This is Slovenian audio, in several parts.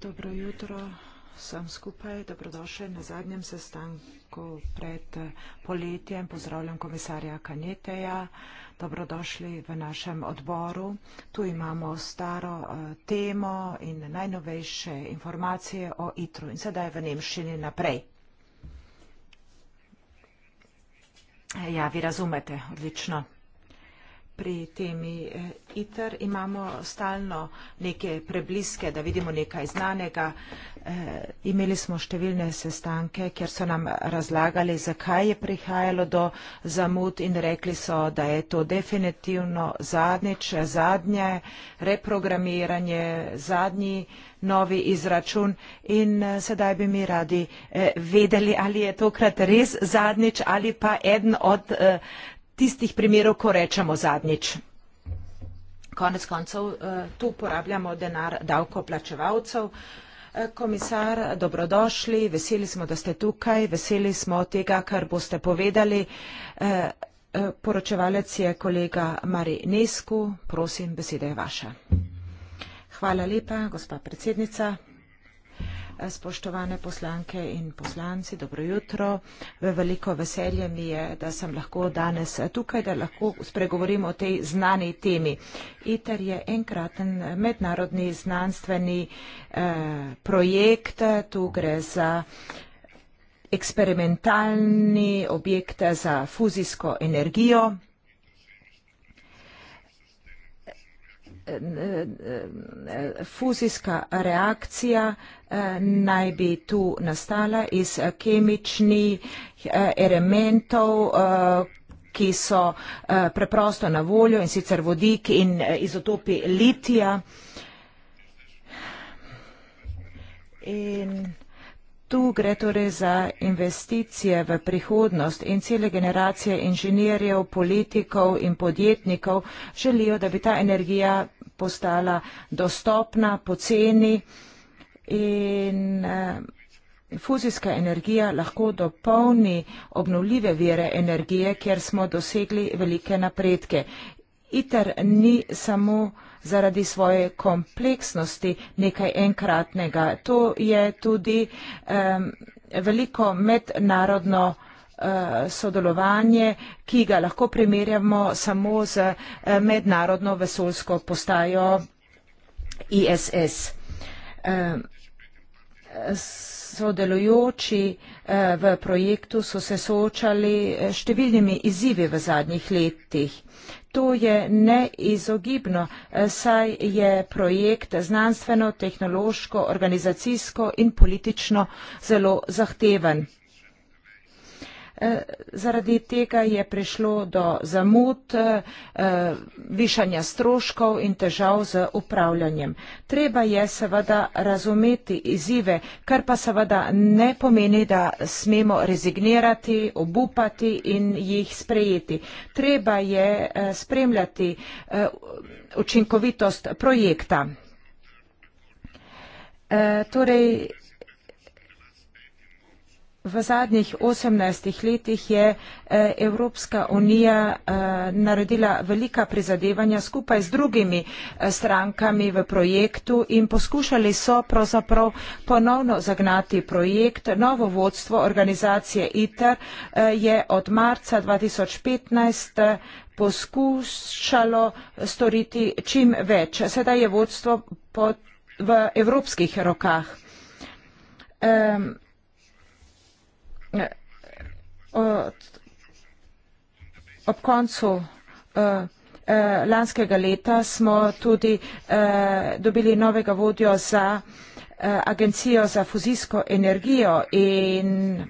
Dobro jutro vsem skupaj, dobrodošli na zadnjem sestanku pred eh, poletjem. Pozdravljam komisarja Kaneteja, dobrodošli v našem odboru. Tu imamo staro eh, temo in najnovejše informacije o ITRU in sedaj v Nemščini naprej. Ja, vi razumete, odlično pri temi eh, ITER. Imamo stalno neke prebliske, da vidimo nekaj znanega. E, imeli smo številne sestanke, kjer so nam razlagali, zakaj je prihajalo do zamud in rekli so, da je to definitivno zadnjič, zadnje reprogramiranje, zadnji novi izračun in eh, sedaj bi mi radi e, vedeli, ali je tokrat res zadnjič ali pa eden od e, tistih primerov, ko rečemo zadnjič. Konec koncev eh, tu uporabljamo denar davkoplačevalcev. Eh, komisar, dobrodošli, veseli smo, da ste tukaj, veseli smo tega, kar boste povedali. Eh, poročevalec je kolega Mari Nesku, prosim, beseda je vaša. Hvala lepa, gospa predsednica spoštovane poslanke in poslanci, dobro jutro. V veliko veselje mi je, da sem lahko danes tukaj, da lahko spregovorim o tej znani temi. ITER je enkraten mednarodni znanstveni eh, projekt, tu gre za eksperimentalni objekt za fuzijsko energijo fuzijska reakcija eh, naj bi tu nastala iz kemičnih eh, elementov, eh, ki so preprosto na voljo in sicer vodik in izotopi litija. In tu gre torej za investicije v prihodnost in cele generacije inženirjev, politikov in podjetnikov želijo, da bi ta energija postala dostopna, poceni in eh, fuzijska energija lahko dopolni obnovljive vire energije, kjer smo dosegli velike napredke. ITER ni samo zaradi svoje kompleksnosti nekaj enkratnega. To je tudi um, veliko mednarodno eh, sodelovanje, ki ga lahko primerjamo samo z eh, mednarodno vesolsko postajo ISS. Sodelujoči eh, v projektu so se soočali številnimi izzivi v zadnjih letih. To je neizogibno, eh, saj je projekt znanstveno, tehnološko, organizacijsko in politično zelo zahteven. Eh, zaradi tega je prišlo do zamud, eh, višanja stroškov in težav z upravljanjem. Treba je seveda razumeti izzive, kar pa seveda ne pomeni, da smemo rezignirati, obupati in jih sprejeti. Treba je eh, spremljati učinkovitost projekta. Torej, V zadnjih 18 letih je eh, Evropska unija eh, naredila velika prizadevanja skupaj z drugimi eh, strankami v projektu in poskušali so pravzaprav ponovno zagnati projekt. Novo vodstvo organizacije ITER je od marca 2015 poskušalo storiti čim več. Sedaj je vodstvo v evropskih rokah. Eh, ob koncu eh, eh, lanskega leta smo tudi dobili novega vodjo za agencijo za fuzijsko energijo in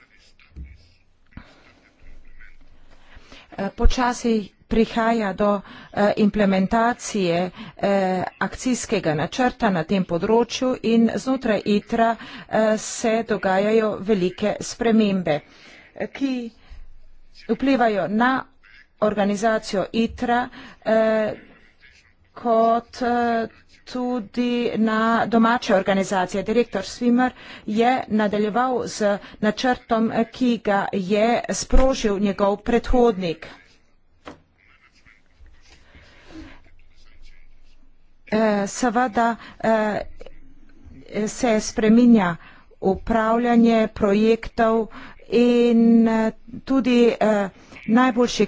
počasi prihaja do eh, implementacije eh, akcijskega načrta na tem področju in znotraj ITRA eh, se dogajajo velike spremembe, eh, ki vplivajo na organizacijo ITRA eh, kot eh, tudi na domače organizacije. Direktor Svimer je nadaljeval z načrtom, eh, ki ga je sprožil njegov predhodnik. Eh, seveda eh, se spreminja upravljanje projektov in eh, tudi najboljši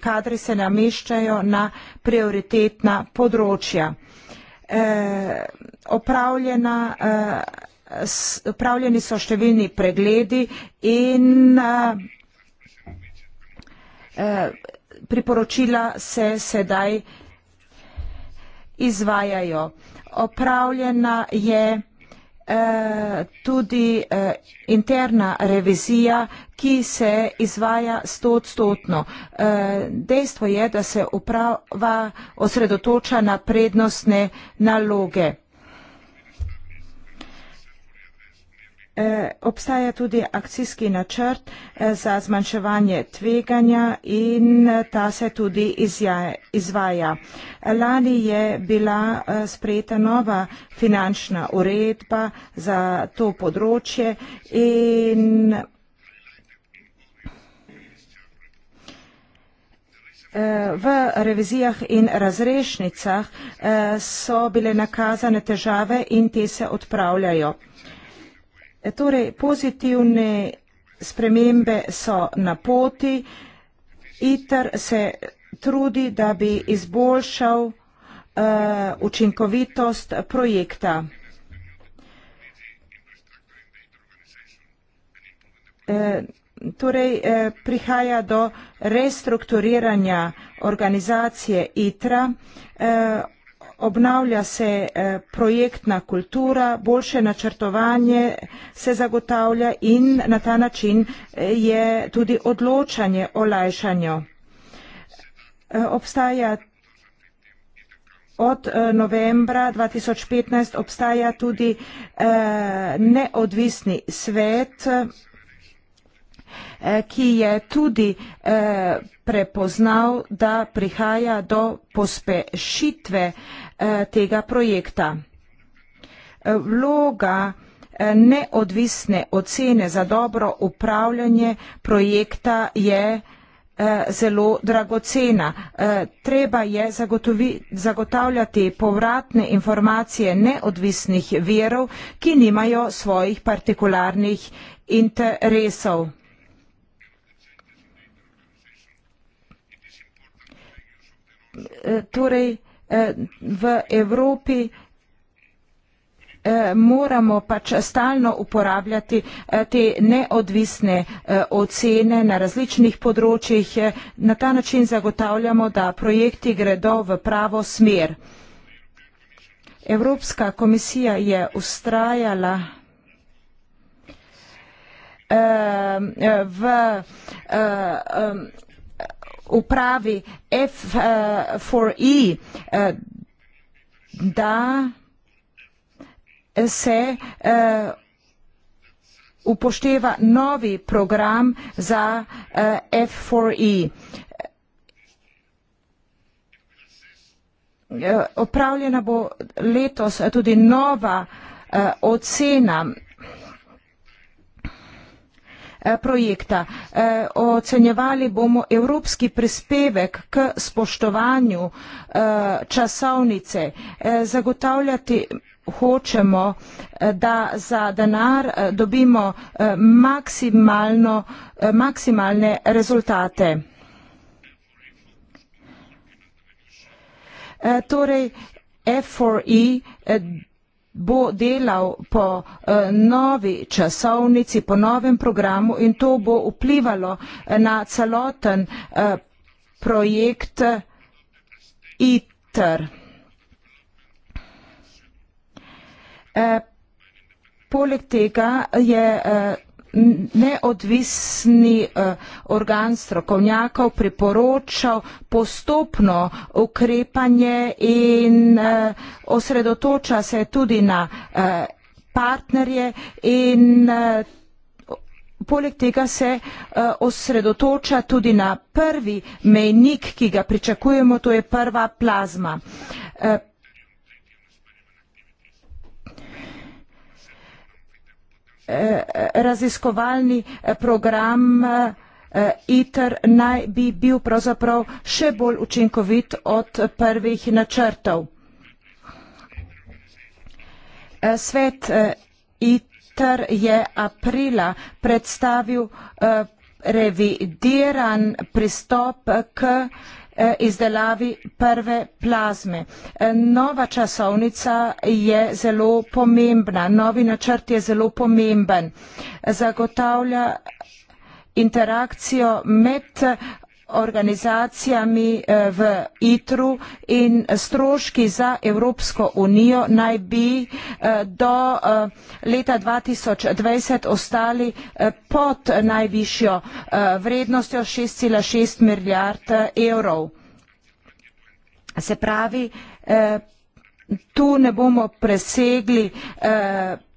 kadri se nameščajo na prioritetna področja. Upravljeni so številni pregledi in priporočila se sedaj izgleda izvajajo. Opravljena je eh, tudi eh, interna revizija, ki se izvaja stotstotno. Eh, dejstvo je, da se uprava osredotoča na prednostne naloge. Eh, obstaja tudi akcijski načrt eh, za zmanjševanje tveganja in eh, ta se tudi izvaja. Lani je bila sprejeta nova finančna uredba za to področje in V revizijah in razrešnicah so bile nakazane težave in te se odpravljajo. E, torej, pozitivne spremembe so na poti. ITER se trudi, da bi izboljšal uh, učinkovitost projekta. E, torej, e, prihaja do restrukturiranja organizacije ITRA. E, obnavlja se eh, projektna kultura, boljše načrtovanje se zagotavlja in na ta način eh, je tudi odločanje o lajšanju. Eh, obstaja od novembra 2015 obstaja tudi neodvisni svet, ki je tudi prepoznal, da prihaja do pospešitve projekta Eh, tega projekta. Eh, vloga eh, neodvisne ocene za dobro upravljanje projekta je zelo dragocena. Treba je zagotavljati povratne informacije neodvisnih verov, ki nimajo svojih partikularnih interesov. Torej, Eh, v Evropi eh, moramo pač stalno uporabljati eh, te neodvisne ocene na različnih področjih. Na ta način zagotavljamo, da projekti gredo v pravo smer. Evropska komisija je ustrajala v upravi F4E, eh, eh, da se eh, upošteva novi program za F4E. Opravljena bo letos tudi nova ocena Eh, projekta. Eh, ocenjevali bomo evropski prispevek k spoštovanju eh, časovnice, zagotavljati hočemo, da za denar dobimo maksimalne rezultate. Torej, F4E bo delal po uh, novi časovnici, po novem programu in to bo vplivalo na celoten uh, projekt ITER. Uh, eh, poleg tega je uh, neodvisni eh, organ strokovnjakov priporočal postopno ukrepanje in eh, osredotoča se tudi na eh, partnerje in poleg tega se osredotoča tudi na prvi mejnik, ki ga pričakujemo, to je prva plazma. raziskovalni eh, program eh, ITER naj bi bil pravzaprav še bolj učinkovit od prvih načrtov. Eh, svet ITER je aprila predstavil revidiran pristop k Eh, izdelavi prve plazme. Eh, nova časovnica je zelo pomembna, novi načrt je zelo pomemben. Zagotavlja interakcijo med organizacijami eh, v ITRU in stroški za Evropsko unijo naj bi eh, do eh, leta 2020 ostali pod najvišjo vrednostjo 6,6 milijard evrov. Se pravi, tu ne bomo presegli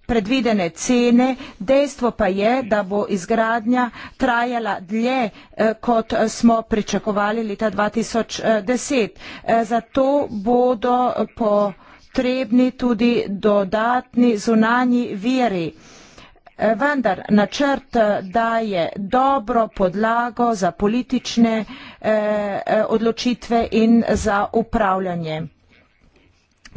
predvidene cene, dejstvo pa je, da bo izgradnja trajala dlje, eh, kot eh, smo pričakovali leta 2010. Eh, zato bodo potrebni tudi dodatni zunanji viri. Vendar načrt daje dobro podlago za politične eh, odločitve in za upravljanje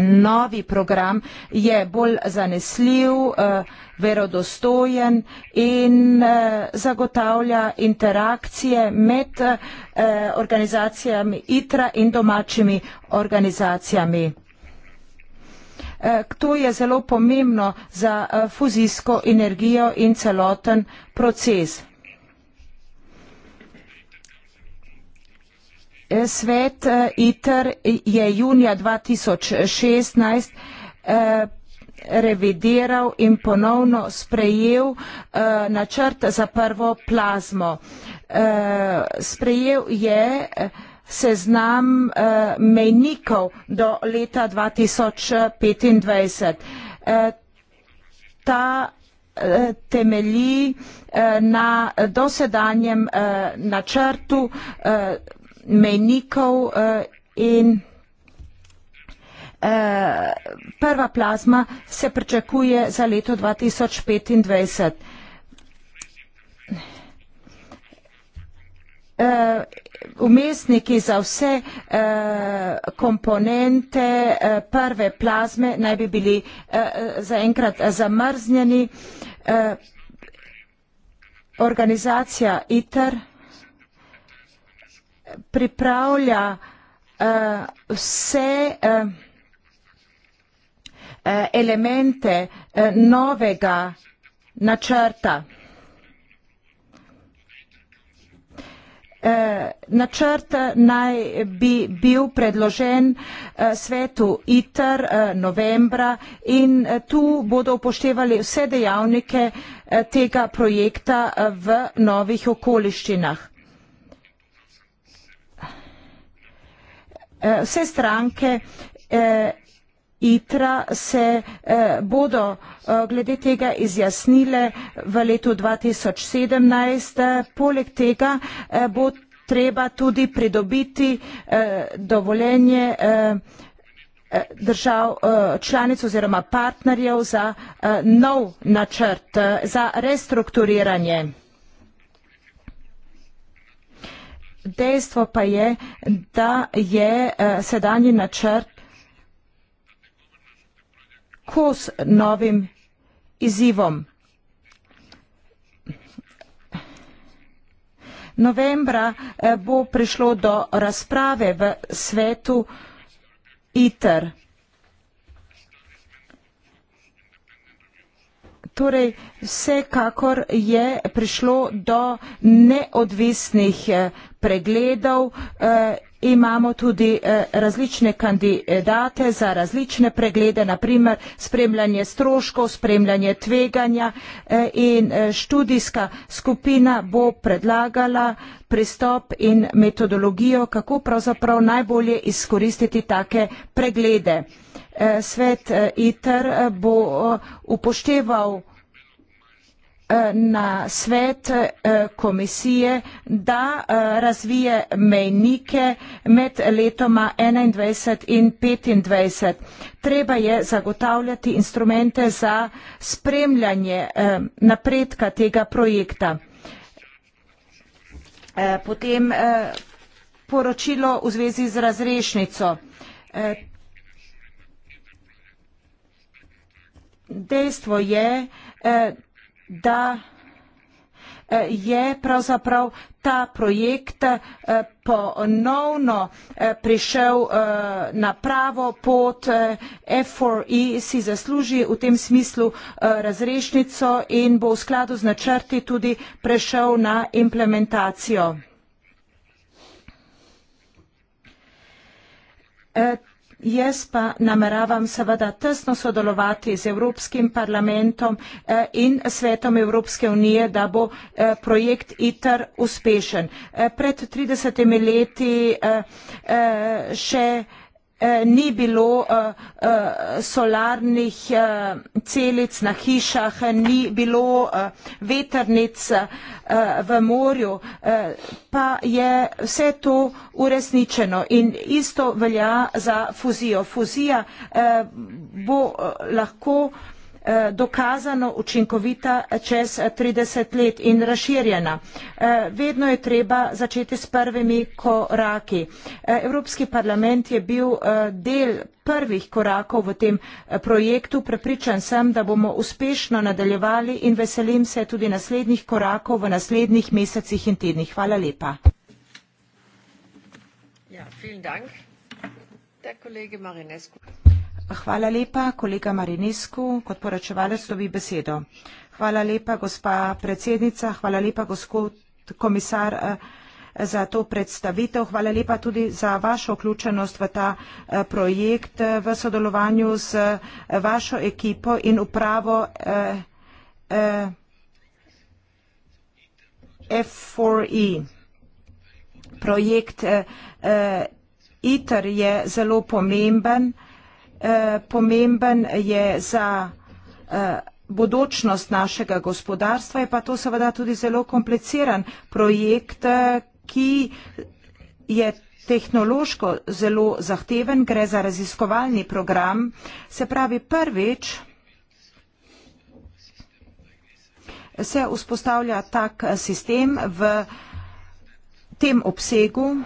novi program je bolj zanesljiv, eh, verodostojen in eh, zagotavlja interakcije med eh, organizacijami ITRA in domačimi organizacijami. To je zelo pomembno za fuzijsko energijo in celoten proces. svet eh, ITER je junija 2016 eh, revideral in ponovno sprejel eh, načrt za prvo plazmo. Sprejel je seznam mejnikov do leta 2025. Ta temelji na dosedanjem načrtu mejnikov eh, in eh, prva plazma se pričakuje za leto 2025. Eh, umestniki za vse komponente prve plazme naj bi bili zaenkrat zamrznjeni. Organizacija ITER pripravlja uh, vse uh, elemente uh, novega načrta. Načrt naj bi bil predložen svetu ITR novembra in tu bodo upoštevali vse dejavnike tega projekta v novih okoliščinah. eh, vse stranke eh, ITRA se eh, bodo eh, glede tega izjasnile v letu 2017. Eh, poleg tega eh, bo treba tudi pridobiti eh, dovoljenje eh, eh držav eh, članic oziroma partnerjev za eh, nov načrt, za restrukturiranje. Dejstvo pa je, da je eh, sedanji načrt kos novim izzivom. Novembra eh, bo prišlo do razprave v svetu ITER. Torej, vsekakor je prišlo do neodvisnih eh, pregledov. Eh, imamo tudi eh, različne kandidate za različne preglede, naprimer spremljanje stroškov, spremljanje tveganja eh, in študijska skupina bo predlagala pristop in metodologijo, kako pravzaprav najbolje izkoristiti take preglede. Svet ITER bo upošteval na svet eh, komisije, da eh, razvije mejnike med letoma 2021 in 2025. Treba je zagotavljati instrumente za spremljanje eh, napredka tega projekta. Potem poročilo v zvezi z razrešnico. Dejstvo je, da eh, je pravzaprav ta projekt eh, ponovno eh, prišel na pravo pot, F4E si zasluži v tem smislu razrešnico in bo v skladu z načrti tudi prešel na implementacijo. Jaz pa nameravam seveda tesno sodelovati z Evropskim parlamentom eh, in svetom Evropske unije, da bo eh, projekt ITER uspešen. Eh, pred 30 leti še Eh, ni bilo eh, eh, solarnih celic na hišah, ni bilo veternic v morju, pa je vse to uresničeno. In isto velja za fuzijo. Fuzija bo lahko Eh, dokazano učinkovita čez 30 eh, let in razširjena. Eh, vedno je treba začeti s prvimi koraki. Evropski parlament je bil del prvih korakov v tem projektu. Prepričan sem, da bomo uspešno nadaljevali in veselim se tudi naslednjih korakov v naslednjih mesecih in tednih. Hvala lepa. Ja, Hvala lepa, kolega Marinesku, kot poročevalec dobi besedo. Hvala lepa, gospa predsednica, hvala lepa, gospod komisar, eh, za to predstavitev. Hvala lepa tudi za vašo vključenost v ta eh, projekt eh, v sodelovanju z vašo ekipo in upravo F4E. Projekt ITER je zelo pomemben. Eh, pomemben je za eh, bodočnost našega gospodarstva, je pa to seveda tudi zelo kompliciran projekt, eh, ki je tehnološko zelo zahteven, gre za raziskovalni program. Se pravi, prvič se vzpostavlja tak sistem v tem obsegu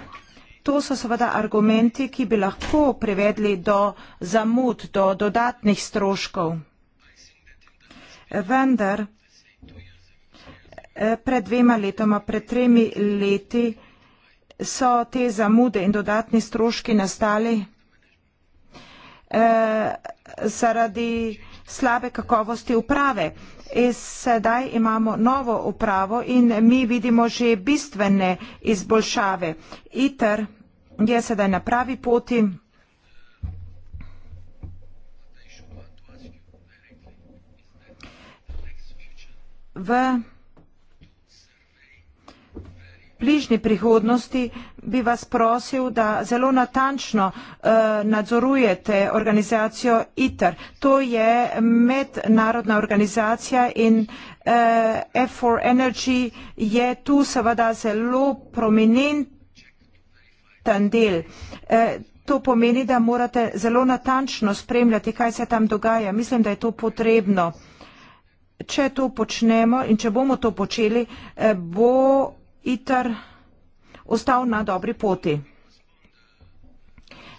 To so seveda argumenti, ki bi lahko privedli do zamud, do dodatnih stroškov. Vendar eh, pred dvema letoma, pred tremi leti so te zamude in dodatni stroški nastali eh, zaradi slabe kakovosti uprave. In sedaj imamo novo upravo in mi vidimo že bistvene izboljšave. ITER je sedaj na pravi poti. V bližnji prihodnosti bi vas prosil, da zelo natančno eh, nadzorujete organizacijo ITER. To je mednarodna organizacija in eh, F4 Energy je tu seveda zelo prominenten del. Eh, to pomeni, da morate zelo natančno spremljati, kaj se tam dogaja. Mislim, da je to potrebno. Če to počnemo in če bomo to počeli, bo ITER ostal na dobri poti.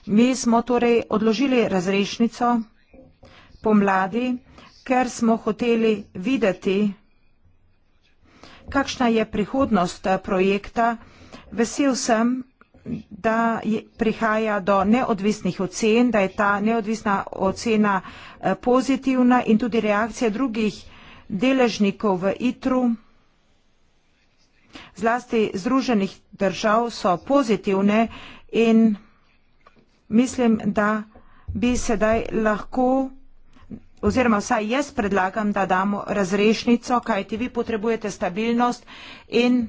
Mi smo torej odložili razrešnico pomladi, ker smo hoteli videti, kakšna je prihodnost eh, projekta. Vesel sem, da prihaja do neodvisnih ocen, da je ta neodvisna ocena eh, pozitivna in tudi reakcija drugih deležnikov v ITRU zlasti Združenih držav so pozitivne in mislim, da bi sedaj lahko oziroma vsaj jaz predlagam, da damo razrešnico, kajti vi potrebujete stabilnost in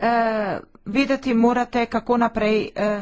eh, videti morate, kako naprej eh,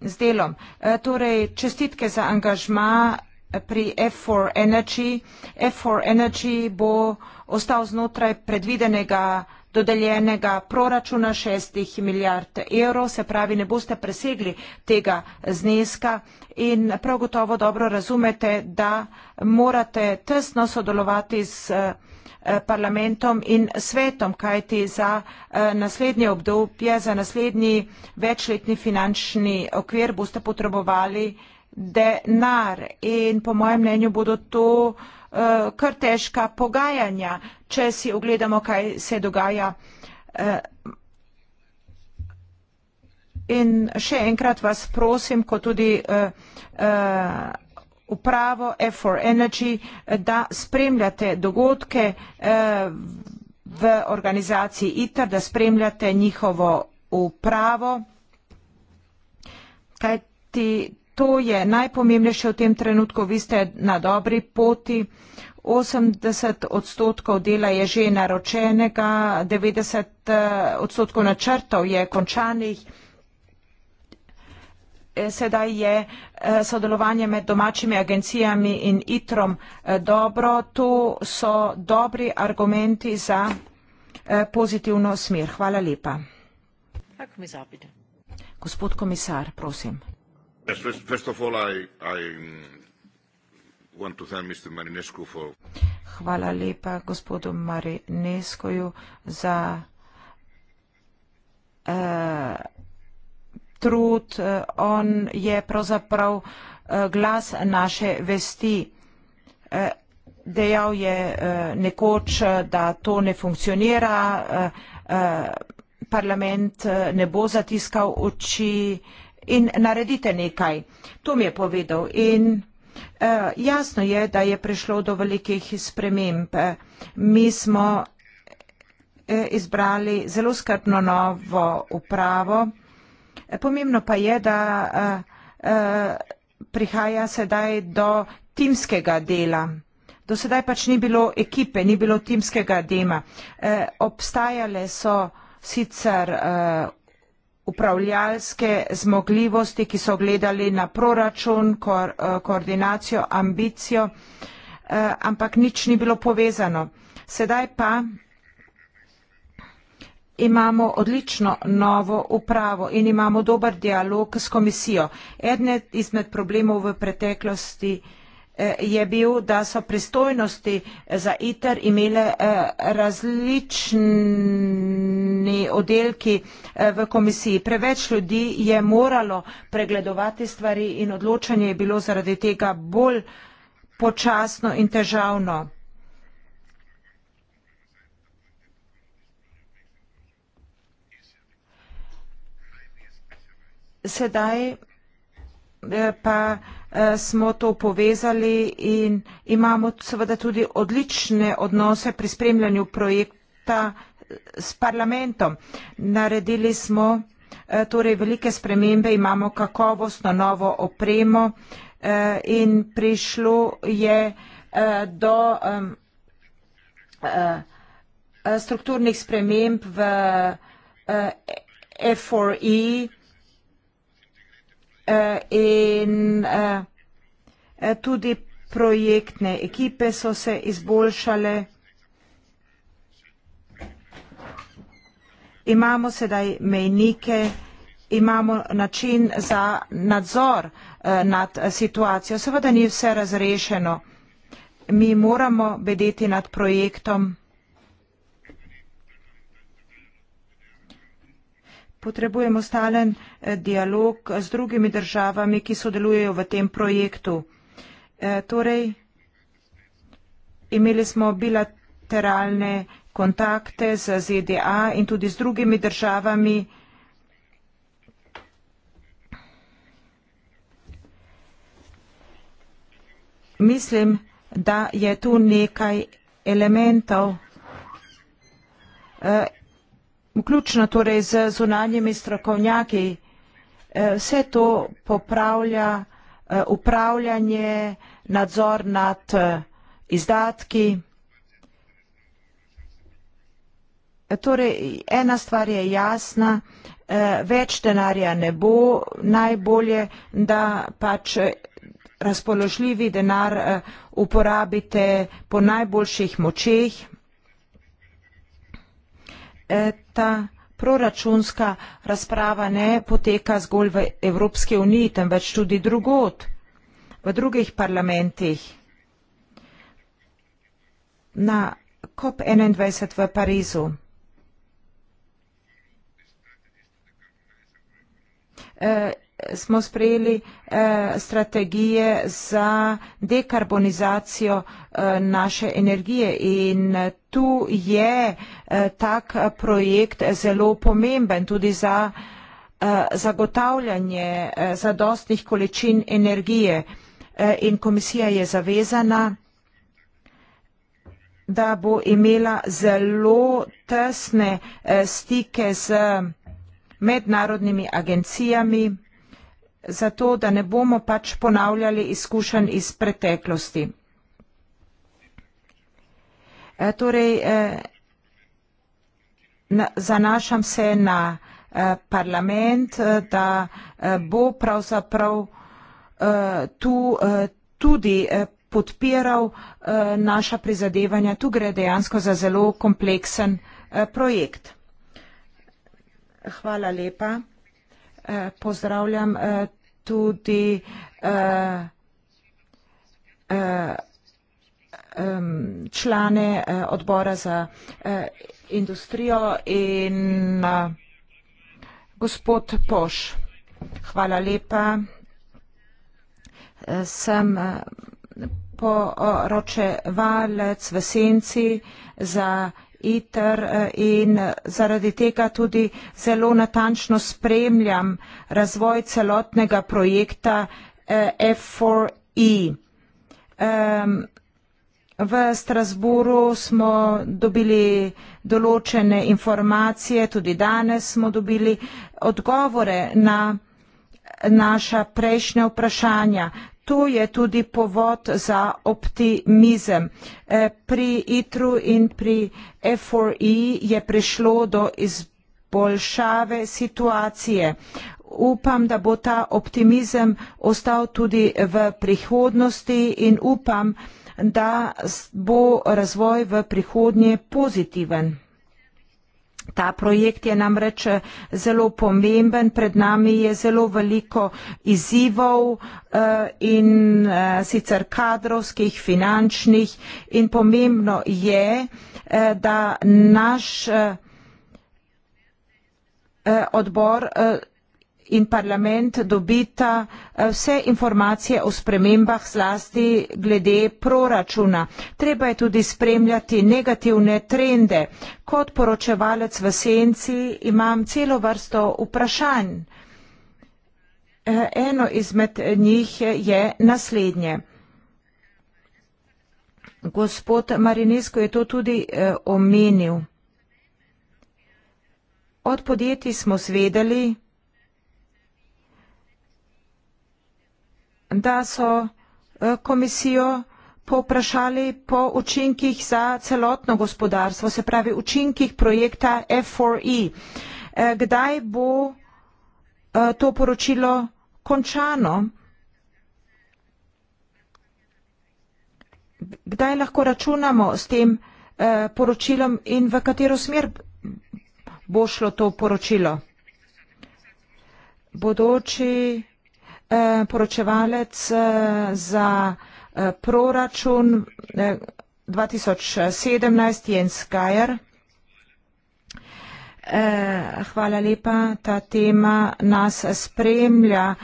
z delom. Eh, torej, čestitke za angažma pri F4 Energy. F4 Energy bo ostal znotraj predvidenega dodeljenega proračuna šestih milijard evrov, se pravi, ne boste presegli tega zneska in prav gotovo dobro razumete, da morate tesno sodelovati z eh, parlamentom in svetom, kajti za eh, naslednje obdobje, za naslednji večletni finančni okvir boste potrebovali denar in po mojem mnenju bodo to uh, kar težka pogajanja, če si ogledamo, kaj se dogaja. Uh, in še enkrat vas prosim, kot tudi uh, uh, upravo F4Energy, da spremljate dogodke uh, v organizaciji ITER, da spremljate njihovo upravo. Kaj ti to je najpomembnejše v tem trenutku, vi ste na dobri poti. 80 odstotkov dela je že naročenega, 90 eh, odstotkov načrtov je končanih. Eh, sedaj je eh, sodelovanje med domačimi agencijami in ITROM dobro. To so dobri argumenti za pozitivno smer. Hvala lepa. Gospod komisar, prosim. Yes. First of all, I um, want to thank Mr. Marinescu for. Hvala lepa gospodu Marinescu za uh, trud. On je pravzaprav uh, glas naše vesti. Uh, dejal je uh, nekoč, da to ne funkcionira. Uh, uh, parlament uh, ne bo zatiskal oči. Uh, in naredite nekaj. To mi je povedal. In eh, jasno je, da je prišlo do velikih sprememb. Mi smo eh, izbrali zelo skrbno novo upravo. Pomembno pa je, da eh, prihaja sedaj do timskega dela. Do sedaj pač ni bilo ekipe, ni bilo timskega dema. Obstajale so sicer upravljalske zmogljivosti, ki so gledali na proračun, ko, eh, koordinacijo, ambicijo, eh, ampak nič ni bilo povezano. Sedaj pa imamo odlično novo upravo in imamo dober dialog s komisijo. Eden izmed problemov v preteklosti eh, je bil, da so pristojnosti za ITER imele različne pregledovalni oddelki eh, v komisiji. Preveč ljudi je moralo pregledovati stvari in odločanje je bilo zaradi tega bolj počasno in težavno. Sedaj eh, pa eh, smo to povezali in imamo seveda tudi odlične odnose pri spremljanju projekta s parlamentom. Naredili smo eh, torej velike spremembe, imamo kakovostno novo opremo eh, in prišlo je eh, do strukturnih sprememb v F4E e, in tudi projektne ekipe so se izboljšale. imamo sedaj mejnike, imamo način za nadzor eh, nad eh, situacijo. Seveda ni vse razrešeno. Mi moramo bedeti nad projektom. Potrebujemo stalen eh, dialog z drugimi državami, ki sodelujejo v tem projektu. Torej, imeli smo bilateralne kontakte z ZDA in tudi z drugimi državami. Mislim, da je tu nekaj elementov, eh, vključno torej z zunanjimi strokovnjaki. Eh, vse to popravlja eh, upravljanje, nadzor nad izdatki. Torej, ena stvar je jasna, eh, več denarja ne bo, najbolje, da pač razpoložljivi denar eh, uporabite po najboljših močeh. Eh, ta proračunska razprava ne poteka zgolj v Evropske uniji, temveč tudi drugot, v drugih parlamentih. Na COP21 v Parizu. eh, smo sprejeli eh, strategije za dekarbonizacijo eh, naše energije in tu je eh, tak projekt zelo pomemben tudi za eh, zagotavljanje eh, zadostnih količin energije eh, in komisija je zavezana da bo imela zelo tesne eh, stike z mednarodnimi agencijami, zato da ne bomo pač ponavljali izkušenj iz preteklosti. E, torej, e, na, zanašam se na e, parlament, e, da e, bo pravzaprav e, tu e, tudi e, podpiral e, naša prizadevanja. Tu gre dejansko za zelo kompleksen e, projekt. Hvala lepa. Eh, pozdravljam eh, tudi eh, člane odbora za industrijo in gospod Poš. Hvala lepa. Sem poročevalec v senci za ITR eh, in zaradi tega tudi zelo natančno spremljam razvoj celotnega projekta eh, F4E. V Strasburu smo dobili določene informacije, tudi danes smo dobili odgovore na naša prejšnja vprašanja. To je tudi povod za optimizem. Eh, pri ITRU in pri F4E je prišlo do izboljšave situacije. Upam, da bo ta optimizem ostal tudi v prihodnosti in upam, da bo razvoj v prihodnje pozitiven. Ta projekt je namreč eh, zelo pomemben, pred nami je zelo veliko izzivov eh, in eh, sicer kadrovskih, finančnih in pomembno je, da naš odbor in parlament dobita eh, vse informacije o spremembah zlasti glede proračuna. Treba je tudi spremljati negativne trende. Kot poročevalec v senci imam celo vrsto vprašanj. Eh, eno izmed njih je naslednje. Gospod Marinesko je to tudi eh, omenil. Od podjetij smo zvedeli, da so eh, komisijo povprašali po učinkih za celotno gospodarstvo, se pravi učinkih projekta F4E. Eh, kdaj bo eh, to poročilo končano? Kdaj lahko računamo s tem poročilom in v katero smer bo šlo to poročilo? Bodoči Eh, poročevalec eh, za eh, proračun 2017 Jens Geier. Hvala lepa, ta tema nas spremlja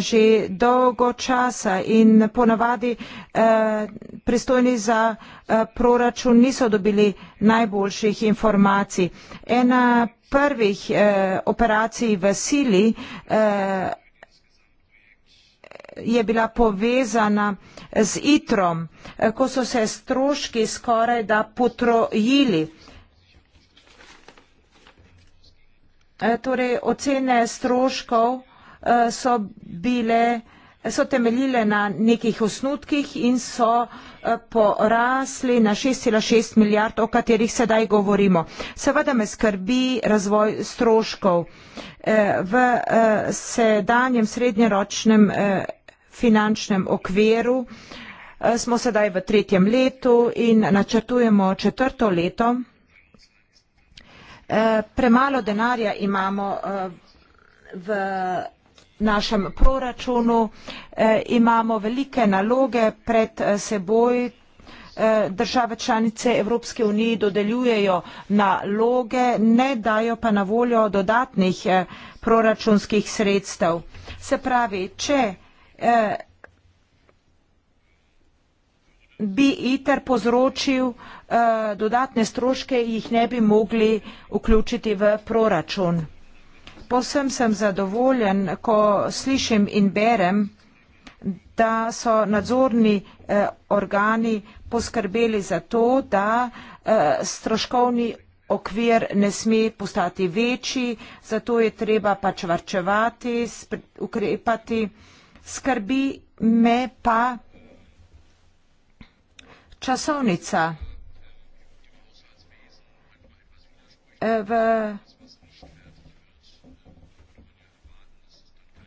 že dolgo časa in ponavadi pristojni za proračun niso dobili najboljših informacij. Ena prvih operacij v sili je bila povezana z itrom, eh, ko so se stroški skoraj da potrojili. Eh, torej, ocene stroškov eh, so, bile, so temeljile na nekih osnutkih in so porasli na 6,6 milijard, o katerih sedaj govorimo. Seveda me skrbi razvoj stroškov. V sedanjem srednjeročnem finančnem okviru. Eh, smo sedaj v tretjem letu in načrtujemo četrto leto. Eh, premalo denarja imamo eh, v našem proračunu. Imamo velike naloge pred seboj. Države članice Evropske unije dodeljujejo naloge, ne dajo pa na voljo dodatnih proračunskih sredstev. Se pravi, če Eh, bi ITER povzročil eh, dodatne stroške, jih ne bi mogli vključiti v proračun. Posem sem zadovoljen, ko slišim in berem, da so nadzorni eh, organi poskrbeli za to, da stroškovni okvir ne sme postati večji, zato je treba pač varčevati, ukrepati in skrbi me pa časovnica. V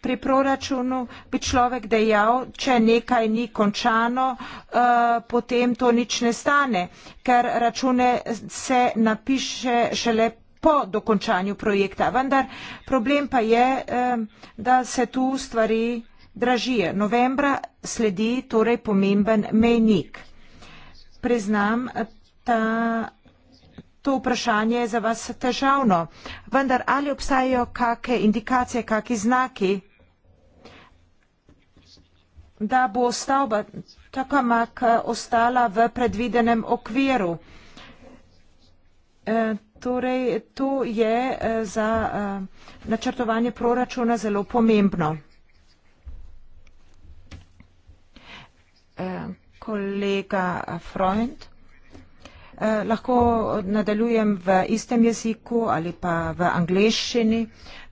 Pri proračunu bi človek dejal, če nekaj ni končano, uh, potem to nič ne stane, ker račune se napiše šele po dokončanju projekta. Vendar problem pa je, uh, da se tu stvari dražije. Novembra sledi torej pomemben mejnik. Priznam, da to vprašanje je za vas težavno, vendar ali obstajajo kakšne indikacije, kakšni znaki, da bo stavba tako mak eh, ostala v predvidenem okviru. E, torej, to je eh, za e, načrtovanje proračuna zelo pomembno. Eh, kolega Freund. Eh, lahko nadaljujem v istem jeziku ali pa v angliščini.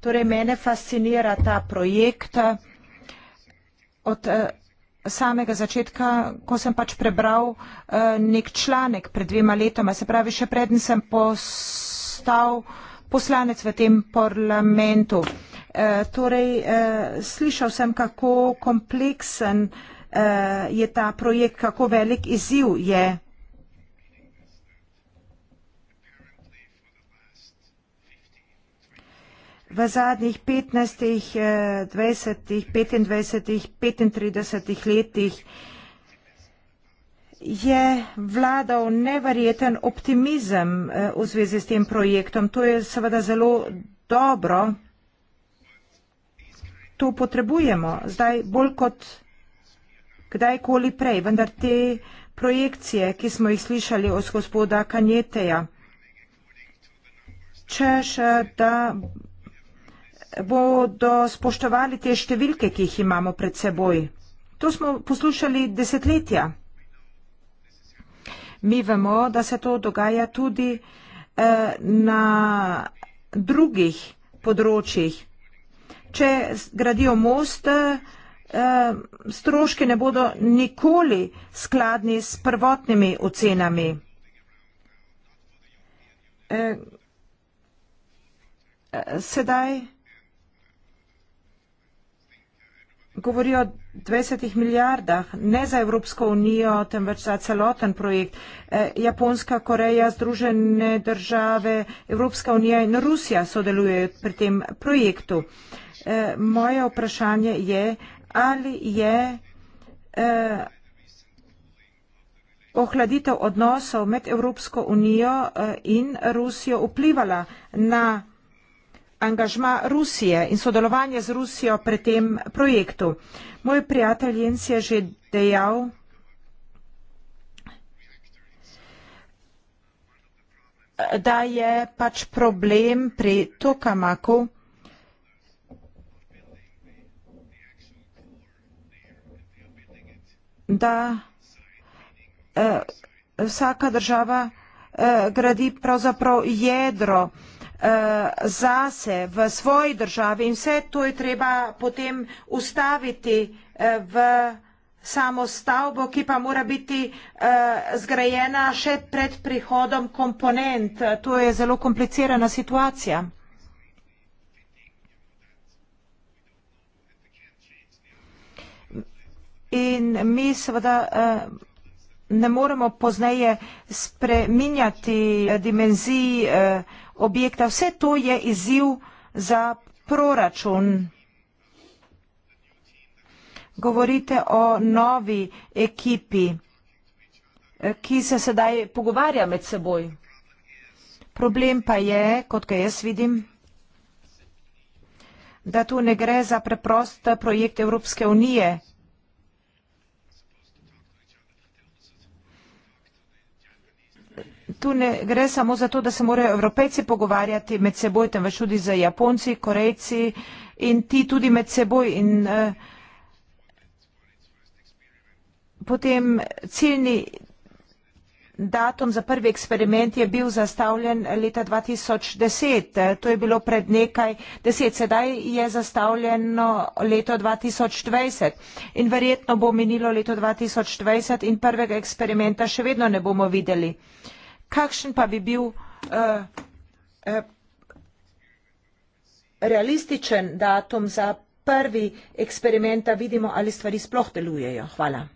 Torej, mene fascinira ta projekt eh, od eh, samega začetka, ko sem pač prebral eh, nek članek pred dvema letoma. Se pravi, še preden sem postal poslanec v tem parlamentu. Eh, torej, eh, slišal sem, kako kompleksen eh, uh, je ta projekt, kako velik izziv je. V zadnjih 15, 20, 25, 35 letih je vladal nevreten optimizem eh, v zvezi s tem projektom. To je seveda zelo dobro. To potrebujemo zdaj bolj kot kdajkoli prej, vendar te projekcije, ki smo jih slišali od gospoda Kanjeteja, češ, da bodo spoštovali te številke, ki jih imamo pred seboj. To smo poslušali desetletja. Mi vemo, da se to dogaja tudi eh, na drugih področjih. Če gradijo most, eh, Eh, stroški ne bodo nikoli skladni s prvotnimi ocenami. Eh, eh, sedaj govorijo o 20 milijardah, ne za Evropsko unijo, temveč za celoten projekt. Japonska, Koreja, Združene države, Evropska unija in Rusija sodelujejo pri tem projektu. Moje vprašanje je, ali je eh, ohladitev odnosov med Evropsko unijo eh, in Rusijo vplivala na angažma Rusije in sodelovanje z Rusijo pri tem projektu. Moj prijatelj Jens je že dejal, da je pač problem pri Tokamaku da eh, vsaka država eh, gradi pravzaprav jedro eh, zase v svoji državi in vse to je treba potem ustaviti eh, v samo stavbo, ki pa mora biti eh, zgrajena še pred prihodom komponent. To je zelo komplicirana situacija. In mi seveda eh, ne moremo pozneje spreminjati eh, dimenzij eh, objekta. Vse to je izziv za proračun. Govorite o novi ekipi, ki se sedaj pogovarja med seboj. Problem pa je, kot ga jaz vidim, da tu ne gre za preprost projekt Evropske unije, tu ne gre samo za to, da se morajo evropejci pogovarjati med seboj, temveč tudi za japonci, korejci in ti tudi med seboj. In eh, potem ciljni datum za prvi eksperiment je bil zastavljen leta 2010. To je bilo pred nekaj deset. Sedaj je zastavljeno leto 2020 in verjetno bo minilo leto 2020 in prvega eksperimenta še vedno ne bomo videli kakšen pa bi bil uh, uh, realističen datum za prvi eksperiment, da vidimo, ali stvari sploh delujejo. Hvala.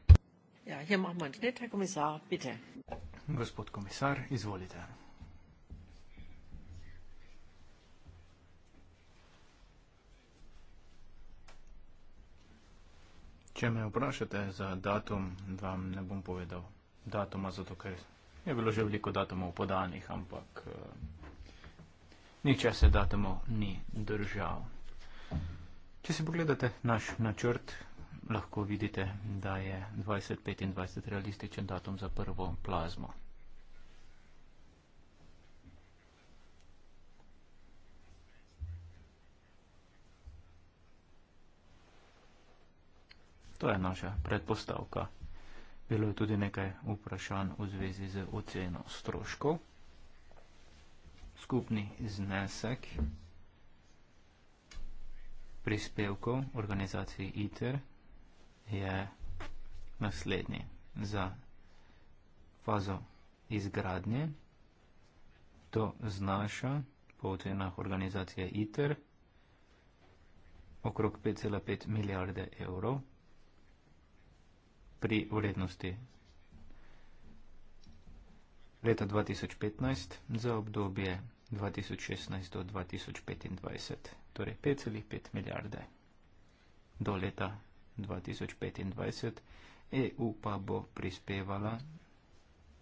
Ja, hier machen wir einen Schnitt, Herr Kommissar, bitte. Gospod Kommissar, izvolite. Če me vprašate za datum, vam ne bom povedal datuma, zato ker je bilo že veliko datumov podanih, ampak uh, eh, nihče se datumov ni držal. Če si pogledate naš načrt, lahko vidite, da je 2025 realističen datum za prvo plazmo. To je naša predpostavka. Bilo je tudi nekaj vprašanj v zvezi z oceno stroškov. Skupni znesek prispevkov organizacije ITER je naslednji za fazo izgradnje. To znaša po ocenah organizacije ITER okrog 5,5 milijarde evrov pri vrednosti leta 2015 za obdobje 2016 do 2025, torej 5,5 milijarde do leta 2025, EU pa bo prispevala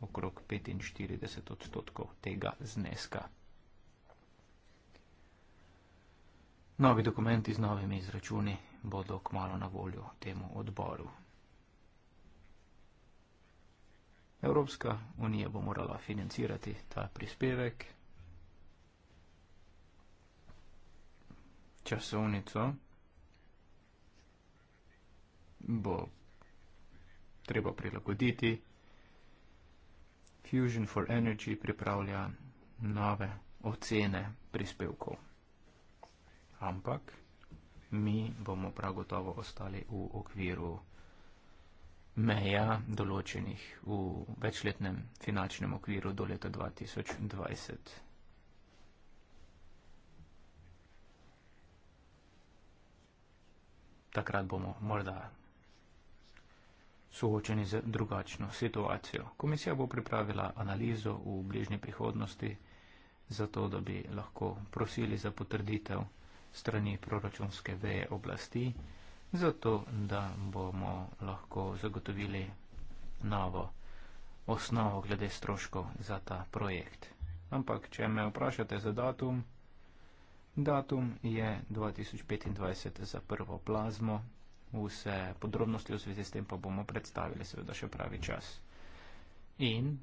okrog 45 odstotkov tega zneska. Novi dokumenti z novimi izračuni bodo kmalo na voljo temu odboru. Evropska unija bo morala financirati ta prispevek. Časovnico bo treba prilagoditi. Fusion for Energy pripravlja nove ocene prispevkov. Ampak mi bomo prav gotovo ostali v okviru meja določenih v večletnem finančnem okviru do leta 2020. Takrat bomo morda soočeni z drugačno situacijo. Komisija bo pripravila analizo v bližnji prihodnosti, zato da bi lahko prosili za potrditev strani proračunske veje oblasti zato da bomo lahko zagotovili novo osnovo glede stroškov za ta projekt. Ampak, če me vprašate za datum, datum je 2025 za prvo plazmo. Vse podrobnosti v zvezi s tem pa bomo predstavili seveda še pravi čas. In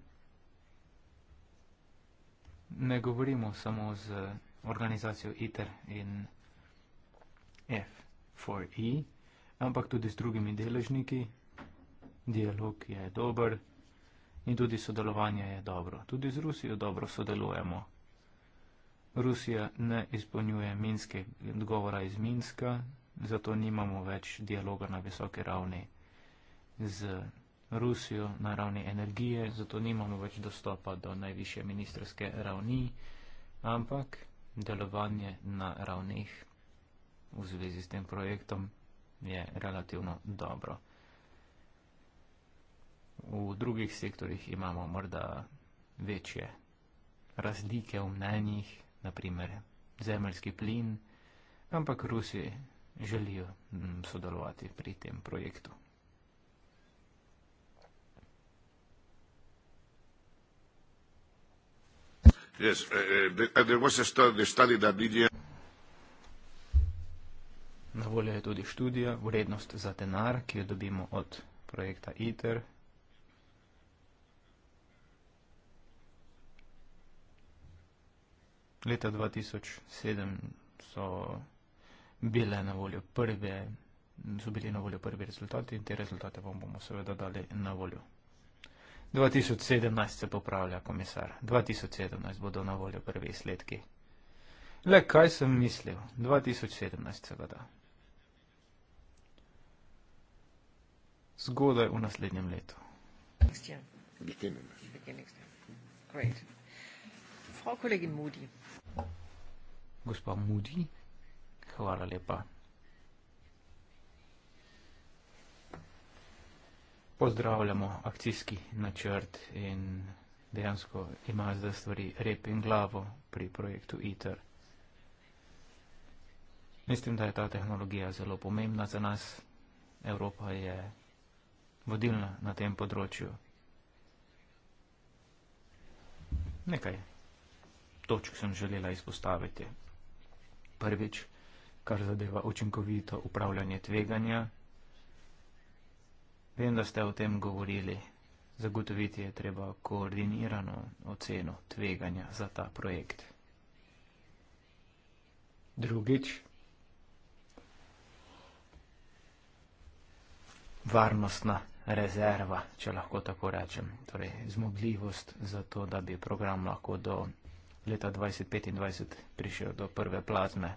ne govorimo samo z organizacijo ITER in F4E, ampak tudi z drugimi deležniki. Dialog je dober in tudi sodelovanje je dobro. Tudi z Rusijo dobro sodelujemo. Rusija ne izpolnjuje Minske odgovora iz Minska, zato nimamo več dialoga na visoki ravni z Rusijo na ravni energije, zato nimamo več dostopa do najviše ministerske ravni, ampak delovanje na ravnih v zvezi s tem projektom je relativno dobro. V drugih sektorjih imamo morda večje razlike v mnenjih, naprimer zemljski plin, ampak Rusi želijo mm, sodelovati pri tem projektu. Yes, uh, uh, uh there was a study, study that media je tudi študija, vrednost za denar, ki jo dobimo od projekta ITER. Leta 2007 so, bile na voljo prve, so bili na voljo prvi rezultati in te rezultate vam bomo seveda dali na voljo. 2017 se popravlja komisar. 2017 bodo na voljo prvi izsledki. Le, kaj sem mislil? 2017 seveda. zgodaj v naslednjem letu. Gospa Moody, hvala lepa. Pozdravljamo akcijski načrt in dejansko ima zdaj stvari rep in glavo pri projektu ITER. Mislim, da je ta tehnologija zelo pomembna za nas. Evropa je vodilna na tem področju. Nekaj točk sem želela izpostaviti. Prvič, kar zadeva učinkovito upravljanje tveganja. Vem, da ste o tem govorili. Zagotoviti je treba koordinirano oceno tveganja za ta projekt. Drugič, varnostna rezerva, če lahko tako rečem, torej zmogljivost za to, da bi program lahko do leta 2025 prišel do prve plazme.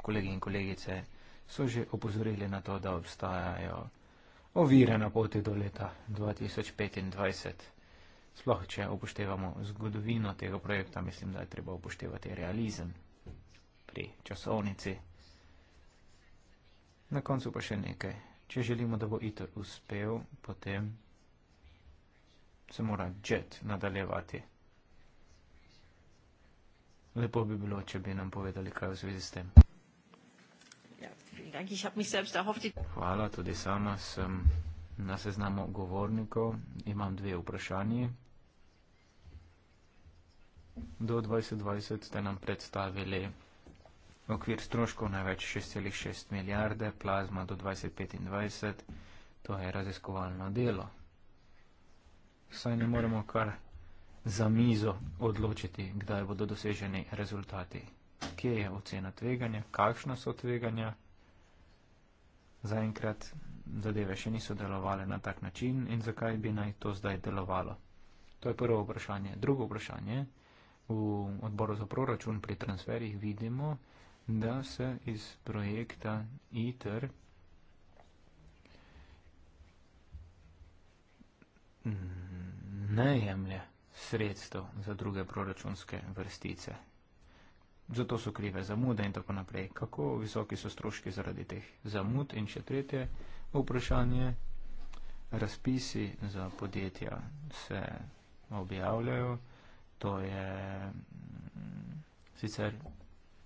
Kolegi in kolegice so že opozorili na to, da obstajajo ovire na poti do leta 2025. Sploh, če upoštevamo zgodovino tega projekta, mislim, da je treba upoštevati realizem pri časovnici. Na koncu pa še nekaj Če želimo, da bo iter uspel, potem se mora jet nadaljevati. Lepo bi bilo, če bi nam povedali, kaj v zvezi s tem. Ja, Hvala, tudi sama sem na seznamu govornikov. Imam dve vprašanji. Do 2020 ste nam predstavili vprašanje. Okvir stroškov največ 6,6 milijarde, plazma do 2025, to je raziskovalno delo. Saj ne moremo kar za mizo odločiti, kdaj bodo doseženi rezultati. Kje je ocena tveganja, kakšna so tveganja? Zaenkrat zadeve še niso delovale na tak način in zakaj bi naj to zdaj delovalo? To je prvo vprašanje. Drugo vprašanje. V odboru za proračun pri transferjih vidimo, da se iz projekta ITER ne jemlje sredstev za druge proračunske vrstice. Zato so krive zamude in tako naprej. Kako visoki so stroški zaradi teh zamud? In še tretje vprašanje, razpisi za podjetja se objavljajo, to je mm, sicer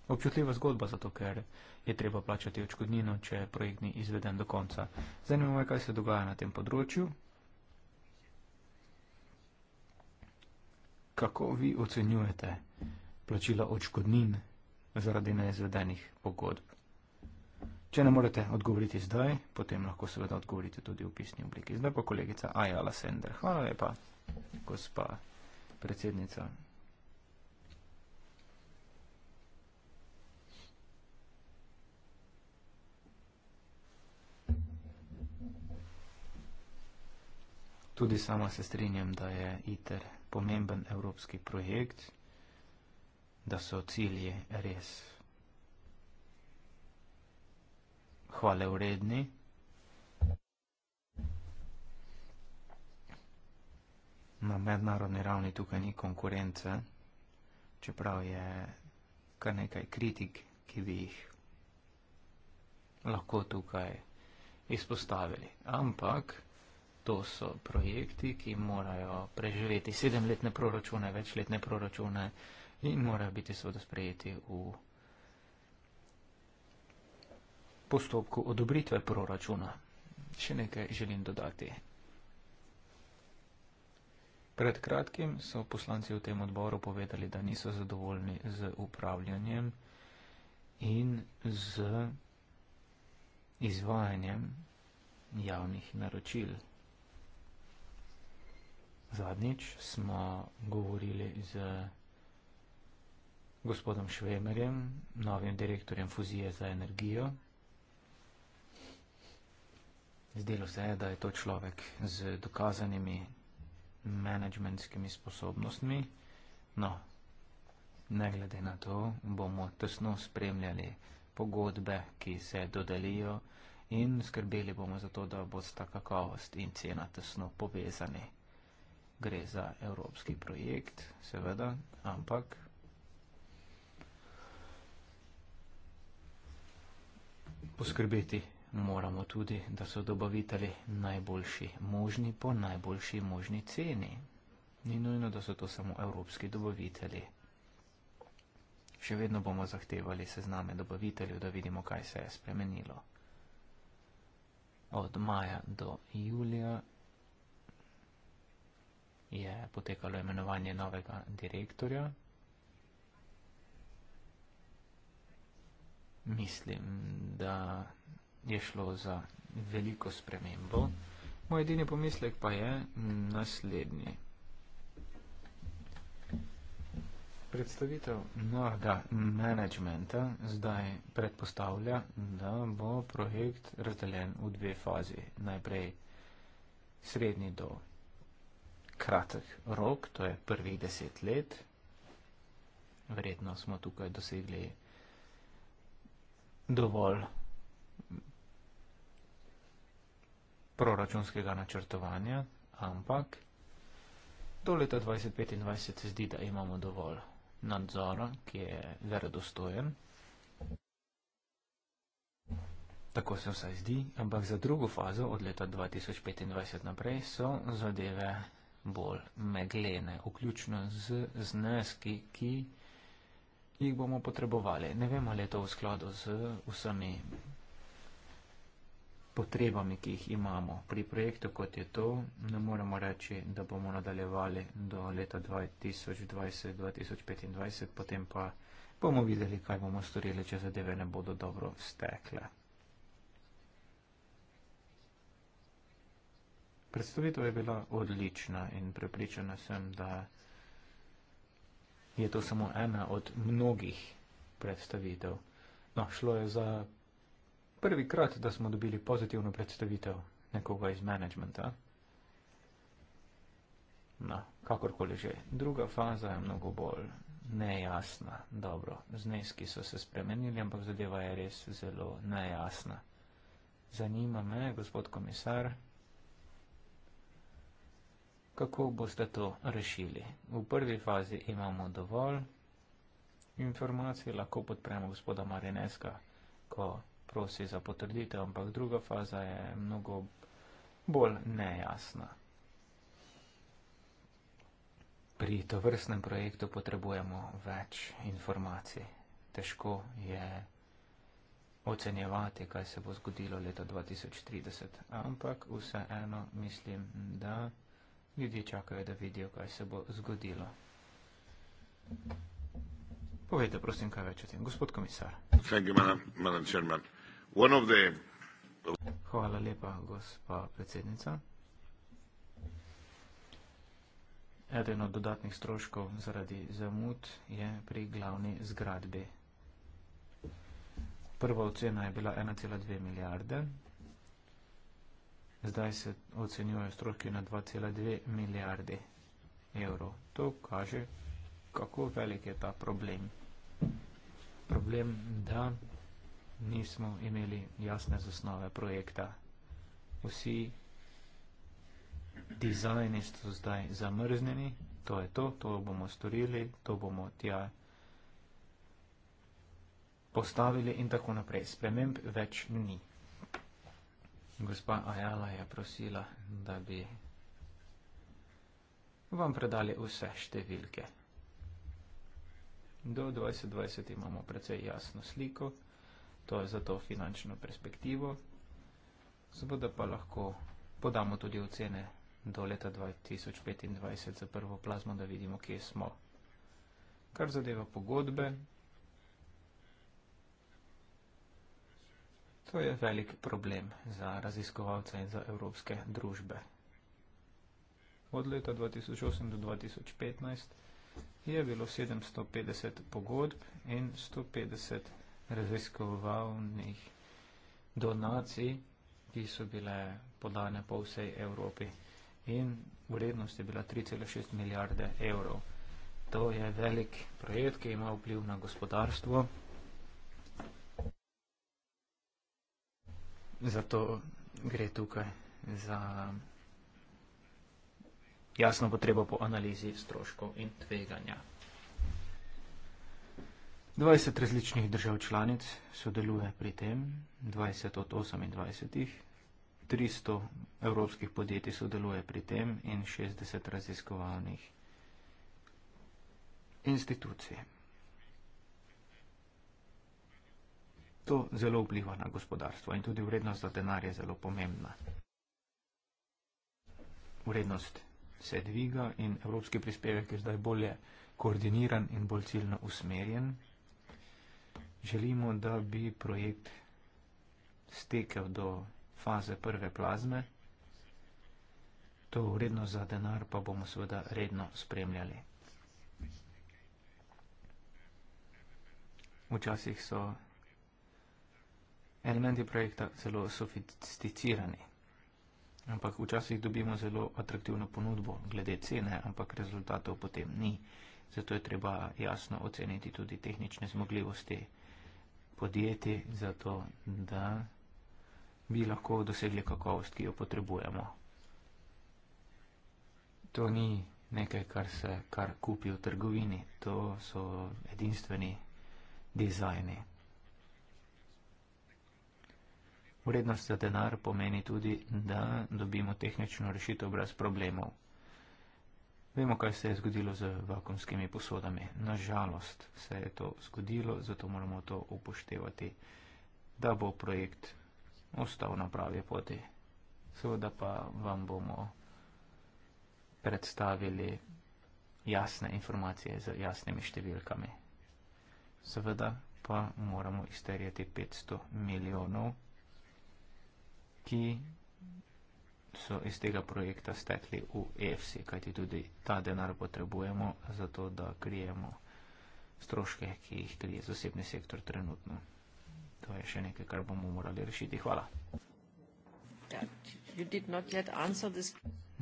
Občutljiva zgodba, zato ker je treba plačati očkodnino, če je projekt ni izveden do konca. Zanimivo je, kaj se dogaja na tem področju. Kako vi ocenjujete plačila očkodnin zaradi neizvedenih pogodb? Če ne morete odgovoriti zdaj, potem lahko seveda odgovorite tudi v pisni obliki. Zdaj pa kolegica Ajala Sender. Hvala lepa, gospa predsednica. Tudi sama se strinjam, da je ITER pomemben evropski projekt, da so cilje res hvale vredni. Na mednarodni ravni tukaj ni konkurence, čeprav je kar nekaj kritik, ki bi jih lahko tukaj izpostavili. Ampak, to so projekti, ki morajo preživeti sedemletne proračune, večletne proračune in morajo biti seveda sprejeti v postopku odobritve proračuna. Še nekaj želim dodati. Pred kratkim so poslanci v tem odboru povedali, da niso zadovoljni z upravljanjem in z izvajanjem javnih naročil. Zadnjič smo govorili z gospodom Švemerjem, novim direktorjem Fuzije za energijo. Zdelo se je, da je to človek z dokazanimi menedžmentskimi sposobnostmi. No, ne glede na to, bomo tesno spremljali pogodbe, ki se dodelijo in skrbeli bomo za to, da bo sta kakovost in cena tesno povezani gre za evropski projekt, seveda, ampak poskrbeti moramo tudi, da so dobavitelji najboljši možni po najboljši možni ceni. Ni nujno, da so to samo evropski dobavitelji. Še vedno bomo zahtevali sezname dobaviteljev, da vidimo, kaj se je spremenilo. Od maja do julija je potekalo imenovanje novega direktorja. Mislim, da je šlo za veliko spremembo. Moj edini pomislek pa je naslednji. Predstavitev novega menedžmenta zdaj predpostavlja, da bo projekt razdeljen v dve fazi. Najprej srednji do kratek rok, to je prvih deset let. Verjetno smo tukaj dosegli dovolj proračunskega načrtovanja, ampak do leta 2025 se zdi, da imamo dovolj nadzora, ki je verodostojen. Tako se vsaj zdi, ampak za drugo fazo od leta 2025 naprej so zadeve bolj meglene, vključno z zneski, ki jih bomo potrebovali. Ne vemo, ali je to v skladu z vsemi potrebami, ki jih imamo pri projektu, kot je to. Ne moremo reči, da bomo nadaljevali do leta 2020-2025, potem pa bomo videli, kaj bomo storili, če zadeve ne bodo dobro stekle. Predstavitev je bila odlična in prepričana sem, da je to samo ena od mnogih predstavitev. No, šlo je za prvi krat, da smo dobili pozitivno predstavitev nekoga iz menedžmenta. No, kakorkoli že. Druga faza je mnogo bolj nejasna. Dobro, zneski so se spremenili, ampak zadeva je res zelo nejasna. Zanima me, gospod komisar kako boste to rešili. V prvi fazi imamo dovolj informacij, lahko podpremo gospoda Marineska, ko prosi za potrditev, ampak druga faza je mnogo bolj nejasna. Pri tovrstnem projektu potrebujemo več informacij. Težko je ocenjevati, kaj se bo zgodilo leta 2030, ampak vseeno mislim, da. Ljudje čakajo, da vidijo, kaj se bo zgodilo. Povejte, prosim, kaj več o tem. Gospod komisar. Hvala lepa, gospa predsednica. Eden od dodatnih stroškov zaradi zamud je pri glavni zgradbi. Prva ocena je bila 1,2 milijarde, Zdaj se ocenjujejo stroški na 2,2 milijarde evrov. To kaže, kako velik je ta problem. Problem, da nismo imeli jasne zasnove projekta. Vsi dizajni so zdaj zamrznjeni, to je to, to bomo storili, to bomo tja postavili in tako naprej. Sprememb več ni. Gospa Ajala je prosila, da bi vam predali vse številke. Do 2020 imamo precej jasno sliko, to je za to finančno perspektivo, seveda pa lahko podamo tudi ocene do leta 2025 za prvo plazmo, da vidimo, kje smo. Kar zadeva pogodbe, To je velik problem za raziskovalce in za evropske družbe. Od leta 2008 do 2015 je bilo 750 pogodb in 150 raziskovalnih donacij, ki so bile podane po vsej Evropi. In vrednost je bila 3,6 milijarde evrov. To je velik projekt, ki ima vpliv na gospodarstvo. Zato gre tukaj za jasno potrebo po analizi stroškov in tveganja. 20 različnih držav članic sodeluje pri tem, 20 od 28. 300 evropskih podjetij sodeluje pri tem in 60 raziskovalnih institucij. To zelo vpliva na gospodarstvo in tudi vrednost za denar je zelo pomembna. Vrednost se dviga in evropski prispevek je zdaj bolje koordiniran in bolj ciljno usmerjen. Želimo, da bi projekt stekel do faze prve plazme. To vrednost za denar pa bomo seveda redno spremljali. Včasih so elementi projekta zelo sofisticirani. Ampak včasih dobimo zelo atraktivno ponudbo glede cene, ampak rezultatov potem ni. Zato je treba jasno oceniti tudi tehnične zmogljivosti podjetij, zato da bi lahko dosegli kakovost, ki jo potrebujemo. To ni nekaj, kar se kar kupi v trgovini, to so edinstveni dizajni. Vrednost za denar pomeni tudi, da dobimo tehnično rešitev brez problemov. Vemo, kaj se je zgodilo z vakumskimi posodami. Nažalost se je to zgodilo, zato moramo to upoštevati, da bo projekt ostal na pravi poti. Seveda pa vam bomo predstavili jasne informacije z jasnimi številkami. Seveda pa moramo izterjati 500 milijonov ki so iz tega projekta stekli v EFSI, kajti tudi ta denar potrebujemo za to, da krijemo stroške, ki jih krije zasebni sektor trenutno. To je še nekaj, kar bomo morali rešiti. Hvala. Ja,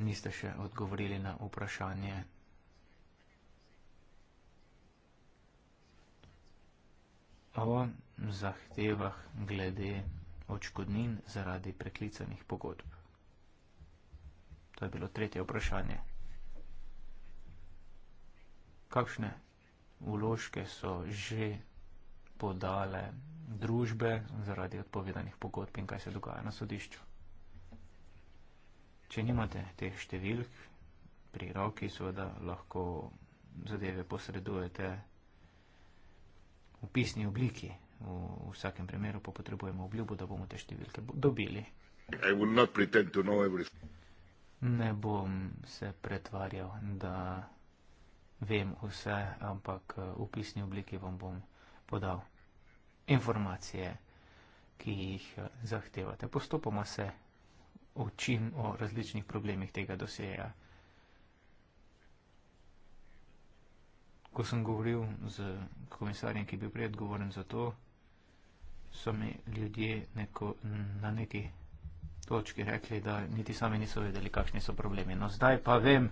Niste še odgovorili na vprašanje. O zahtevah glede očkodnin zaradi preklicanih pogodb. To je bilo tretje vprašanje. Kakšne uložke so že podale družbe zaradi odpovedanih pogodb in kaj se dogaja na sodišču? Če nimate teh številk pri roki, seveda lahko zadeve posredujete v pisni obliki v vsakem primeru pa potrebujemo obljubo, da bomo te številke dobili. Ne bom se pretvarjal, da vem vse, ampak v pisni obliki vam bom podal informacije, ki jih zahtevate. Postopoma se učim o različnih problemih tega doseja. Ko sem govoril z komisarjem, ki je bil prej odgovoren za to, so mi ljudje neko, na neki točki rekli, da niti sami niso vedeli, kakšni so problemi. No, zdaj pa vem,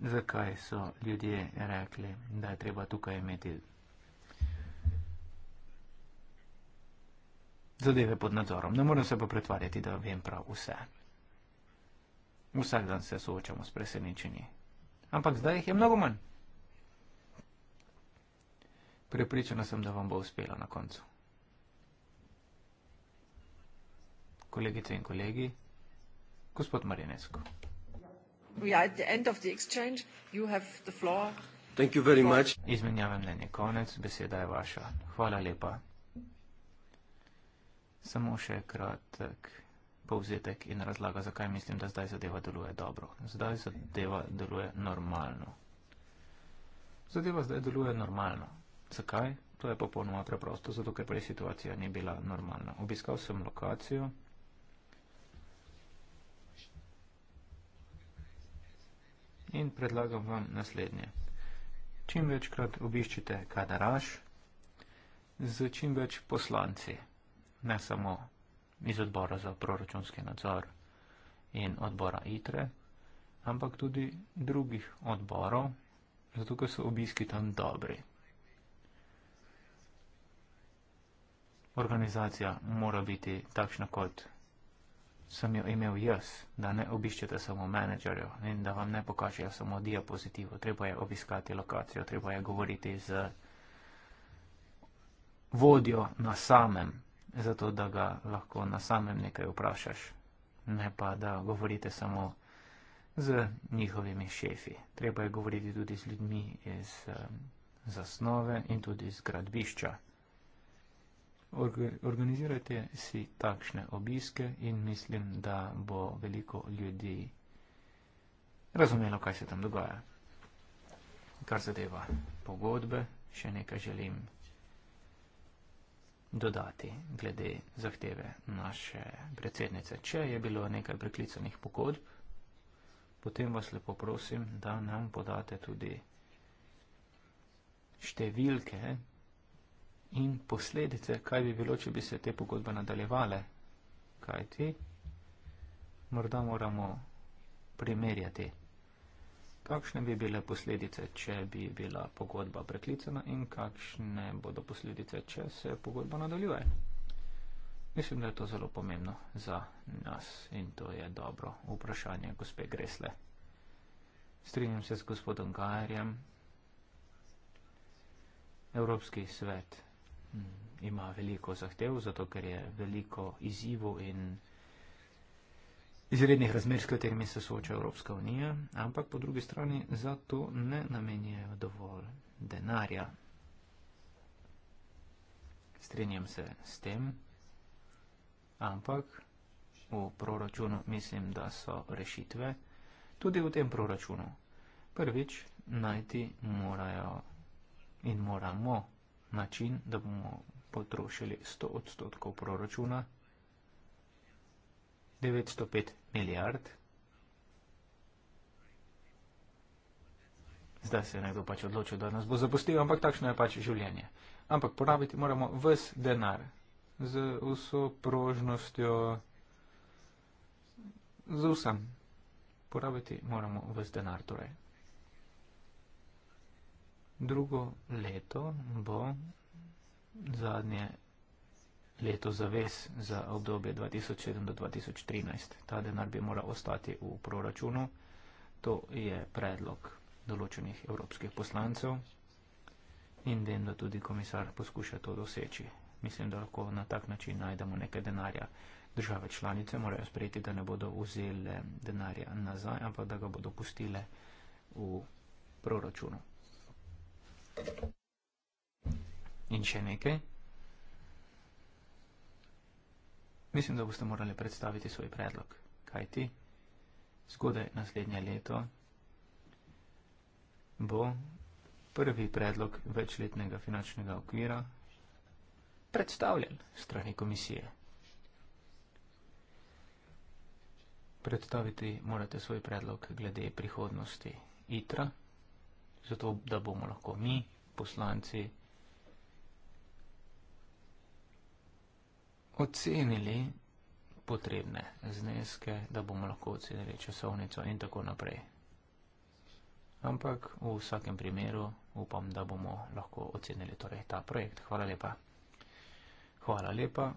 zakaj so ljudje rekli, da je treba tukaj imeti zadeve pod nadzorom. Ne morem se pa pretvarjati, da vem prav vse. Vsak dan se soočamo s presenečenji. Ampak zdaj jih je mnogo manj. Prepričana sem, da vam bo uspelo na koncu. Kolegice in kolegi, gospod Marinesko. Izmenjavam mnenje, konec, beseda je vaša. Hvala lepa. Samo še kratek povzetek in razlaga, zakaj mislim, da zdaj zadeva deluje dobro. Zdaj zadeva deluje normalno. Zadeva zdaj deluje normalno. Zakaj? To je popolnoma preprosto, zato ker prej situacija ni bila normalna. Obiskal sem lokacijo. In predlagam vam naslednje. Čim večkrat obiščite kadaraž z čim več poslanci, ne samo iz odbora za proračunski nadzor in odbora ITRE, ampak tudi drugih odborov, zato ker so obiski tam dobri. organizacija mora biti takšna, kot sem jo imel jaz, da ne obiščete samo menedžerjev in da vam ne pokažejo samo diapozitivo. Treba je obiskati lokacijo, treba je govoriti z vodjo na samem, zato da ga lahko na samem nekaj vprašaš, ne pa da govorite samo z njihovimi šefi. Treba je govoriti tudi z ljudmi iz eh, zasnove in tudi z gradbišča organizirajte si takšne obiske in mislim, da bo veliko ljudi razumelo, kaj se tam dogaja. Kar zadeva pogodbe, še nekaj želim dodati glede zahteve naše predsednice. Če je bilo nekaj preklicanih pogodb, potem vas lepo prosim, da nam podate tudi številke in posledice, kaj bi bilo, če bi se te pogodbe nadaljevale. Kaj ti? Morda moramo primerjati, kakšne bi bile posledice, če bi bila pogodba preklicena in kakšne bodo posledice, če se pogodba nadaljuje. Mislim, da je to zelo pomembno za nas in to je dobro vprašanje gospe Gresle. Strinjam se z gospodom Gajerjem. Evropski svet Mm, ima veliko zahtev, zato ker je veliko izzivov in izrednih razmer, s katerimi se sooča Evropska unija, ampak po drugi strani za to ne namenjajo dovolj denarja. Strenjam se s tem, ampak v proračunu mislim, da so rešitve tudi v tem proračunu. Prvič, najti morajo in moramo način, da bomo potrošili 100 odstotkov proračuna, 905 milijard. Zdaj se je nekdo pač odločil, da nas bo zapustil, ampak takšno je pač življenje. Ampak porabiti moramo ves denar z vso prožnostjo, z vsem. Porabiti moramo ves denar torej drugo leto bo zadnje leto zaves za obdobje 2007 do 2013. Ta denar bi moral ostati v proračunu. To je predlog določenih evropskih poslancev in vem, da tudi komisar poskuša to doseči. Mislim, da lahko na tak način najdemo nekaj denarja. Države članice morajo sprejeti, da ne bodo vzele denarja nazaj, ampak da ga bodo pustile v proračunu. In še nekaj. Mislim, da boste morali predstaviti svoj predlog, kajti zgodaj naslednje leto bo prvi predlog večletnega finančnega okvira predstavljen strani komisije. Predstaviti morate svoj predlog glede prihodnosti ITRA zato da bomo lahko mi, poslanci, ocenili potrebne zneske, da bomo lahko ocenili časovnico in tako naprej. Ampak v vsakem primeru upam, da bomo lahko ocenili torej ta projekt. Hvala lepa. Hvala lepa.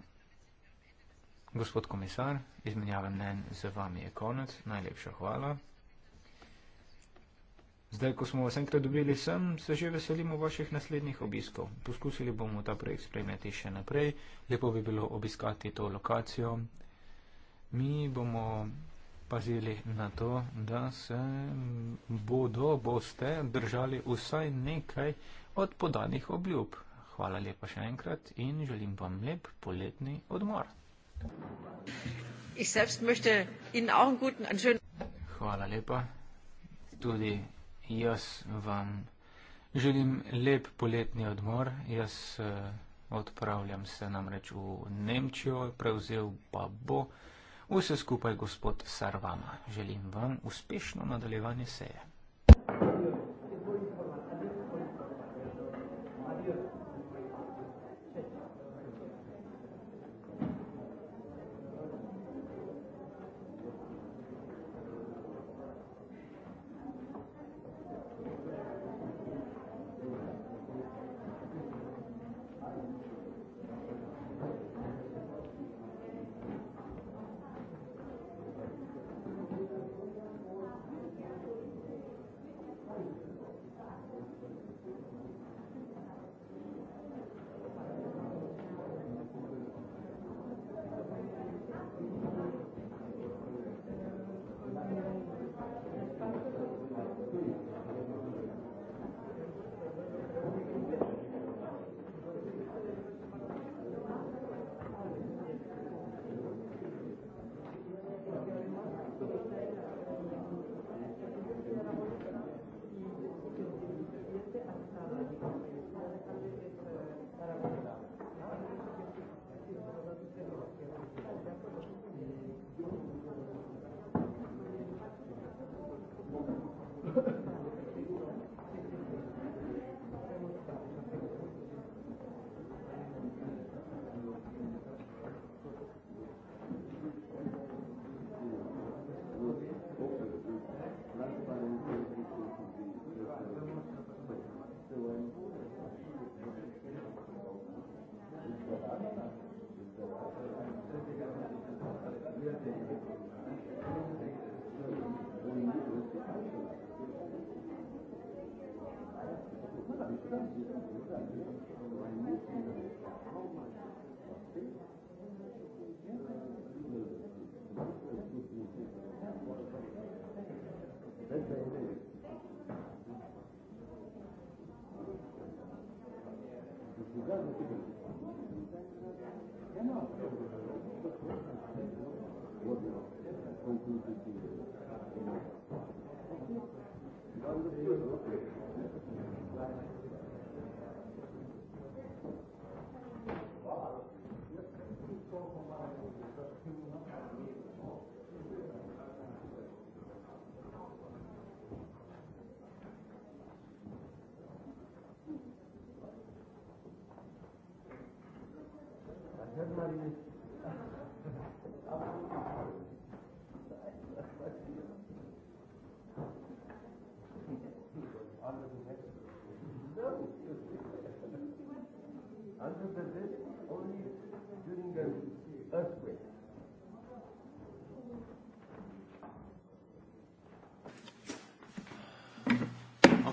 Gospod komisar, izmenjava mnen z vami je konec. Najlepša hvala. Zdaj, ko smo vas enkrat dobili sem, se že veselimo vaših naslednjih obiskov. Poskusili bomo ta projekt spremljati še naprej. Lepo bi bilo obiskati to lokacijo. Mi bomo pazili na to, da se bodo, boste držali vsaj nekaj od podanih obljub. Hvala lepa še enkrat in želim vam lep poletni odmor. Hvala lepa. Tudi jaz vam želim lep poletni odmor. Jaz eh, odpravljam se namreč v Nemčijo, prevzel pa bo vse skupaj gospod Sarvama. Želim vam uspešno nadaljevanje seje.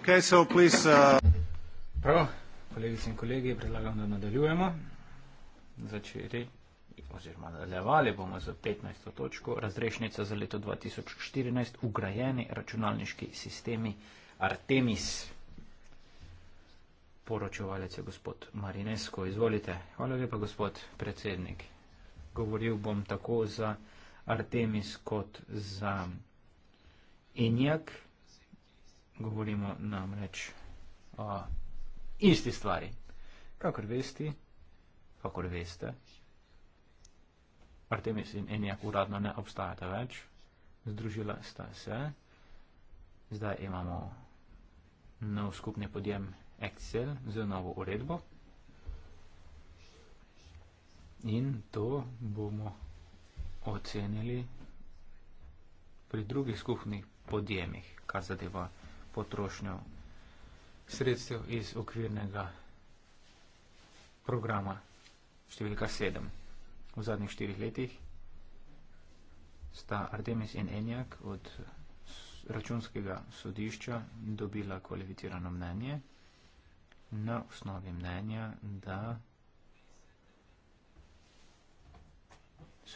Okay, so please, uh... Prav, kolegice in kolegi, predlagam, da nadaljujemo. Začeli, oziroma nadaljevali bomo z 15. točko, razrešnica za leto 2014, ugrajeni računalniški sistemi Artemis. Poročevalec je gospod Marinesko, izvolite. Hvala lepa, gospod predsednik. Govoril bom tako za Artemis kot za Enjak govorimo namreč o isti stvari. Kakor veste, kakor veste, Artemis in Enijak uradno ne obstajata več, združila sta se, zdaj imamo nov skupni podjem Excel z novo uredbo in to bomo ocenili pri drugih skupnih podjemih, kar zadeva vsega potrošnjo sredstev iz okvirnega programa številka 7. V zadnjih štirih letih sta Artemis in Enjak od računskega sodišča dobila kvalificirano mnenje na osnovi mnenja, da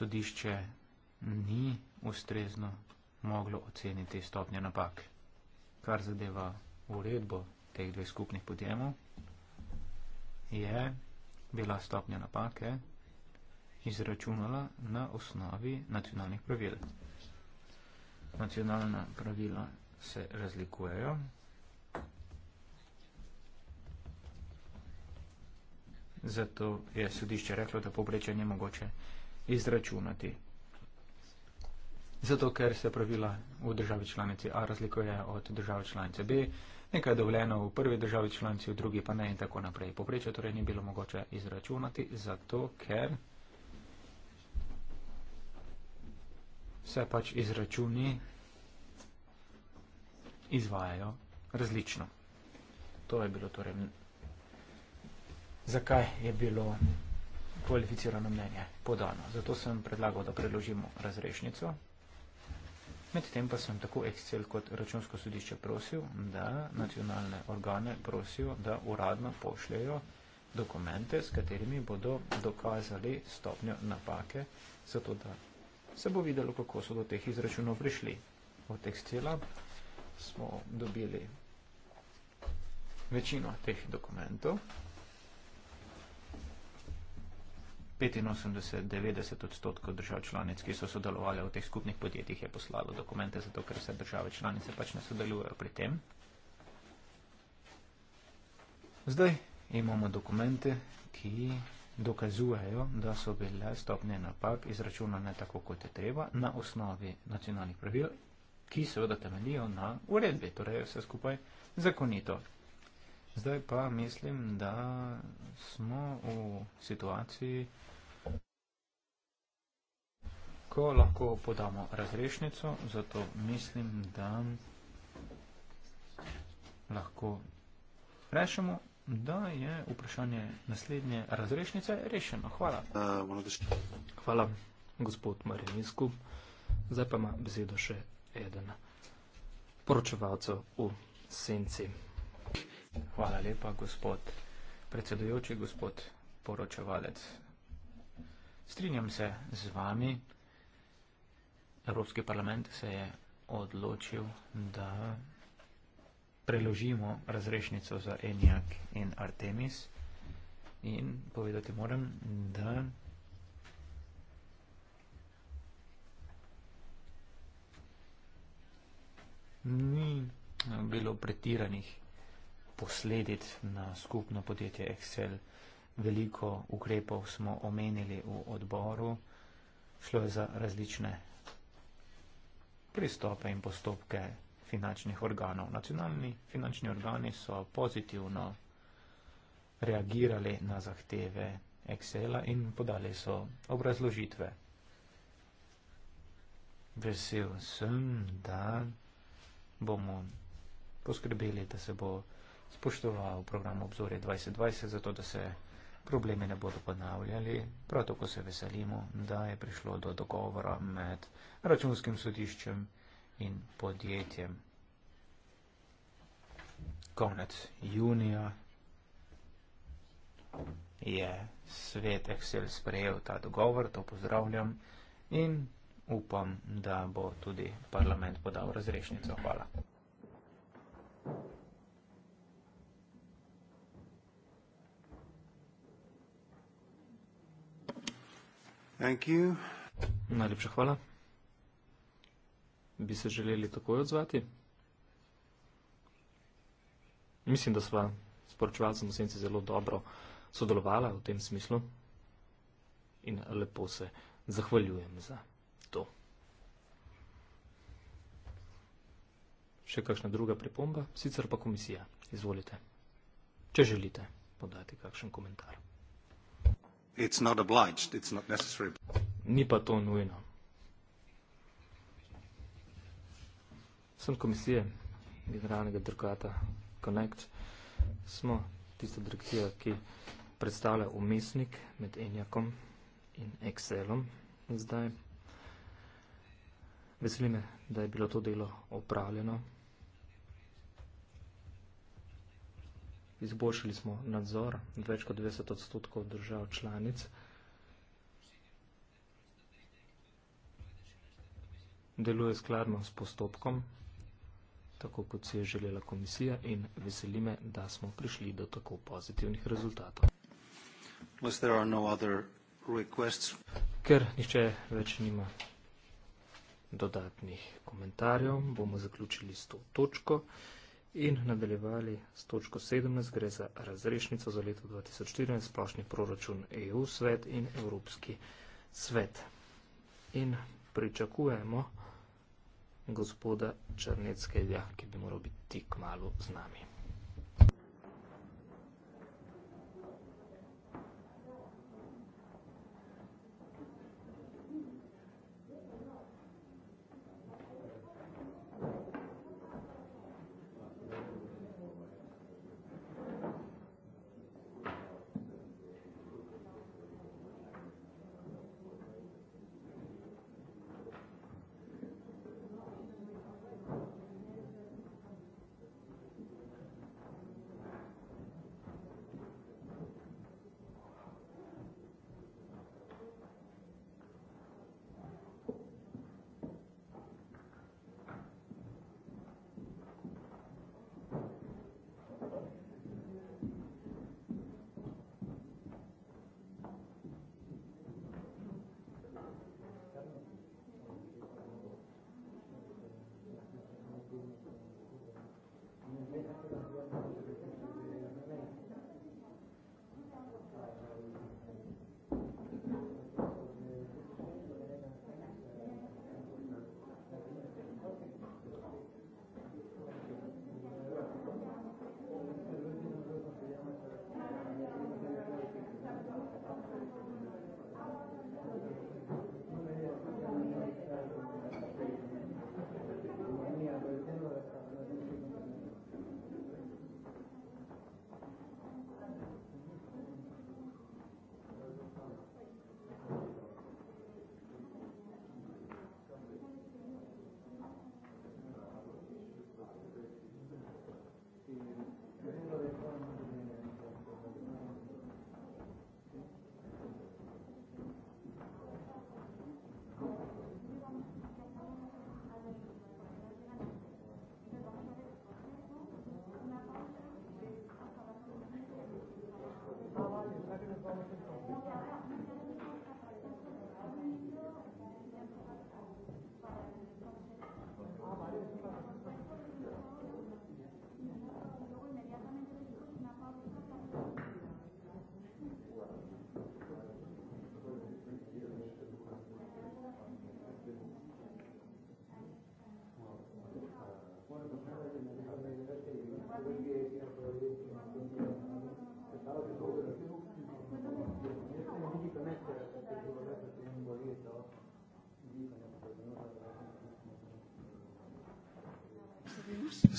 sodišče ni ustrezno moglo oceniti stopnje napake kar zadeva uredbo teh dveh skupnih podjemov, je bila stopnja napake izračunala na osnovi nacionalnih pravil. Nacionalna pravila se razlikujejo. Zato je sodišče reklo, da povprečje ni mogoče izračunati. Zato, ker se pravila v državi članici A razlikujejo od države članice B, nekaj je dovoljeno v prvi državi članici, v drugi pa ne in tako naprej. Poprečje torej ni bilo mogoče izračunati, zato ker se pač izračuni izvajajo različno. To je bilo torej, zakaj je bilo kvalificirano mnenje podano. Zato sem predlagal, da predložimo razrešnico. Medtem pa sem tako Excel kot računsko sodišče prosil, da nacionalne organe prosijo, da uradno pošljajo dokumente, s katerimi bodo dokazali stopnjo napake, zato da se bo videlo, kako so do teh izračunov prišli. Od Excela smo dobili večino teh dokumentov. 85-90 odstotkov držav članic, ki so sodelovali v teh skupnih podjetjih, je poslalo dokumente, zato ker se države članice pač ne sodelujejo pri tem. Zdaj imamo dokumente, ki dokazujejo, da so bile stopnje napak izračunane tako, kot je treba, na osnovi nacionalnih pravil, ki seveda temelijo na uredbi, torej vse skupaj zakonito Zdaj pa mislim, da smo v situaciji, ko lahko podamo razrešnico, zato mislim, da lahko rešimo, da je vprašanje naslednje razrešnice rešeno. Hvala. Hvala, gospod Marinisku. Zdaj pa ima besedo še eden poročevalcev v senci. Hvala lepa, gospod predsedujoči, gospod poročevalec. Strinjam se z vami. Evropski parlament se je odločil, da preložimo razrešnico za Enjak in Artemis. In povedati moram, da ni bilo pretiranih posledic na skupno podjetje Excel. Veliko ukrepov smo omenili v odboru. Šlo je za različne pristope in postopke finančnih organov. Nacionalni finančni organi so pozitivno reagirali na zahteve Excela in podali so obrazložitve. Vesel sem, da bomo poskrbeli, da se bo vsega, spoštoval program obzorje 2020, zato da se problemi ne bodo ponavljali. Prav tako se veselimo, da je prišlo do dogovora med računskim sodiščem in podjetjem. Konec junija je svet Excel sprejel ta dogovor, to pozdravljam in upam, da bo tudi parlament podal razrešnico. Hvala. Thank you. Thank you. Najlepša hvala. Bi se želeli takoj odzvati? Mislim, da sva s poročevalcem v senci zelo dobro sodelovala v tem smislu in lepo se zahvaljujem za to. Še kakšna druga pripomba, sicer pa komisija. Izvolite, če želite podati kakšen komentar. It's not obliged, it's not necessary. Ni pa to nujno. Sem komisije generalnega drgata Connect. Smo tista direktiva, ki predstavlja umestnik med Enjakom in Excelom zdaj. Veseli me, da je bilo to delo opravljeno. izboljšali smo nadzor več kot 20 odstotkov držav članic. Deluje skladno s postopkom, tako kot se je želela komisija in veseli me, da smo prišli do tako pozitivnih rezultatov. No Ker nišče več nima dodatnih komentarjev, bomo zaključili s to točko. In nadaljevali s točko 17 gre za razrešnico za leto 2014, splošni proračun EU svet in Evropski svet. In pričakujemo gospoda Črneckega, ki bi moral biti tik malo z nami.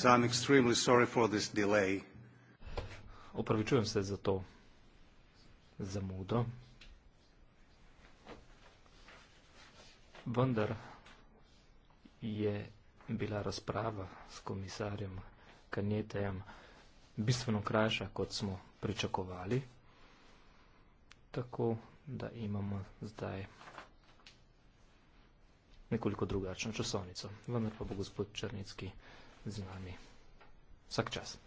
I'm extremely sorry for this delay. Opravičujem se za to zamudo. Vendar je bila razprava s komisarjem Kanjetejem bistveno krajša, kot smo pričakovali. Tako, da imamo zdaj nekoliko drugačno časovnico. Vendar pa bo gospod Črnicki vsega z nami. Vsak čas.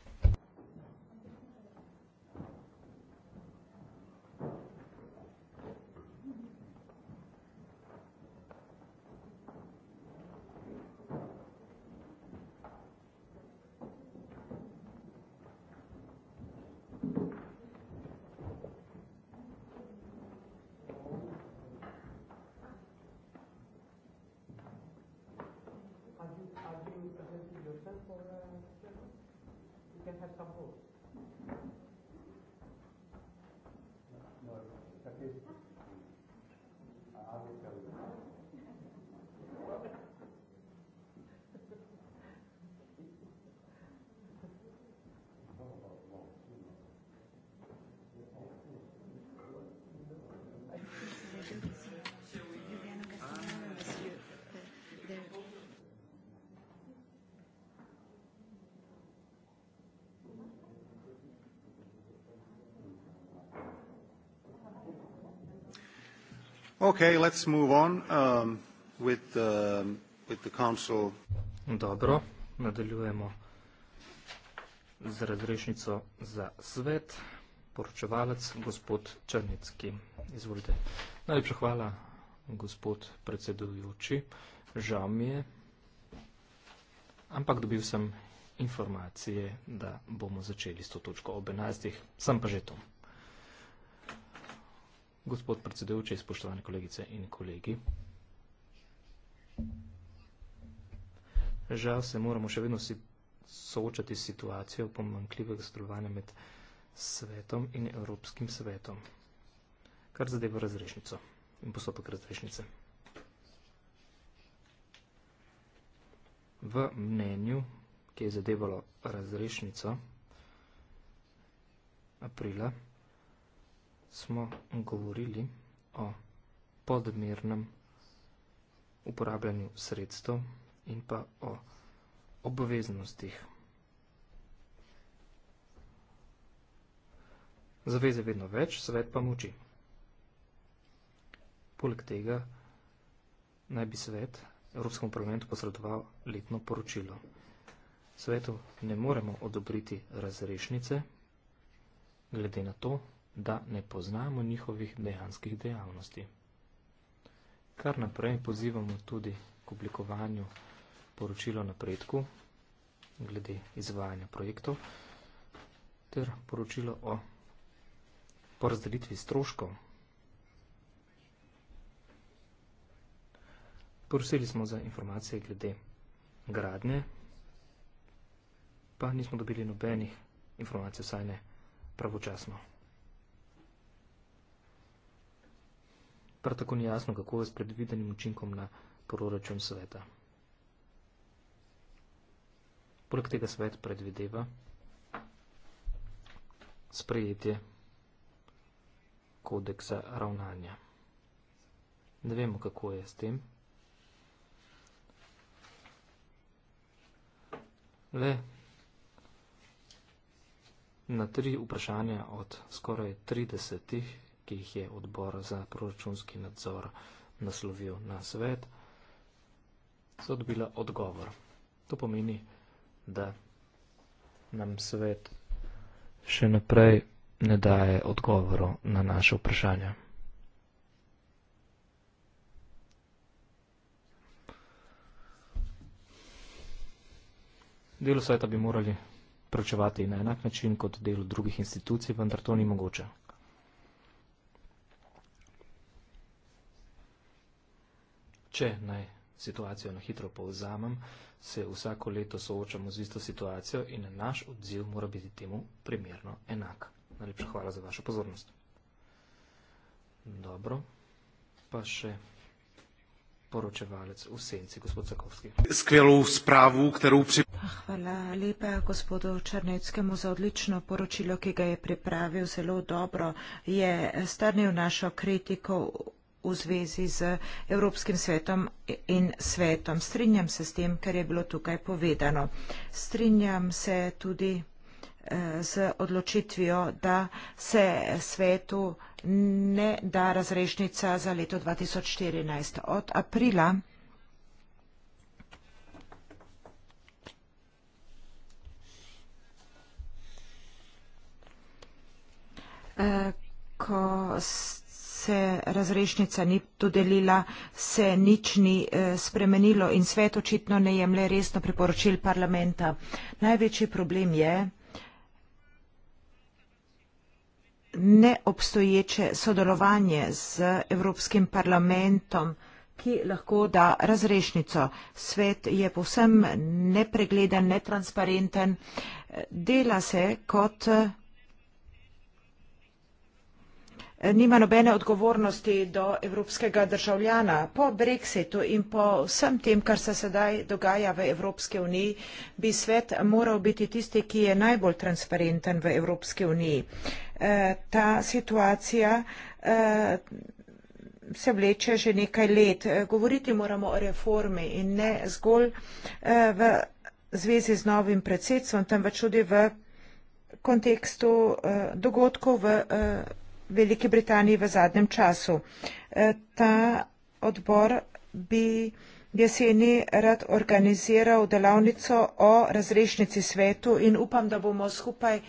Okay, let's move on um, with the um, with the council. Dobro, nadaljujemo z razrešnico za svet. Poročevalec, gospod Črnecki, izvolite. Najlepša hvala, gospod predsedujoči. Žal mi je, ampak dobil sem informacije, da bomo začeli s to točko ob 11. Sem pa že tam. Gospod predsedujoči, spoštovane kolegice in kolegi. Žal se moramo še vedno si soočati s situacijo pomankljivega sodelovanja med svetom in Evropskim svetom, kar zadeva razrešnico in postopek razrešnice. V mnenju, ki je zadevalo razrešnico aprila smo govorili o podmernem uporabljanju sredstev in pa o obveznostih. Zaveze vedno več, svet pa moči. Poleg tega naj bi svet Evropskemu parlamentu posredoval letno poročilo. Svetu ne moremo odobriti razrešnice, glede na to, da ne poznamo njihovih dejanskih dejavnosti. Kar naprej pozivamo tudi k oblikovanju poročila napredku glede izvajanja projektov ter poročilo o porazdelitvi stroškov. Prosili smo za informacije glede gradnje, pa nismo dobili nobenih informacij, vsaj ne pravočasno. prav tako ni jasno, kako je s predvidenim učinkom na proračun sveta. Poleg tega svet predvideva sprejetje kodeksa ravnanja. Ne vemo, kako je s tem. Le na tri vprašanja od skoraj 30 ki jih je odbor za proračunski nadzor naslovil na svet, so dobila odgovor. To pomeni, da nam svet še naprej ne daje odgovoru na naše vprašanja. Delo sveta bi morali pročevati na enak način kot delo drugih institucij, vendar to ni mogoče. Če naj situacijo na hitro povzamem, se vsako leto soočamo z isto situacijo in naš odziv mora biti temu primerno enak. Najlepša hvala za vašo pozornost. Dobro, pa še poročevalec v senci, gospod Cakovski. Skvelo spravu, ktero pri... Ah, hvala lepa gospodu Črneckemu za odlično poročilo, ki ga je pripravil zelo dobro. Je strnil našo kritiko v zvezi z Evropskim svetom in svetom. Strinjam se s tem, kar je bilo tukaj povedano. Strinjam se tudi eh, z odločitvijo, da se svetu ne da razrešnica za leto 2014. Od aprila eh, ko se razrešnica ni dodelila, se nič ni eh, spremenilo in svet očitno ne jemlje resno priporočil parlamenta. Največji problem je neobstoječe sodelovanje z Evropskim parlamentom, ki lahko da razrešnico. Svet je povsem nepregleden, netransparenten, dela se kot vsega, nima nobene odgovornosti do evropskega državljana. Po brexitu in po vsem tem, kar se sedaj dogaja v Evropski uniji, bi svet moral biti tisti, ki je najbolj transparenten v Evropski uniji. E, ta situacija e, se vleče že nekaj let. Govoriti moramo o reformi in ne zgolj eh, v zvezi z novim predsedstvom, temveč tudi v kontekstu dogodkov v Veliki Britaniji v zadnjem času. E, ta odbor bi jeseni rad organiziral delavnico o razrešnici svetu in upam, da bomo skupaj e,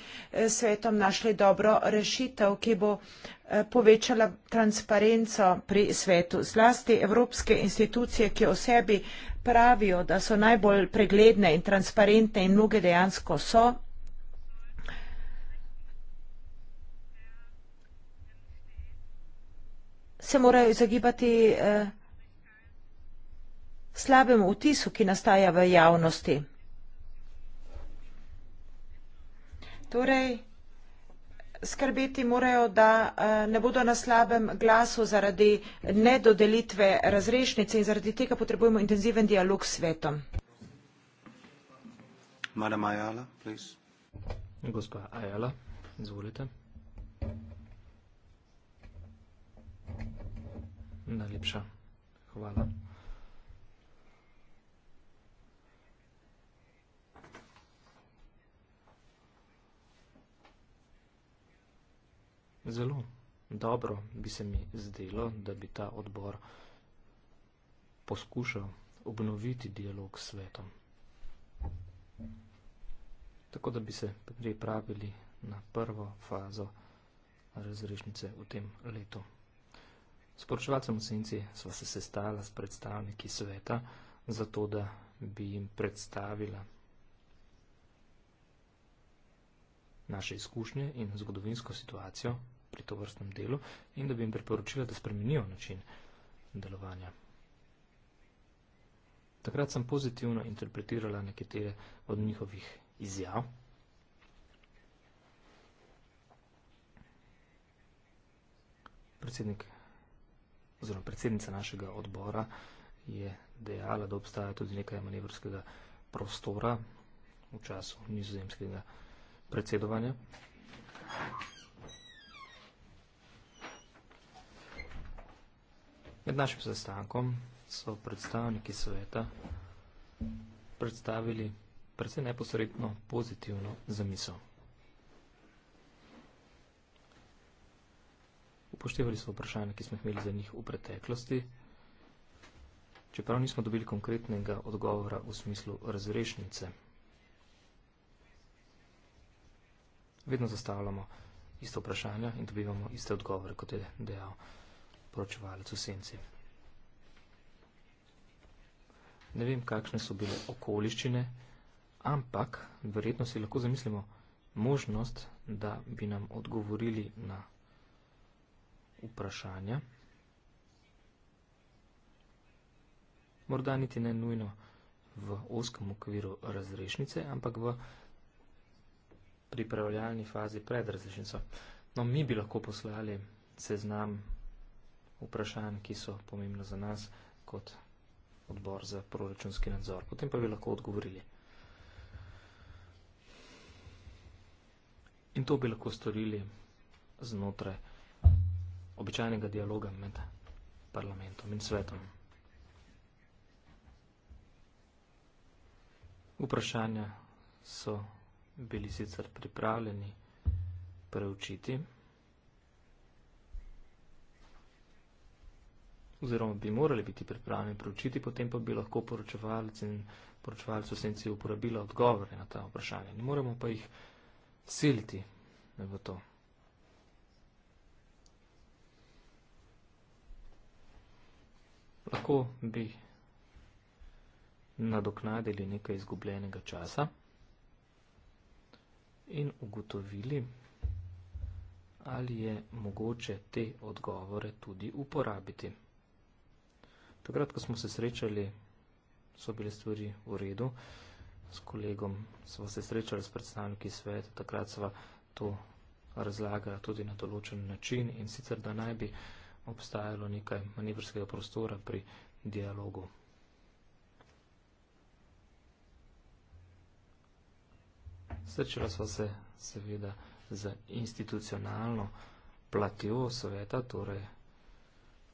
s svetom našli dobro rešitev, ki bo e, povečala transparenco pri svetu. Zlasti evropske institucije, ki o sebi pravijo, da so najbolj pregledne in transparentne in mnoge dejansko so, se morajo izogibati eh, slabemu vtisu, ki nastaja v javnosti. Torej, skrbeti morajo, da eh, ne bodo na slabem glasu zaradi nedodelitve razrešnice in zaradi tega potrebujemo intenziven dialog s svetom. Madame Ayala, prosim. Gospa Ayala, izvolite. Najlepša hvala. Zelo dobro bi se mi zdelo, da bi ta odbor poskušal obnoviti dialog s svetom. Tako da bi se pripravili na prvo fazo razrešnice v tem letu. Sporočevalcem v senci sva se sestala s predstavniki sveta, zato da bi jim predstavila naše izkušnje in zgodovinsko situacijo pri tovrstnem delu in da bi jim priporočila, da spremenijo način delovanja. Takrat sem pozitivno interpretirala nekatere od njihovih izjav. Predsednik oziroma predsednica našega odbora je dejala, da obstaja tudi nekaj manevrskega prostora v času nizozemskega predsedovanja. Med našim sestankom so predstavniki sveta predstavili predvsem neposredno pozitivno zamisel. upoštevali smo vprašanja, ki smo imeli za njih v preteklosti. Čeprav nismo dobili konkretnega odgovora v smislu razrešnice, vedno zastavljamo iste vprašanja in dobivamo iste odgovore, kot je dejal poročevalec v senci. Ne vem, kakšne so bile okoliščine, ampak verjetno si lahko zamislimo možnost, da bi nam odgovorili na vprašanja. Morda niti ne nujno v oskem okviru razrešnice, ampak v pripravljalni fazi pred razrešnico. No, mi bi lahko poslali seznam vprašanj, ki so pomembna za nas kot odbor za proračunski nadzor. Potem pa bi lahko odgovorili. In to bi lahko storili znotraj vprašanja običajnega dialoga med parlamentom in svetom. Vprašanja so bili sicer pripravljeni preučiti, oziroma bi morali biti pripravljeni preučiti, potem pa bi lahko poročevalec in poročevalec v senci uporabila odgovore na ta vprašanja. Ne moremo pa jih siliti v to. lahko bi nadoknadili nekaj izgubljenega časa in ugotovili, ali je mogoče te odgovore tudi uporabiti. Takrat, ko smo se srečali, so bile stvari v redu, s kolegom smo se srečali s predstavniki sveta, takrat sva to razlagala tudi na določen način in sicer, da naj bi vsega, obstajalo nekaj manevrskega prostora pri dialogu. Srečala sva se seveda z institucionalno platjo sveta, torej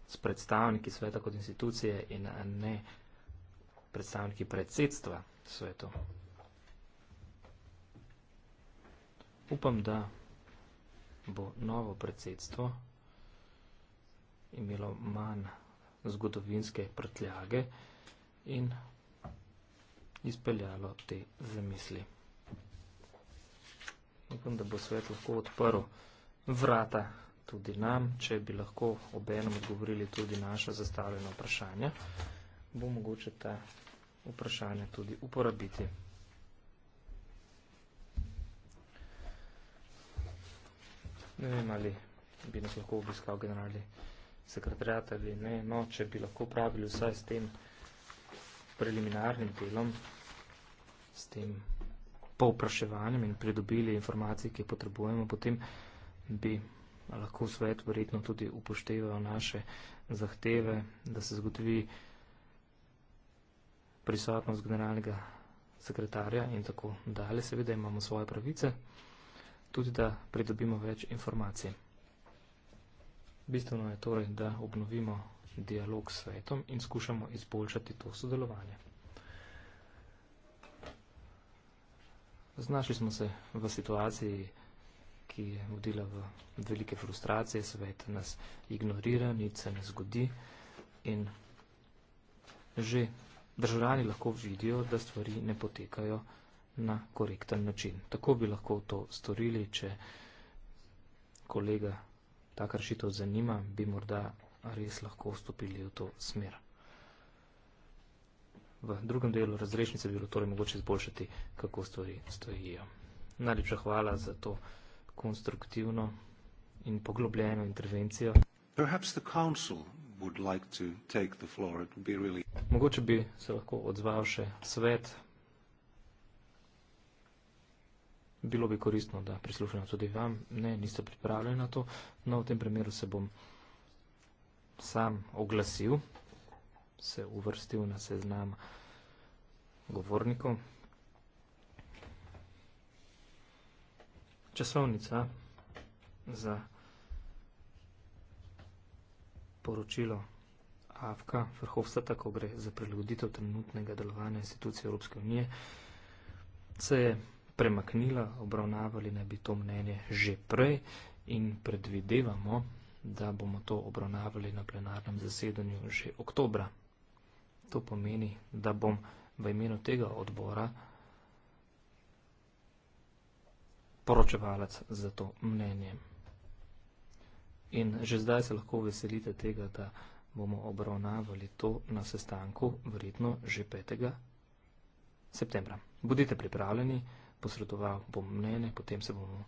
s predstavniki sveta kot institucije in ne predstavniki predsedstva svetu. Upam, da bo novo predsedstvo vsega imelo manj zgodovinske prtljage in izpeljalo te zamisli. Upam, da bo svet lahko odprl vrata tudi nam, če bi lahko obenem odgovorili tudi naša zastavljena vprašanja, bo mogoče ta vprašanja tudi uporabiti. Ne vem, ali bi nas lahko obiskal generali sekretariat ali ne, no, če bi lahko pravili vsaj s tem preliminarnim delom, s tem povpraševanjem in pridobili informacije, ki potrebujemo, potem bi lahko svet verjetno tudi upošteval naše zahteve, da se zgodovi prisotnost generalnega sekretarja in tako dalje. Seveda imamo svoje pravice, tudi da pridobimo več informacij. Bistveno je torej, da obnovimo dialog s svetom in skušamo izboljšati to sodelovanje. Znašli smo se v situaciji, ki je vodila v velike frustracije, svet nas ignorira, nič se ne zgodi in že državljani lahko vidijo, da stvari ne potekajo na korekten način. Tako bi lahko to storili, če kolega taka rešitev zanima, bi morda res lahko vstopili v to smer. V drugem delu razrešnice bi bilo torej mogoče zboljšati, kako stvari stojijo. Najlepša hvala za to konstruktivno in poglobljeno intervencijo. Like really... Mogoče bi se lahko odzval še svet. bilo bi koristno, da prislušam tudi vam. Ne, niste pripravljeni na to. No, v tem primeru se bom sam oglasil, se uvrstil na seznam govornikov. Časovnica za poročilo AFK, vrhovstva, tako gre za prilagoditev trenutnega delovanja institucije Evropske unije, se je premaknila, obravnavali naj bi to mnenje že prej in predvidevamo, da bomo to obravnavali na plenarnem zasedanju že oktobra. To pomeni, da bom v imenu tega odbora poročevalec za to mnenje. In že zdaj se lahko veselite tega, da bomo obravnavali to na sestanku, verjetno že 5. septembra. Budite pripravljeni posredoval bom mnenje, potem se bomo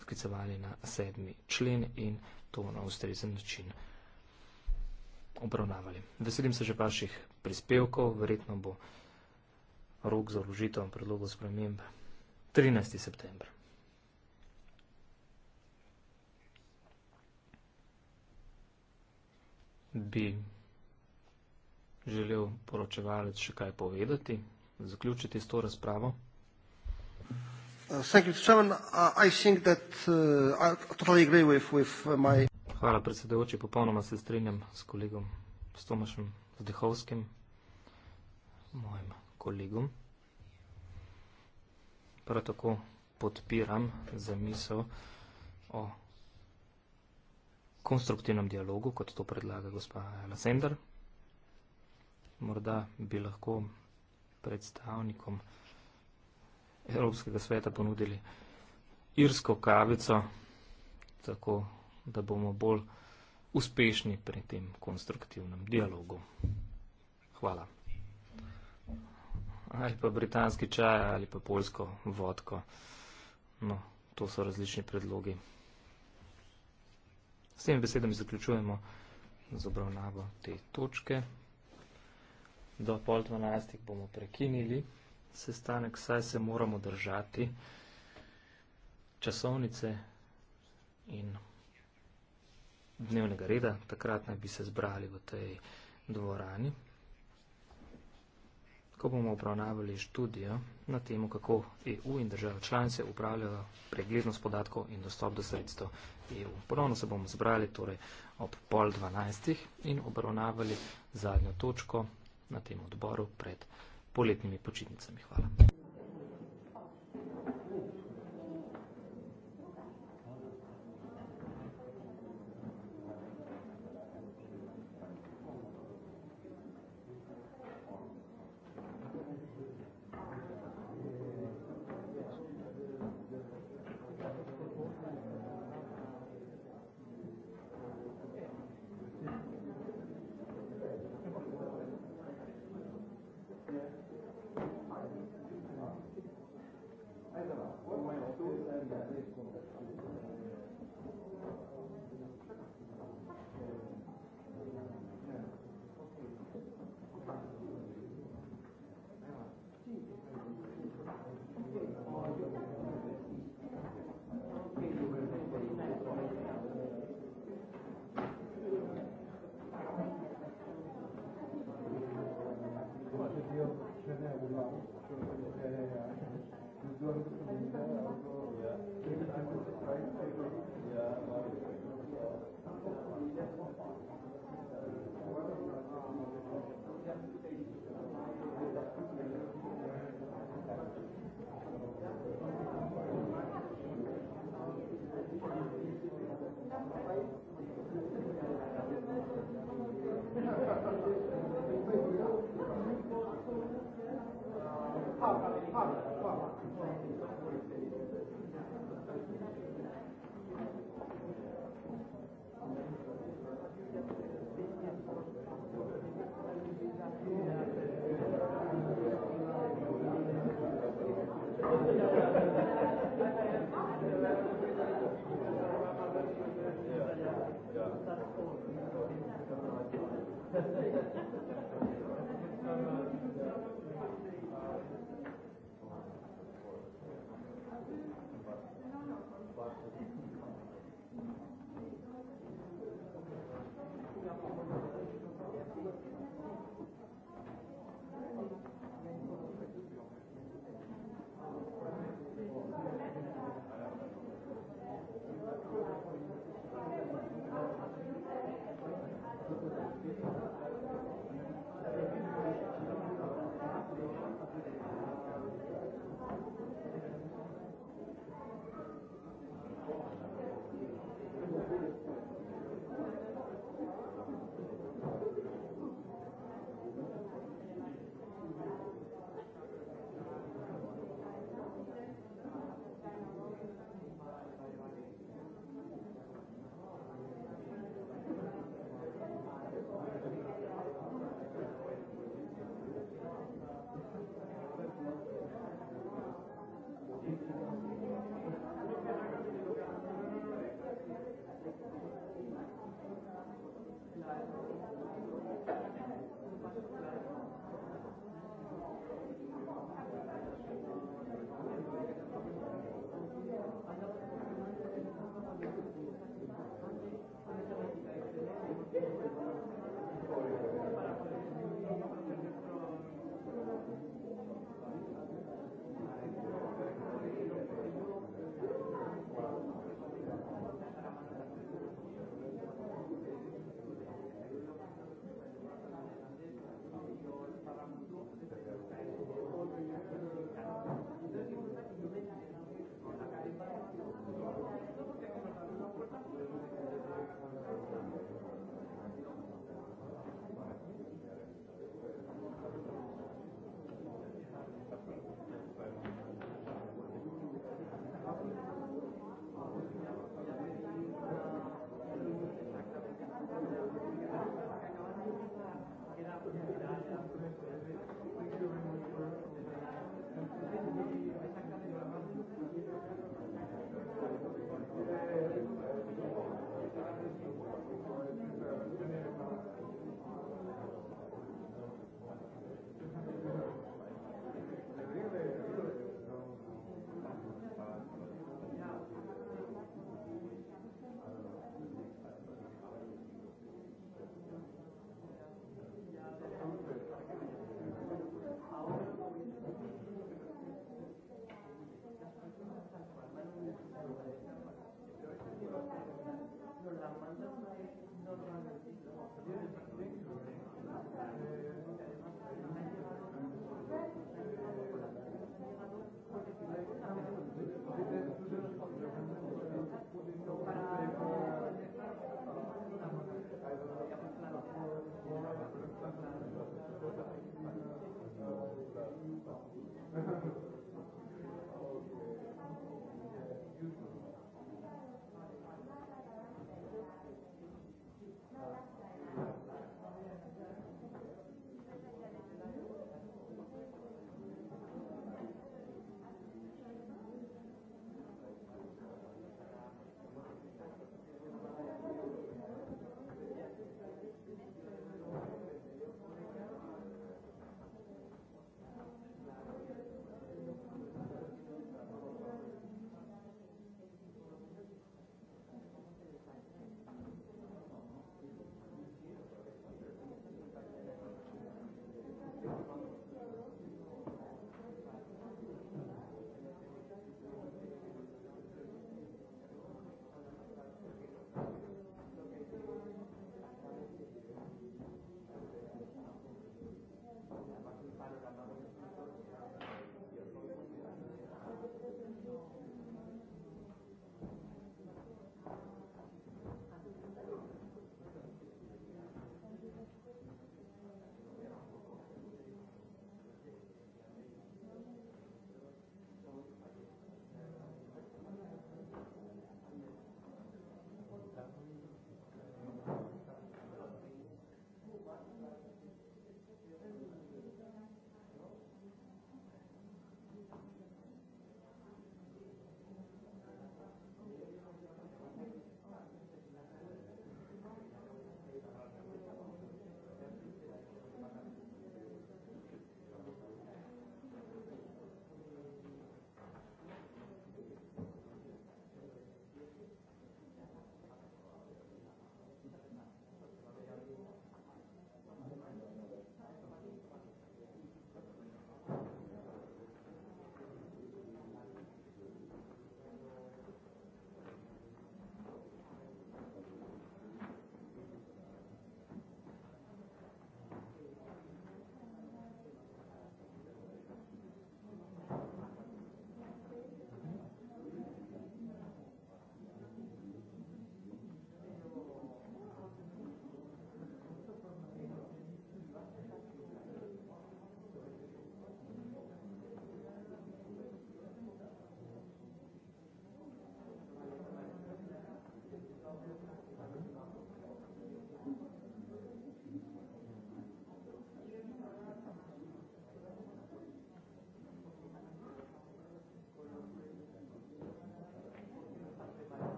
sklicevali na sedmi člen in to na ustrezen način obravnavali. Veselim se že vaših prispevkov, verjetno bo rok za vložitev predlogov sprememb 13. september. Bi želel poročevalec še kaj povedati, zaključiti s to razpravo? Hvala, predsedujoči. Popolnoma se strinjam s kolegom Stomašem Zdehovskim, mojim kolegom. Prav tako podpiram zamisel o konstruktivnem dialogu, kot to predlaga gospa Ana Sender. Morda bi lahko predstavnikom. Evropskega sveta ponudili irsko kavico, tako da bomo bolj uspešni pri tem konstruktivnem dialogu. Hvala. Ali pa britanski čaj ali pa polsko vodko. No, to so različni predlogi. S temi besedami zaključujemo z obravnavo te točke. Do pol dvanajstih bomo prekinili sestanek, saj se moramo držati časovnice in dnevnega reda. Takrat naj bi se zbrali v tej dvorani. Ko bomo obravnavali študijo na temo, kako EU in države članice upravljajo preglednost podatkov in dostop do sredstva EU. Ponovno se bomo zbrali torej ob pol dvanajstih in obravnavali zadnjo točko na tem odboru pred študijo poletnimi počitnicami. Hvala.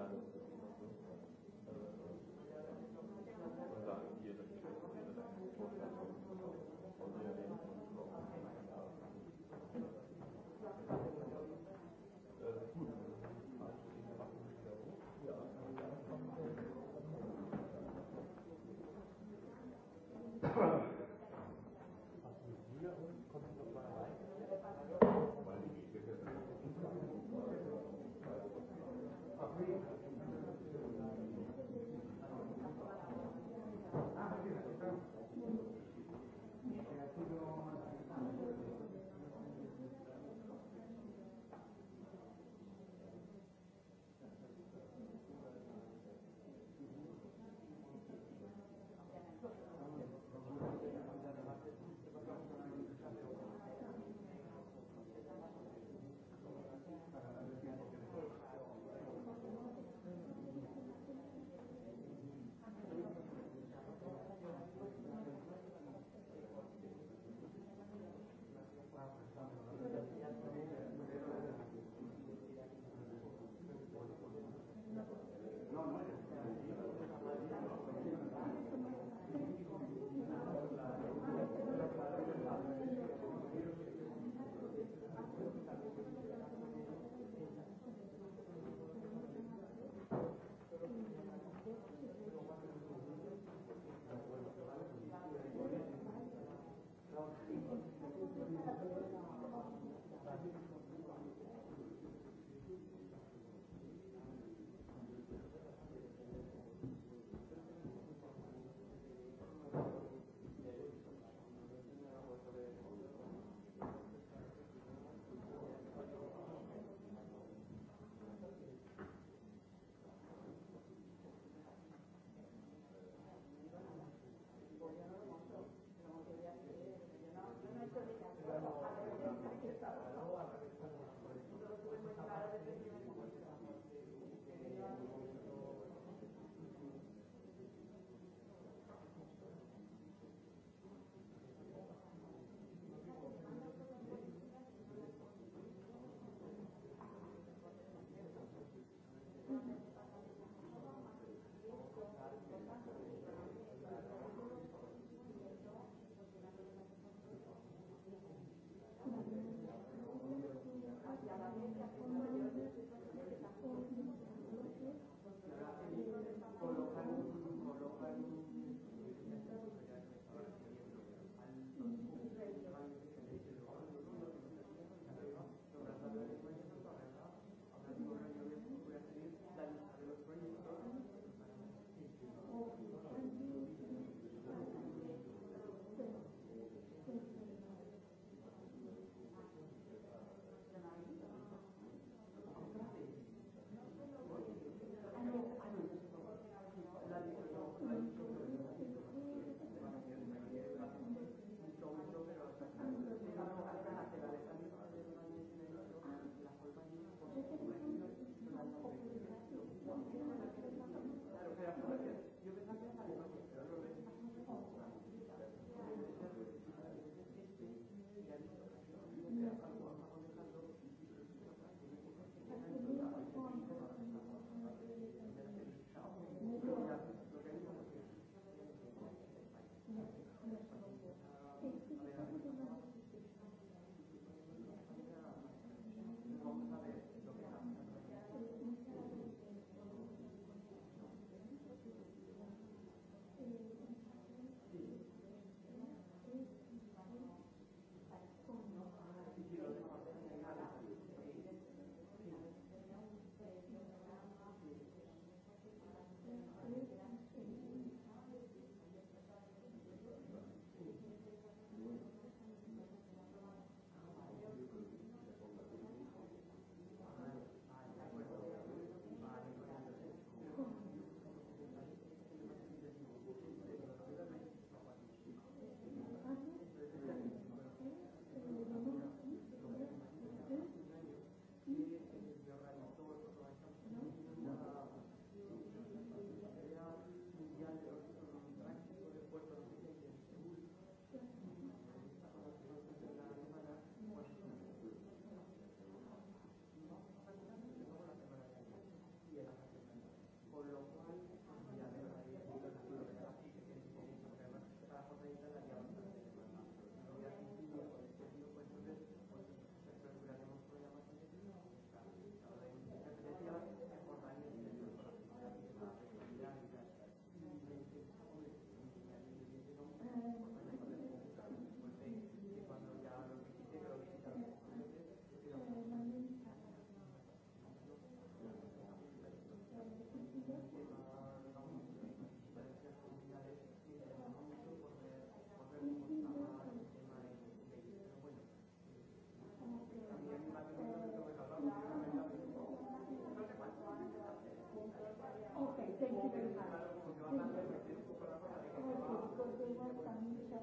lado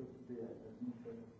Das ist der Erdnuss, der das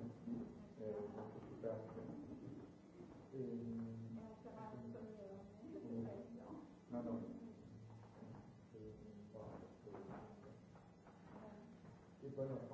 Bueno.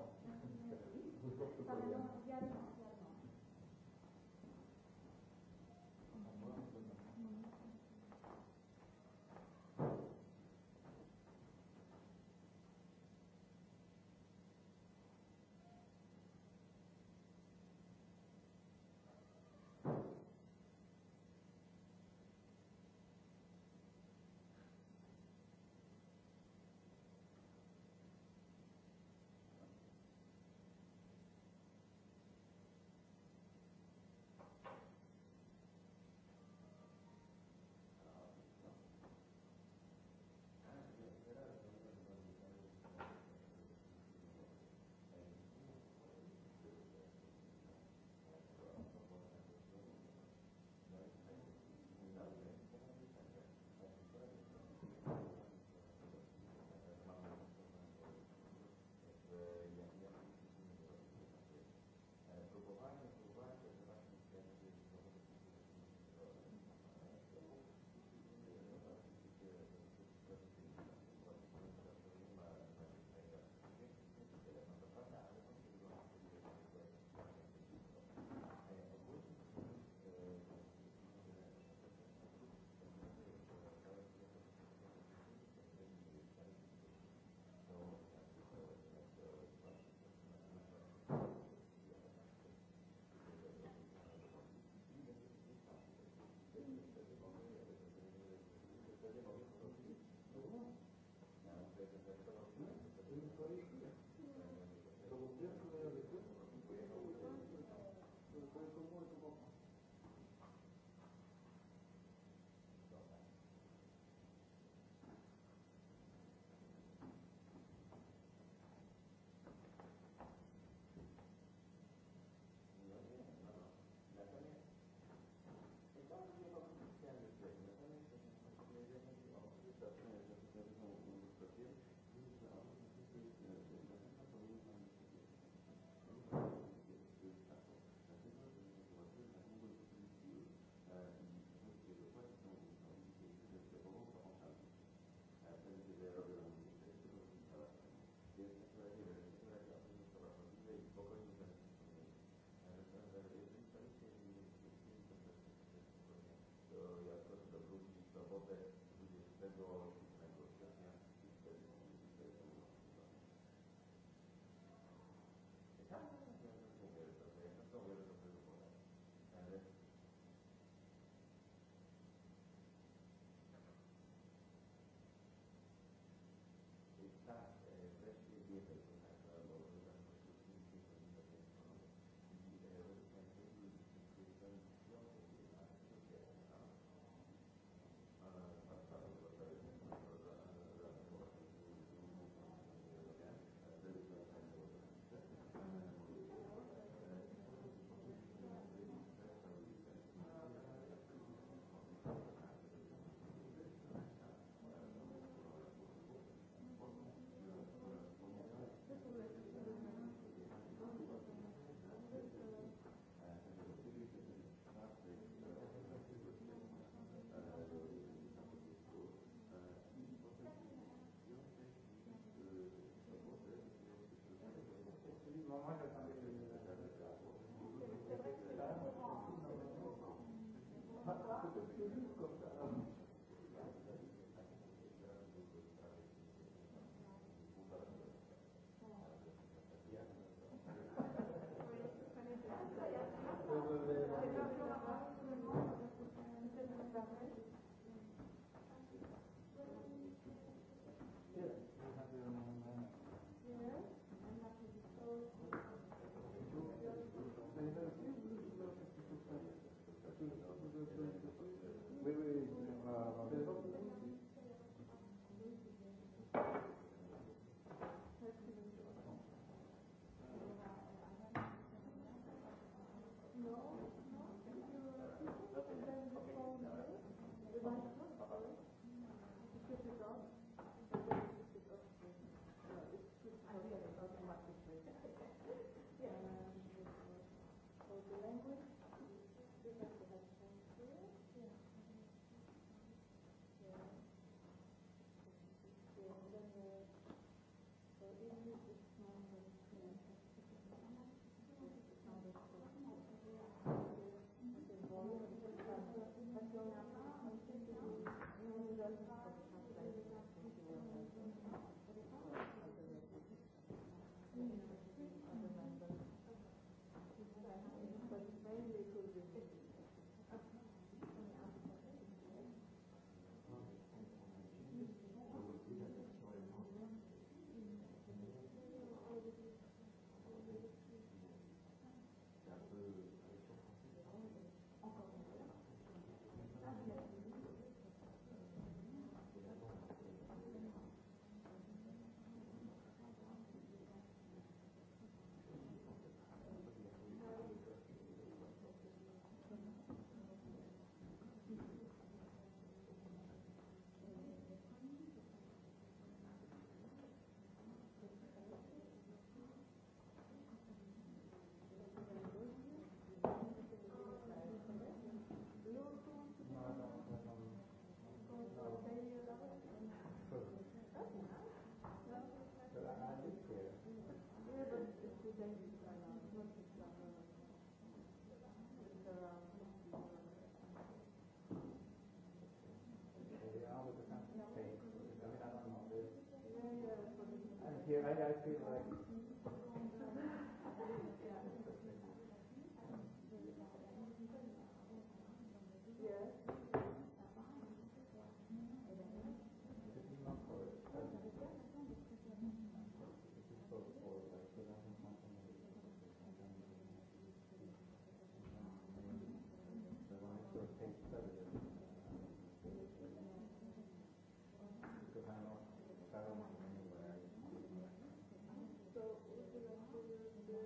I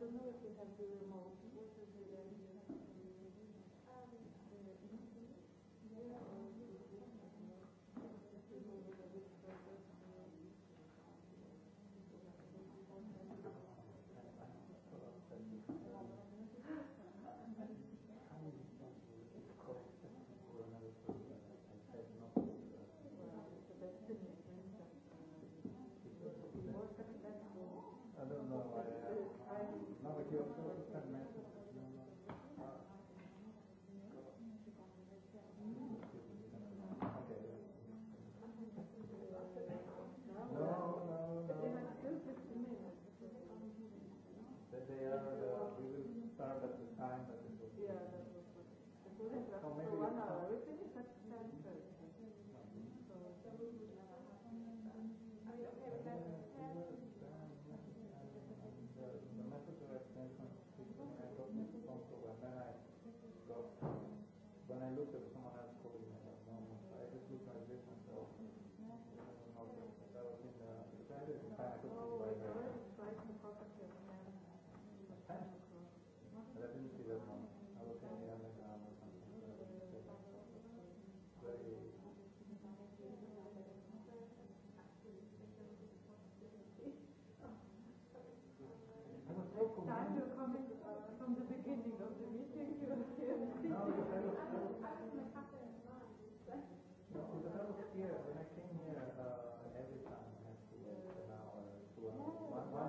don't know if you have the remote.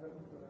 Gracias.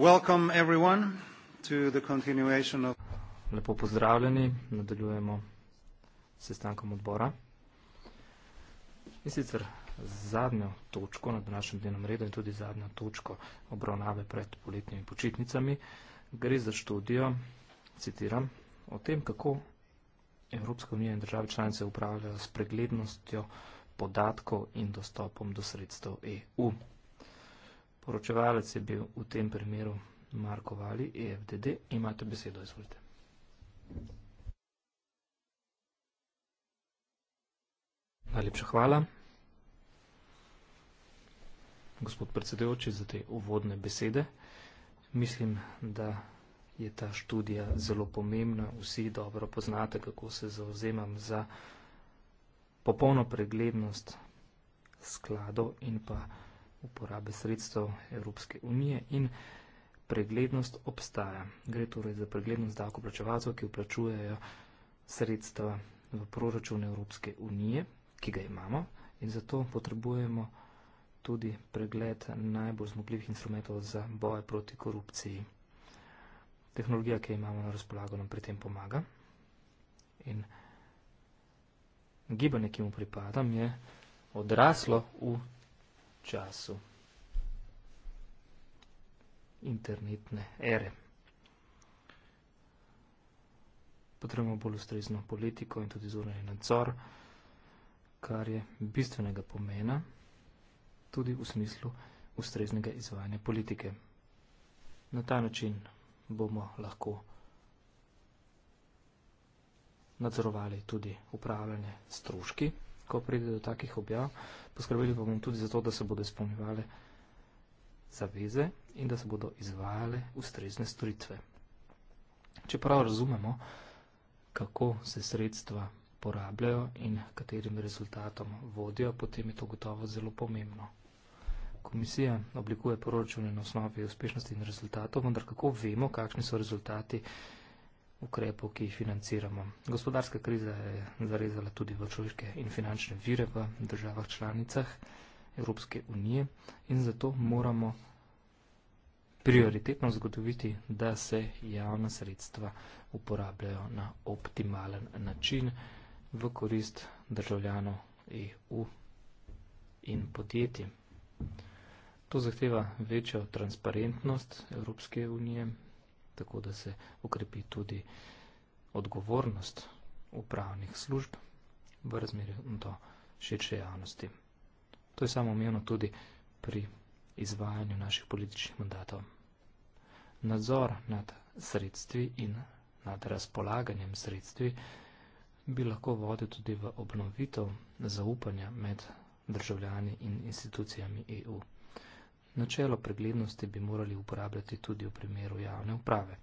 Welcome everyone to the continuation of Lepo pozdravljeni, nadaljujemo s sestankom odbora. In sicer zadnjo točko na današnjem dnevnem redu in tudi zadnjo točko obravnave pred poletnimi počitnicami gre za študijo, citiram, o tem, kako Evropska unija in države članice upravljajo s preglednostjo podatkov in dostopom do sredstev EU poročevalec je bil v tem primeru Marko Vali, EFDD. Imate besedo, izvolite. Najlepša hvala. Gospod predsedujoči, za te uvodne besede. Mislim, da je ta študija zelo pomembna. Vsi dobro poznate, kako se zauzemam za popolno preglednost skladov in pa študijo uporabe sredstev Evropske unije in preglednost obstaja. Gre torej za preglednost davkoplačevalcev, ki uplačujejo sredstva v proračun Evropske unije, ki ga imamo in zato potrebujemo tudi pregled najbolj zmogljivih instrumentov za boje proti korupciji. Tehnologija, ki jo imamo na razpolago, nam pri tem pomaga. In gibanje, ki mu pripadam, je odraslo v času internetne ere. Potrebujemo bolj ustrezno politiko in tudi zunanji nadzor, kar je bistvenega pomena tudi v smislu ustreznega izvajanja politike. Na ta način bomo lahko nadzorovali tudi upravljanje stroški ko pride do takih objav, poskrbeli bomo tudi za to, da se bodo izpolnjevale zaveze in da se bodo izvajale ustrezne storitve. Čeprav razumemo, kako se sredstva porabljajo in katerim rezultatom vodijo, potem je to gotovo zelo pomembno. Komisija oblikuje poročune na osnovi uspešnosti in rezultatov, vendar kako vemo, kakšni so rezultati, ukrepov, ki jih financiramo. Gospodarska kriza je zarezala tudi v človeške in finančne vire v državah članicah Evropske unije in zato moramo prioritetno zagotoviti, da se javna sredstva uporabljajo na optimalen način v korist državljanov EU in podjetij. To zahteva večjo transparentnost Evropske unije, tako da se ukrepi tudi odgovornost upravnih služb v razmerju do širše javnosti. To je samo omenjeno tudi pri izvajanju naših političnih mandatov. Nadzor nad sredstvi in nad razpolaganjem sredstvi bi lahko vodil tudi v obnovitev zaupanja med državljani in institucijami EU. Načelo preglednosti bi morali uporabljati tudi v primeru javne uprave.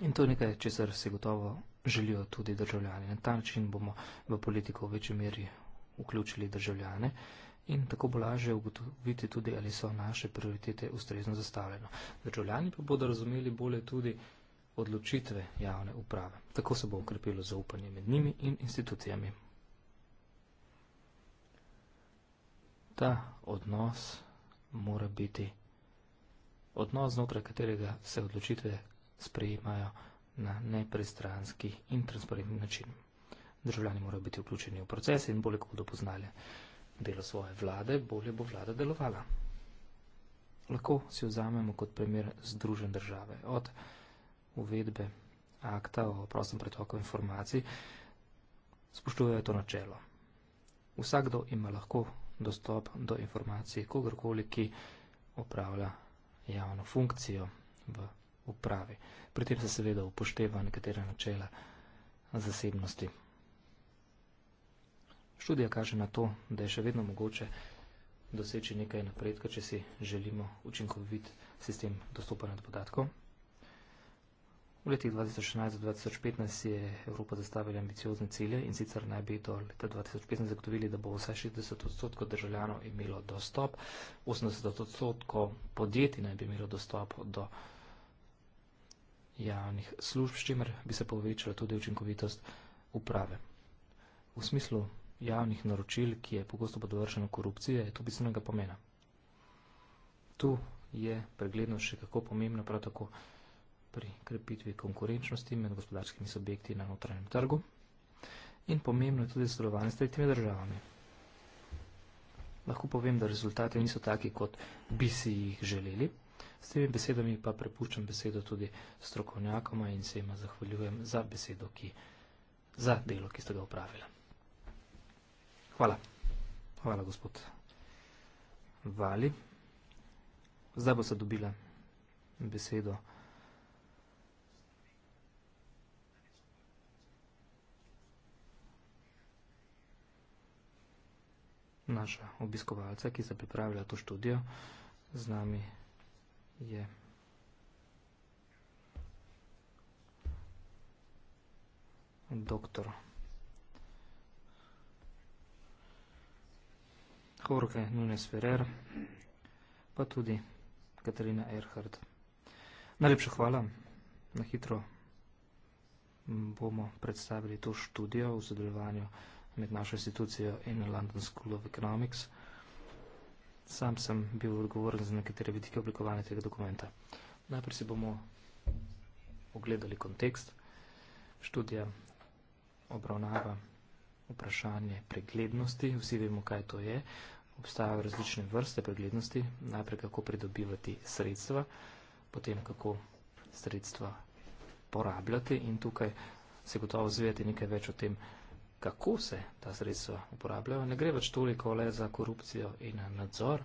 In to je nekaj, česar se gotovo želijo tudi državljani. Na ta način bomo v politiko v večji meri vključili državljane in tako bo lažje ugotoviti tudi, ali so naše prioritete ustrezno zastavljene. Državljani pa bodo razumeli bolje tudi odločitve javne uprave. Tako se bo ukrepilo zaupanje med njimi in institucijami. Ta odnos mora biti odnos, znotraj katerega se odločitve sprejemajo na nepristranski in transparentni način. Državljani morajo biti vključeni v proces in bolje, ko bodo poznali delo svoje vlade, bolje bo vlada delovala. Lahko si vzamemo kot primer združen države. Od uvedbe akta o prostem pretoku informacij spoštujejo to načelo. Vsakdo ima lahko dostop do informacij kogarkoli, ki opravlja javno funkcijo v upravi. Pri tem se seveda upošteva nekatera načela zasebnosti. Študija kaže na to, da je še vedno mogoče doseči nekaj napredka, če si želimo učinkovit sistem dostopanja do podatkov. V letih 2016-2015 je Evropa zastavila ambiciozne cilje in sicer naj bi do leta 2015 zagotovili, da bo vsaj 60 odstotkov državljanov imelo dostop, 80 odstotkov podjetij naj bi imelo dostop do javnih služb, s čimer bi se povečala tudi učinkovitost uprave. V smislu javnih naročil, ki je pogosto podvršeno korupcije, je to bistvenega pomena. Tu je preglednost še kako pomembna, prav tako pomembna pri krepitvi konkurenčnosti med gospodarskimi subjekti na notranjem trgu in pomembno je tudi sodelovanje s tretjimi državami. Lahko povem, da rezultati niso taki, kot bi si jih želeli. S temi besedami pa prepuščam besedo tudi strokovnjakoma in se ima zahvaljujem za besedo, ki, za delo, ki ste ga upravili. Hvala. Hvala, gospod Vali. Zdaj bo se dobila besedo. naša obiskovalca, ki sta pripravila to študijo. Z nami je doktor Jorge Nunes Ferrer, pa tudi Katarina Erhard. Najlepša hvala, na hitro bomo predstavili to študijo v sodelovanju s med našo institucijo in London School of Economics. Sam sem bil odgovoren za nekatere vidike oblikovanja tega dokumenta. Najprej si bomo ogledali kontekst. Študija obravnava vprašanje preglednosti. Vsi vemo, kaj to je. Obstajajo različne vrste preglednosti. Najprej, kako pridobivati sredstva, potem, kako sredstva porabljati in tukaj se gotovo zvedeti nekaj več o tem, kako se ta sredstva uporabljajo. Ne gre več toliko le za korupcijo in nadzor,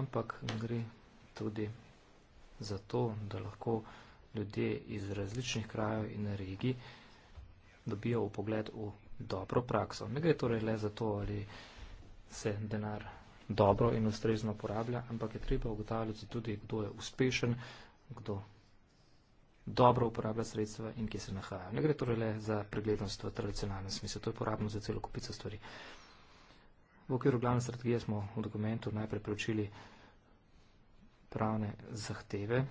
ampak gre tudi za to, da lahko ljudje iz različnih krajev in regij dobijo v pogled v dobro prakso. Ne gre torej le za to, ali se denar dobro in ustrezno uporablja, ampak je treba ugotavljati tudi, kdo je uspešen, kdo dobro uporablja sredstva in kje se nahajajo. Ne gre torej le za preglednost v tradicionalnem smislu, to je uporabno za celo kupico stvari. V okviru glavne strategije smo v dokumentu najprej preučili pravne zahteve,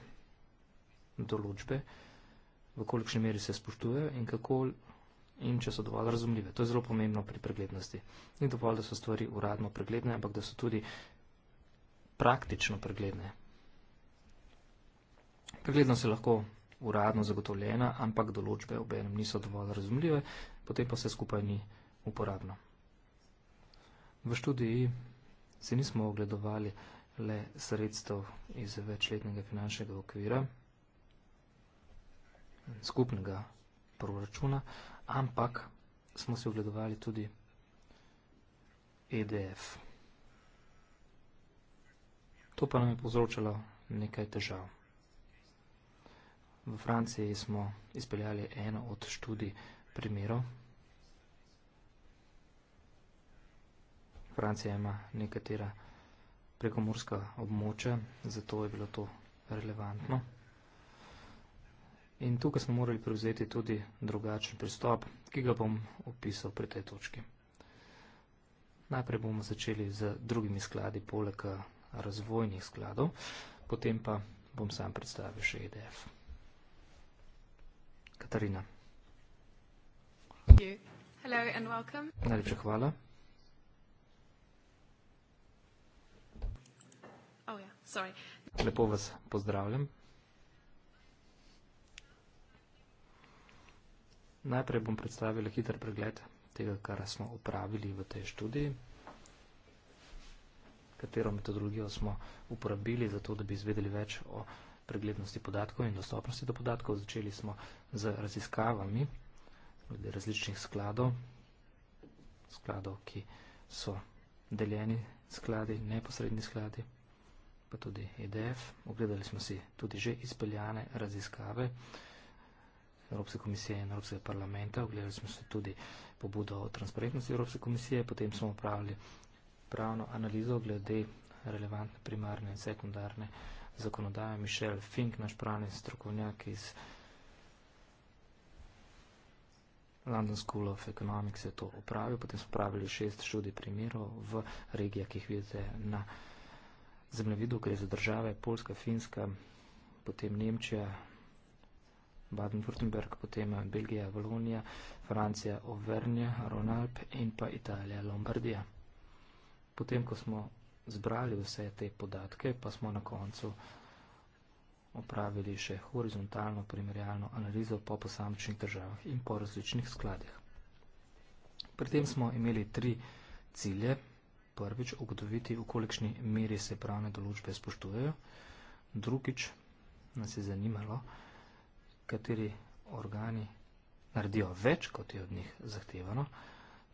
določbe, v kolikšni meri se spoštujejo in kako in če so dovolj razumljive. To je zelo pomembno pri preglednosti. Ni dovolj, da so stvari uradno pregledne, ampak da so tudi praktično pregledne. Preglednost se lahko uradno zagotovljena, ampak določbe obenem niso dovolj razumljive, potem pa se skupaj ni uporabno. V študiji se nismo ogledovali le sredstev iz večletnega finančnega okvira, skupnega proračuna, ampak smo se ogledovali tudi EDF. To pa nam je povzročalo nekaj težav. V Franciji smo izpeljali eno od študij primerov. Francija ima nekatera prekomorska območja, zato je bilo to relevantno. In tukaj smo morali prevzeti tudi drugačen pristop, ki ga bom opisal pri tej točki. Najprej bomo začeli z drugimi skladi poleg eh, razvojnih skladov, potem pa bom sam predstavil še EDF. Katarina. Najlepša hvala. Oh, Lepo vas pozdravljam. Najprej bom predstavila hiter pregled tega, kar smo opravili v tej študiji, katero metodologijo smo uporabili, zato da bi izvedeli več o študiji preglednosti podatkov in dostopnosti do podatkov. Začeli smo z raziskavami različnih skladov, skladov, ki so deljeni skladi, neposredni skladi, pa tudi EDF. Ogledali smo si tudi že izpeljane raziskave Evropske komisije in Evropskega parlamenta. Ogledali smo si tudi pobudo o transparentnosti Evropske komisije, potem smo upravili pravno analizo glede relevantne primarne in sekundarne uh, zakonodaje, Mišel Fink, naš pravni strokovnjak iz London School of Economics je to upravil, potem smo pravili šest študij primerov v regijah, ki jih vidite na zemljevidu, gre za države, Polska, Finska, potem Nemčija, Baden-Württemberg, potem Belgija, Valonija, Francija, Auvergne, Ronalp in pa Italija, Lombardija. Potem, ko smo zbrali vse te podatke, pa smo na koncu opravili še horizontalno primerjalno analizo po posamičnih državah in po različnih skladih. Pri tem smo imeli tri cilje. Prvič, ugotoviti, v kolikšni meri se pravne določbe spoštujejo. Drugič, nas je zanimalo, kateri organi naredijo več, kot je od njih zahtevano.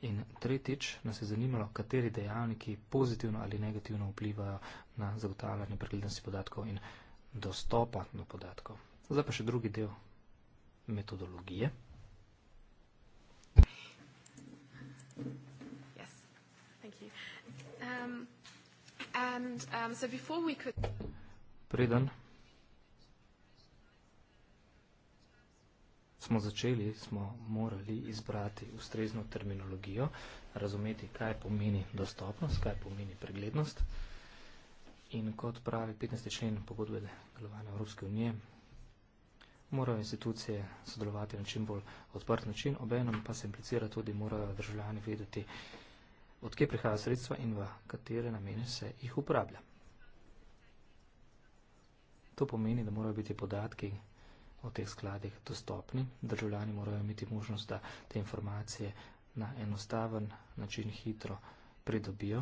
In tretjič, nas je zanimalo, kateri dejavniki pozitivno ali negativno vplivajo na zagotavljanje preglednosti podatkov in dostopa do podatkov. Zdaj pa še drugi del metodologije. Um, um, Preden smo začeli, smo morali izbrati ustrezno terminologijo, razumeti, kaj pomeni dostopnost, kaj pomeni preglednost. In kot pravi 15. člen pogodbe delovanja Evropske unije, morajo institucije sodelovati na čim bolj odprt način, obenem pa se implicira tudi, morajo državljani vedeti, odkje prihajajo sredstva in v katere namene se jih uporablja. To pomeni, da morajo biti podatki v teh skladih dostopni. Državljani morajo imeti možnost, da te informacije na enostaven način hitro pridobijo.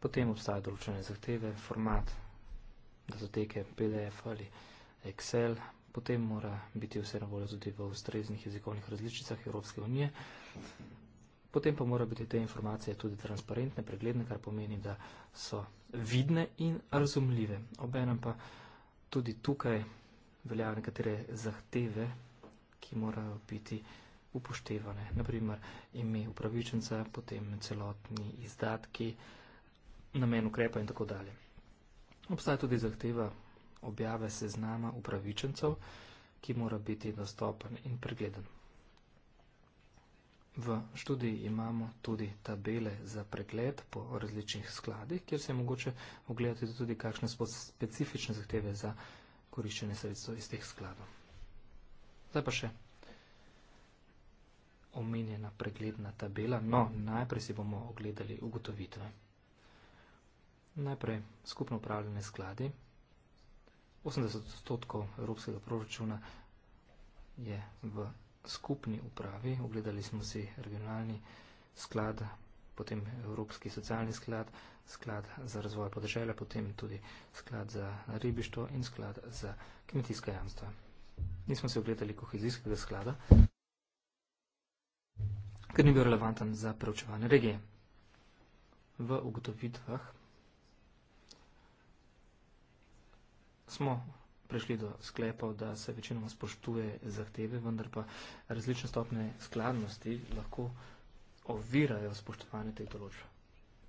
Potem obstajajo določene zahteve, format, da so teke PDF ali Excel. Potem mora biti vse na voljo tudi v ustreznih jezikovnih različicah Evropske unije. Potem pa mora biti te informacije tudi transparentne, pregledne, kar pomeni, da so vidne in razumljive. Obenem pa tudi tukaj veljajo nekatere zahteve, ki morajo biti upoštevane. Naprimer, ime upravičenca, potem celotni izdatki, namen ukrepa in tako dalje. Obstaja tudi zahteva objave seznama upravičencev, ki mora biti dostopen in pregleden. V študiji imamo tudi tabele za pregled po različnih skladih, kjer se je mogoče ogledati tudi kakšne specifične zahteve za pregled koriščenje sredstev iz teh skladov. Zdaj pa še omenjena pregledna tabela. No, najprej si bomo ogledali ugotovitve. Najprej skupno upravljene skladi. 80 odstotkov evropskega proračuna je v skupni upravi. Ogledali smo si regionalni sklad potem Evropski socialni sklad, sklad za razvoj podeželja, potem tudi sklad za ribištvo in sklad za kmetijska jamstva. Nismo se ogledali kohezijskega sklada, ker ni bil relevanten za preučevanje regije. V ugotovitvah smo prišli do sklepov, da se večinoma spoštuje zahteve, vendar pa različne stopne skladnosti lahko ovirajo spoštovanje teh določb.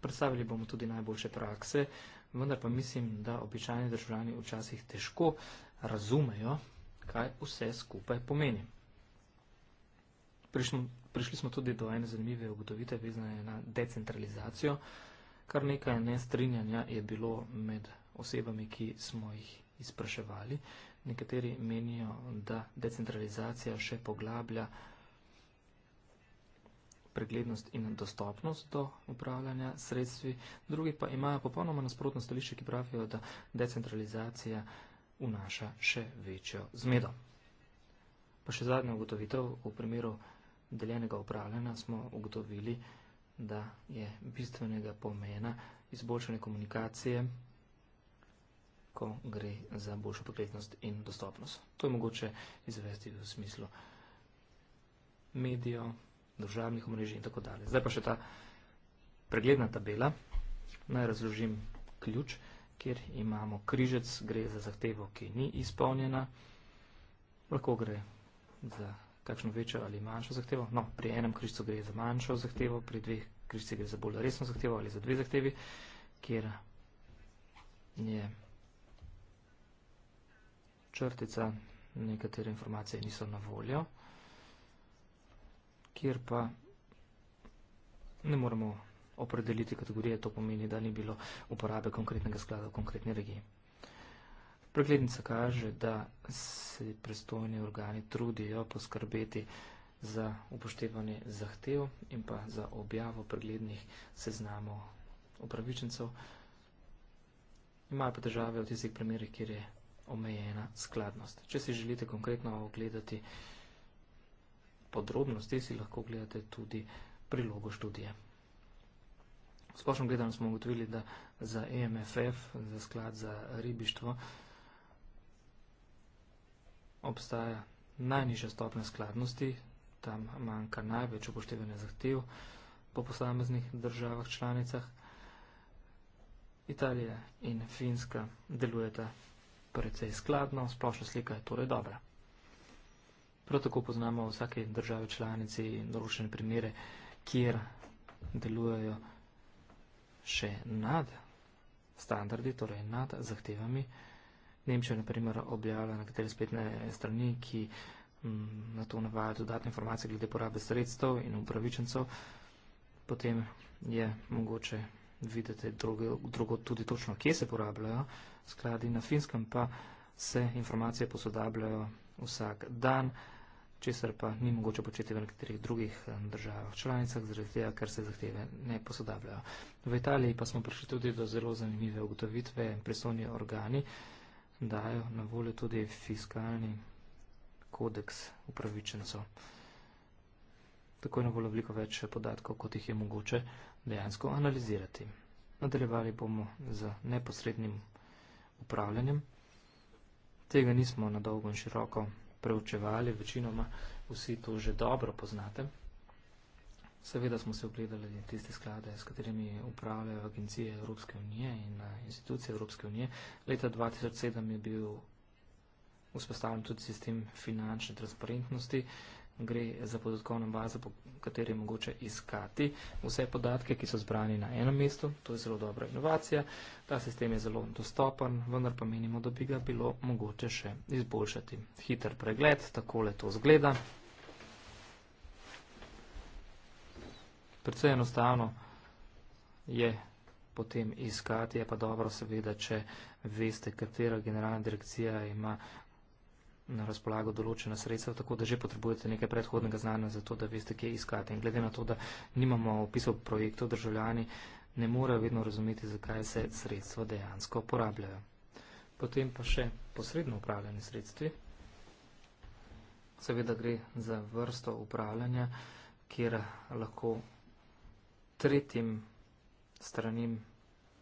Predstavili bomo tudi najboljše prakse, vendar pa mislim, da običajni državljani včasih težko razumejo, kaj vse skupaj pomeni. Prišmo, prišli smo tudi do ene zanimive ugotovitve, vezane na decentralizacijo. Kar nekaj nestrinjanja je bilo med osebami, ki smo jih izpraševali. Nekateri menijo, da decentralizacija še poglablja preglednost in dostopnost do upravljanja sredstvi, drugi pa imajo popolnoma nasprotno stališče, ki pravijo, da decentralizacija vnaša še večjo zmedo. Pa še zadnja ugotovitev v primeru deljenega upravljanja smo ugotovili, da je bistvenega pomena izboljšanje komunikacije, ko gre za boljšo preglednost in dostopnost. To je mogoče izvesti v smislu medijev državnih omrežij in tako dalje. Zdaj pa še ta pregledna tabela. Naj razložim ključ, kjer imamo križec, gre za zahtevo, ki ni izpolnjena. Lahko gre za kakšno večjo ali manjšo zahtevo. No, pri enem križcu gre za manjšo zahtevo, pri dveh križci gre za bolj resno zahtevo ali za dve zahtevi, kjer je črtica, nekatere informacije niso na voljo kjer pa ne moremo opredeliti kategorije, to pomeni, da ni bilo uporabe konkretnega sklada v konkretni regiji. Preglednica kaže, da se prestojni organi trudijo poskrbeti za upoštevanje zahtev in pa za objavo preglednih seznamov upravičencev. Imajo pa države v tistih primerih, kjer je omejena skladnost. Če si želite konkretno ogledati skladnost, podrobnosti si lahko gledate tudi prilogo študije. V splošnem gledanju smo ugotovili, da za EMFF, za sklad za ribištvo, obstaja najnižja stopnja skladnosti, tam manjka največ upoštevanja zahtev po posameznih državah članicah. Italija in Finska delujeta precej skladno, splošna slika je torej dobra. Prav tako poznamo v vsake države članici določene primere, kjer delujejo še nad standardi, torej nad zahtevami. Nemčija, na primer, objavlja na kateri spletne strani, ki m, mm, na to navajajo dodatne informacije glede porabe sredstev in upravičencov, potem je mogoče videti drugo, drugo tudi točno, kje se porabljajo skladi, na finskem pa se informacije posodabljajo vsak dan česar pa ni mogoče početi v nekaterih drugih eh, državah članicah, zaradi tega, ker se zahteve ne posodabljajo. V Italiji pa smo prišli tudi do zelo zanimive ugotovitve. Presovni organi dajo na voljo tudi fiskalni kodeks upravičencov. Tako je na voljo veliko več podatkov, kot jih je mogoče dejansko analizirati. Nadaljevali bomo z neposrednim upravljanjem. Tega nismo na dolgo in široko preučevali, večinoma vsi to že dobro poznate. Seveda smo se ogledali tiste sklade, s katerimi upravljajo agencije Evropske unije in eh, institucije Evropske unije. Leta 2007 je bil vzpostavljen tudi sistem finančne transparentnosti, gre za podatkovno bazo, po kateri je mogoče iskati vse podatke, ki so zbrani na enem mestu. To je zelo dobra inovacija. Ta sistem je zelo dostopen, vendar pa menimo, da bi ga bilo mogoče še izboljšati. Hiter pregled, takole to zgleda. Predvsej enostavno je potem iskati, je pa dobro seveda, če veste, katera generalna direkcija ima na razpolago določena sredstva, tako da že potrebujete nekaj predhodnega znanja za to, da veste, kje iskati. In glede na to, da nimamo opisov projektov, državljani ne morejo vedno razumeti, zakaj se sredstva dejansko uporabljajo. Potem pa še posredno upravljanje sredstvi. Seveda gre za vrsto upravljanja, kjer lahko tretjim stranim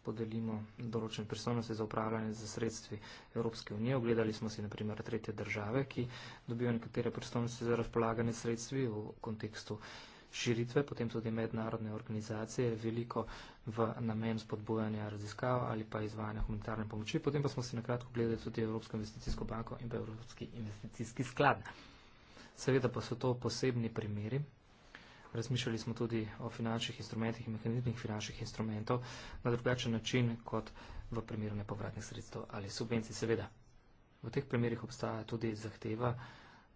podelimo določene pristojnosti za upravljanje z sredstvi Evropske unije. Ogledali smo si naprimer tretje države, ki dobijo nekatere pristojnosti za razpolaganje sredstvi v kontekstu širitve, potem tudi mednarodne organizacije, veliko v namen spodbojanja raziskav ali pa izvajanja humanitarne pomoči. Potem pa smo si nakratko gledali tudi Evropsko investicijsko banko in pa Evropski investicijski sklad. Seveda pa so to posebni primeri, razmišljali smo tudi o finančnih instrumentih in mehanizmih finančnih instrumentov na drugačen način kot v primeru nepovratnih sredstev ali subvencij, seveda. V teh primerih obstaja tudi zahteva,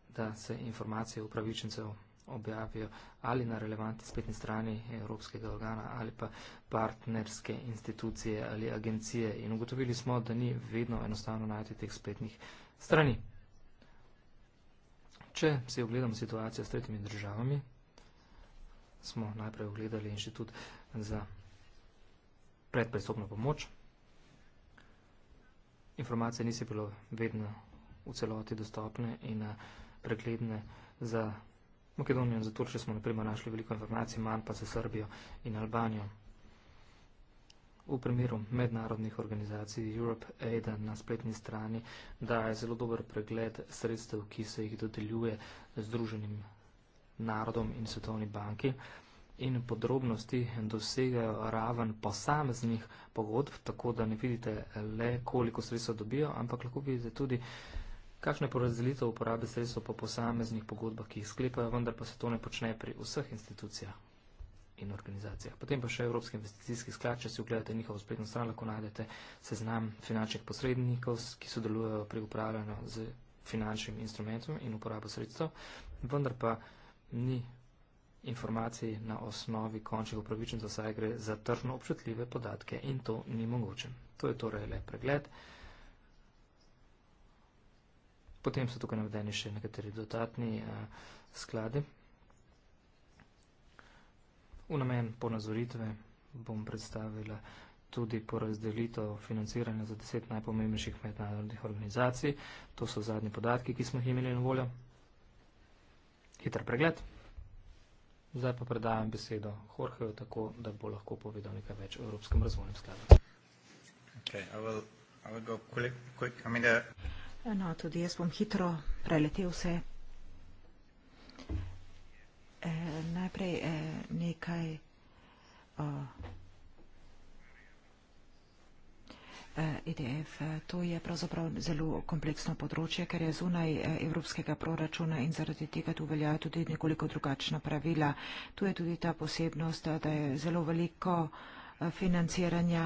da se informacije upravičencev objavijo ali na relevantni spletni strani Evropskega organa ali pa partnerske institucije ali agencije in ugotovili smo, da ni vedno enostavno najti teh spletnih strani. Če si ogledamo situacijo s tretjimi državami, smo najprej ogledali inštitut za predpresobno pomoč. Informacije nisi bilo vedno v celoti dostopne in eh, pregledne za Makedonijo in za Turčjo smo naprimer našli veliko informacij, manj pa za Srbijo in Albanijo. V primeru mednarodnih organizacij Europe Aid na spletni strani daje zelo dober pregled sredstev, ki se jih dodeljuje združenim narodom in svetovni banki in podrobnosti dosegajo raven posameznih pogodb, tako da ne vidite le, koliko sredstva dobijo, ampak lahko vidite tudi, kakšna je porazdelitev uporabe sredstva po posameznih pogodbah, ki jih sklepajo, vendar pa se to ne počne pri vseh institucijah in organizacijah. Potem pa še Evropski investicijski sklad, če si ogledate njihovo spletno stran, lahko najdete seznam finančnih posrednikov, ki sodelujejo pri upravljanju z finančnim instrumentom in uporabo sredstva, vendar pa ni informacij na osnovi končnih upravičencev, saj gre za tržno občutljive podatke in to ni mogoče. To je torej le pregled. Potem so tukaj navedeni še nekateri dodatni eh, skladi. V namen ponazoritve bom predstavila tudi porazdelitev financiranja za deset najpomembnejših mednarodnih organizacij. To so zadnji podatki, ki smo jih imeli na voljo. Hiter pregled. Zdaj pa predajam besedo Horheju, tako da bo lahko povedal nekaj več o Evropskem razvojnem skladu. No, tudi jaz bom hitro preletel vse. Eh, najprej eh, nekaj eh, IDF. Eh, e eh, to je pravzaprav zelo kompleksno področje, ker je zunaj eh, evropskega proračuna in zaradi tega tu veljajo tudi nekoliko drugačna pravila. Tu je tudi ta posebnost, da je zelo veliko financiranja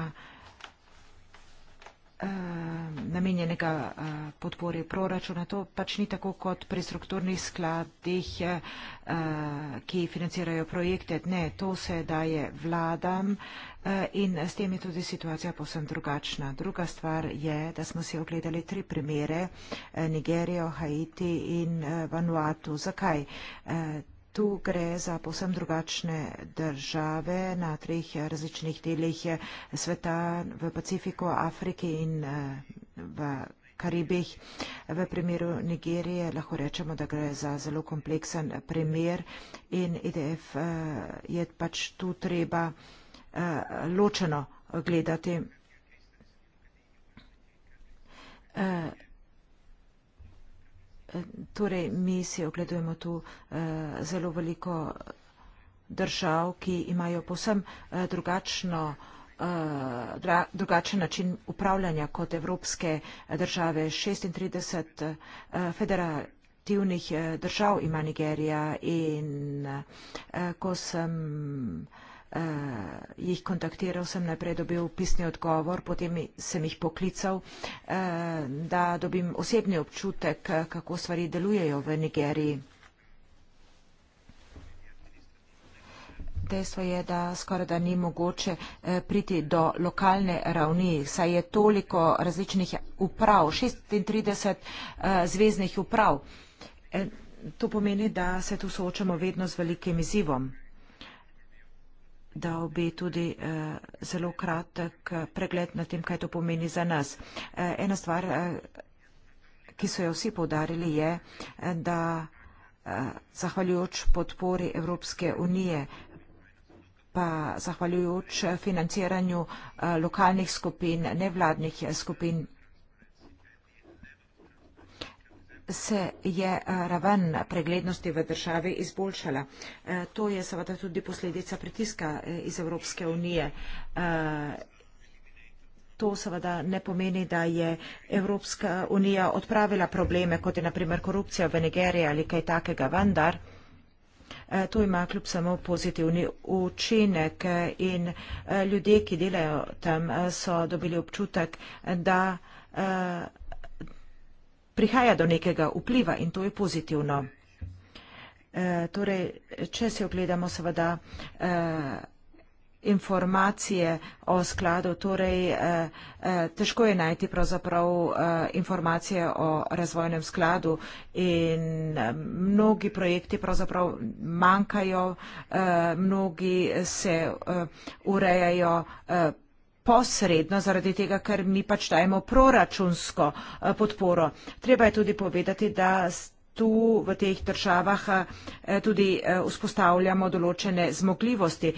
Eh, namenjenega eh, podpore proračuna. To pač ni tako kot pri strukturnih skladih, eh, ki financirajo projekte. Ne, to se daje vladam in s tem je tudi situacija posem drugačna. Druga stvar je, da smo si ogledali tri primere, Nigerijo, Haiti in Vanuatu. Zakaj? Tu gre za posem drugačne države na treh različnih delih sveta, v Pacifiku, Afriki in eh, v Karibih. V primeru Nigerije lahko rečemo, da gre za zelo kompleksen primer in IDF e eh, je pač tu treba eh, ločeno gledati torej mi si ogledujemo tu eh, zelo veliko držav, ki imajo povsem eh, drugačno eh, drugačen način upravljanja kot evropske države. 36 federativnih držav ima Nigerija in ko sem Eh, jih kontaktiral, sem najprej dobil pisni odgovor, potem sem jih poklical, eh, da dobim osebni občutek, eh, kako stvari delujejo v Nigeriji. Dejstvo je, da skoraj da ni mogoče priti do lokalne ravni, saj je toliko različnih uprav, 36 zvezdnih uprav. To pomeni, da se tu soočamo vedno z velikim izzivom dal bi tudi eh, zelo kratek eh, pregled na tem, kaj to pomeni za nas. Eh, ena stvar, ki so jo vsi povdarili, je, da zahvaljujoč podpori Evropske unije, pa zahvaljujoč financiranju lokalnih skupin, nevladnih skupin, se je eh, raven preglednosti v državi izboljšala. Eh, to je seveda tudi posledica pritiska eh, iz Evropske unije. To seveda ne pomeni, da je Evropska unija odpravila probleme, kot je naprimer korupcija v Nigeriji ali kaj takega, vendar to ima kljub samo pozitivni učinek in ljudje, ki delajo tam, so dobili občutek, da prihaja do nekega vpliva in to je pozitivno. E, torej, če se ogledamo seveda e, informacije o skladu, torej e, e, težko je najti pravzaprav e, informacije o razvojnem skladu in e, mnogi projekti pravzaprav manjkajo, e, mnogi se e, urejajo e, posredno, zaradi tega, ker mi pač dajemo proračunsko eh, podporo. Treba je tudi povedati, da tu v teh državah eh, tudi eh, vzpostavljamo določene zmogljivosti.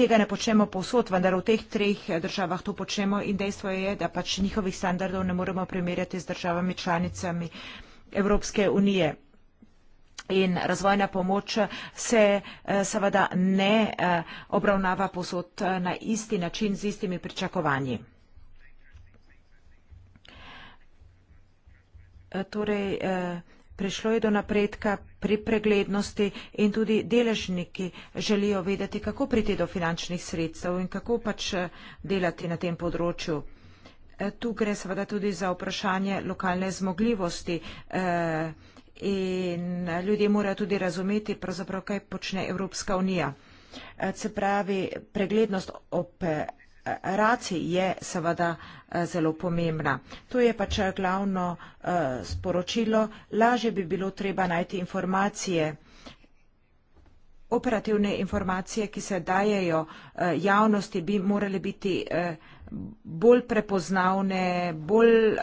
Tega ne počnemo posod, vendar v teh treh državah to počnemo in dejstvo je, da pač njihovih standardov ne moremo primerjati z državami članicami Evropske unije in razvojna pomoč se eh, seveda ne eh, obravnava posod eh, na isti način z istimi pričakovanji. Torej, prišlo je do napredka pri preglednosti in tudi deležniki želijo vedeti, kako priti do finančnih sredstev in kako pač delati na tem področju. Tu gre seveda tudi za vprašanje lokalne zmogljivosti in ljudje morajo tudi razumeti, pravzaprav, kaj počne Evropska unija. Eh, se pravi, preglednost operacij je seveda eh, zelo pomembna. To je pač eh, glavno sporočilo. Lažje bi bilo treba najti informacije, operativne informacije, ki se dajejo javnosti, bi morali biti bolj prepoznavne, bolj